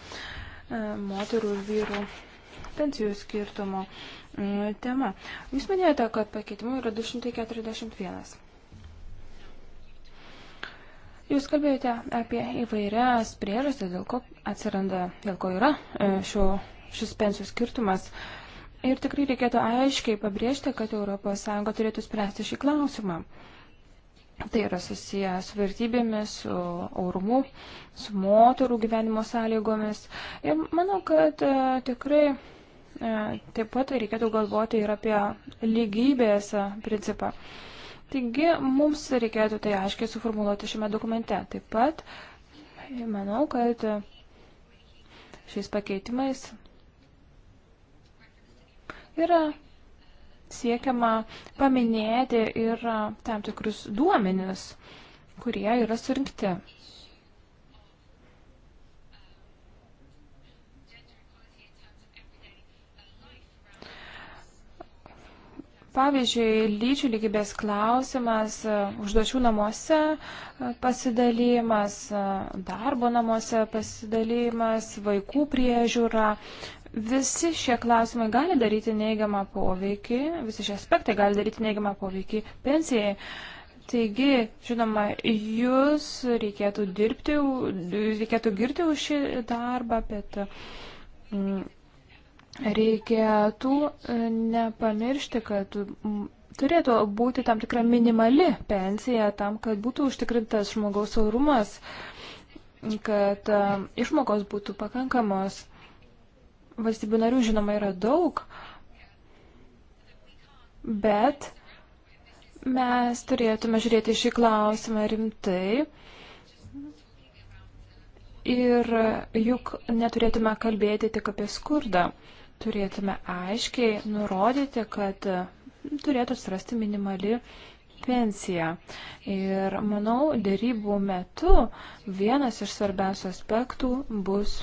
moterų ir vyrų pensijų skirtumo e, tema. Jūs minėjote, kad pakeitimų yra 241. Jūs kalbėjote apie įvairias priežastis, dėl ko atsiranda, dėl ko yra e, šio, šis pensijų skirtumas. Uh, Ir tikrai reikėtų aiškiai pabrėžti, kad ES turėtų spręsti šį klausimą. Tai yra susiję su vertybėmis, su aurumu, su moterų gyvenimo sąlygomis. Ir manau, kad e, tikrai e, taip pat reikėtų galvoti ir apie lygybės e, principą. Taigi mums reikėtų tai aiškiai suformuoluoti šiame dokumente. Taip pat manau, kad šiais pakeitimais yra siekiama paminėti ir tam tikrus duomenis, kurie yra surinkti. Pavyzdžiui, lyčių lygybės klausimas, užduočių namuose pasidalymas, darbo namuose pasidalymas, vaikų priežiūra, Visi šie klausimai gali daryti neigiamą poveikį, visi šie aspektai gali daryti neigiamą poveikį pensijai. Taigi, žinoma, jūs reikėtų dirbti, reikėtų girti už šį darbą, bet mm, reikėtų e, nepamiršti, kad turėtų būti tam tikra minimali pensija tam, kad būtų užtikrintas žmogaus saurumas, kad e, išmokos būtų pakankamos. Valstybių narių žinoma yra daug, bet mes turėtume žiūrėti šį klausimą rimtai. Ir juk neturėtume kalbėti tik apie skurdą. Turėtume aiškiai nurodyti, kad turėtų surasti minimali pensija. Ir manau, dėrybų metu vienas iš svarbiausių aspektų bus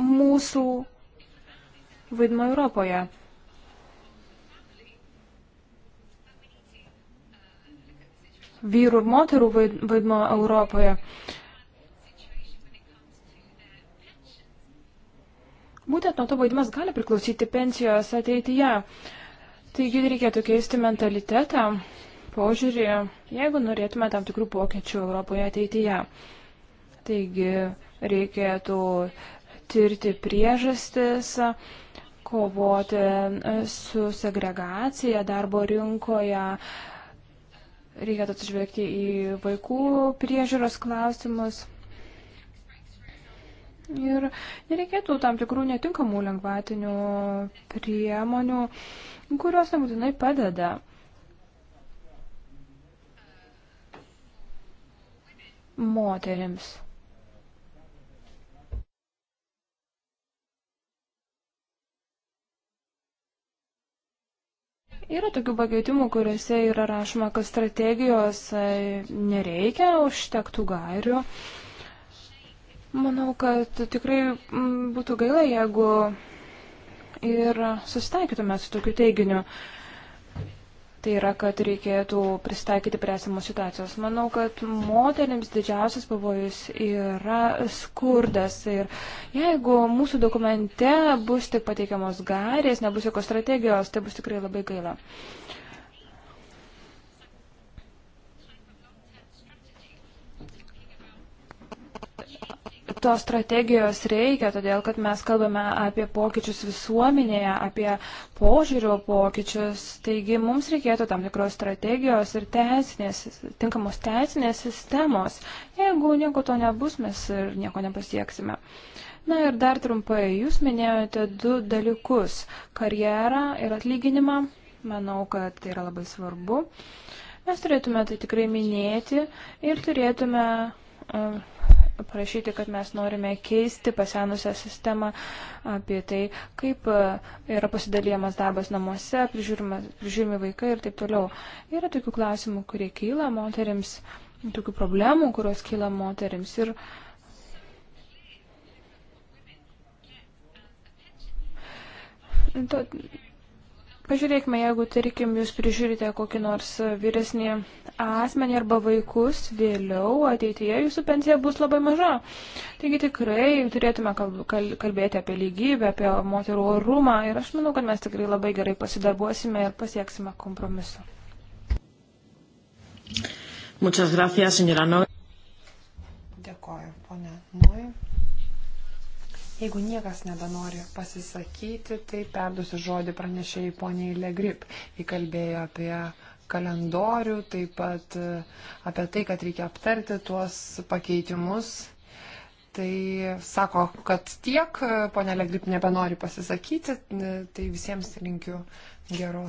mūsų vaidmo Europoje. Vyrų ir moterų vaidmo Europoje. Būtent nuo to vaidmens gali priklausyti pensijos ateityje. Taigi reikėtų keisti mentalitetą, požiūrį, jeigu norėtume tam tikrų pokyčių Europoje ateityje. Taigi reikėtų tirti priežastis, kovoti e, su segregacija darbo rinkoje. Reikėtų atsižvelgti į vaikų priežiūros klausimus. Ir nereikėtų tam tikrų netinkamų lengvatinių priemonių, kurios nebūtinai padeda. Moterims. Yra tokių pakeitimų, kuriuose yra rašoma, kad strategijos e, nereikia, užtektų gairių. Manau, kad tikrai būtų gaila, jeigu ir susitaikytume su tokiu teiginiu. Tai yra, kad reikėtų pristaikyti prie esamos situacijos. Manau, kad moteriams didžiausias pavojus yra skurdas. Ir jeigu mūsų dokumente bus tik pateikiamos garės, nebus jokios strategijos, tai bus tikrai labai gaila. Uh, tos strategijos reikia, todėl kad mes kalbame apie pokyčius visuomenėje, apie požiūrio pokyčius. Taigi mums reikėtų tam tikros strategijos ir teisinės, tinkamos teisinės sistemos. Jeigu nieko to nebus, mes ir nieko nepasieksime. Na ir dar trumpai, jūs minėjote du dalykus - karjerą ir atlyginimą. Manau, kad tai yra labai svarbu. Mes turėtume tai tikrai minėti ir turėtume um, parašyti, kad mes norime keisti pasenusią sistemą apie tai, kaip e, yra pasidalyjamas darbas namuose, prižiūrimi vaikai ir taip toliau. Yra tokių klausimų, kurie kyla moteriams, tokių problemų, kurios kyla moteriams. Ir To, pažiūrėkime, jeigu, tarkim, jūs prižiūrite kokį nors vyresnį asmenį arba vaikus, vėliau ateityje jūsų pensija bus labai maža. Taigi tikrai turėtume kalbėti apie lygybę, apie moterų orumą ir aš manau, kad mes tikrai labai gerai pasidarbuosime ir pasieksime kompromisu. Muchas gracias, señora Noe. Dėkoju, ponia Noe. Jeigu niekas nebenori pasisakyti, tai perdusiu žodį pranešėjai poniai Legrip. Ji kalbėjo apie kalendorių, taip pat e, apie tai, kad reikia aptarti tuos pakeitimus. Tai sako, kad tiek, e, ponelė Grip nebenori pasisakyti, e, tai visiems linkiu geros.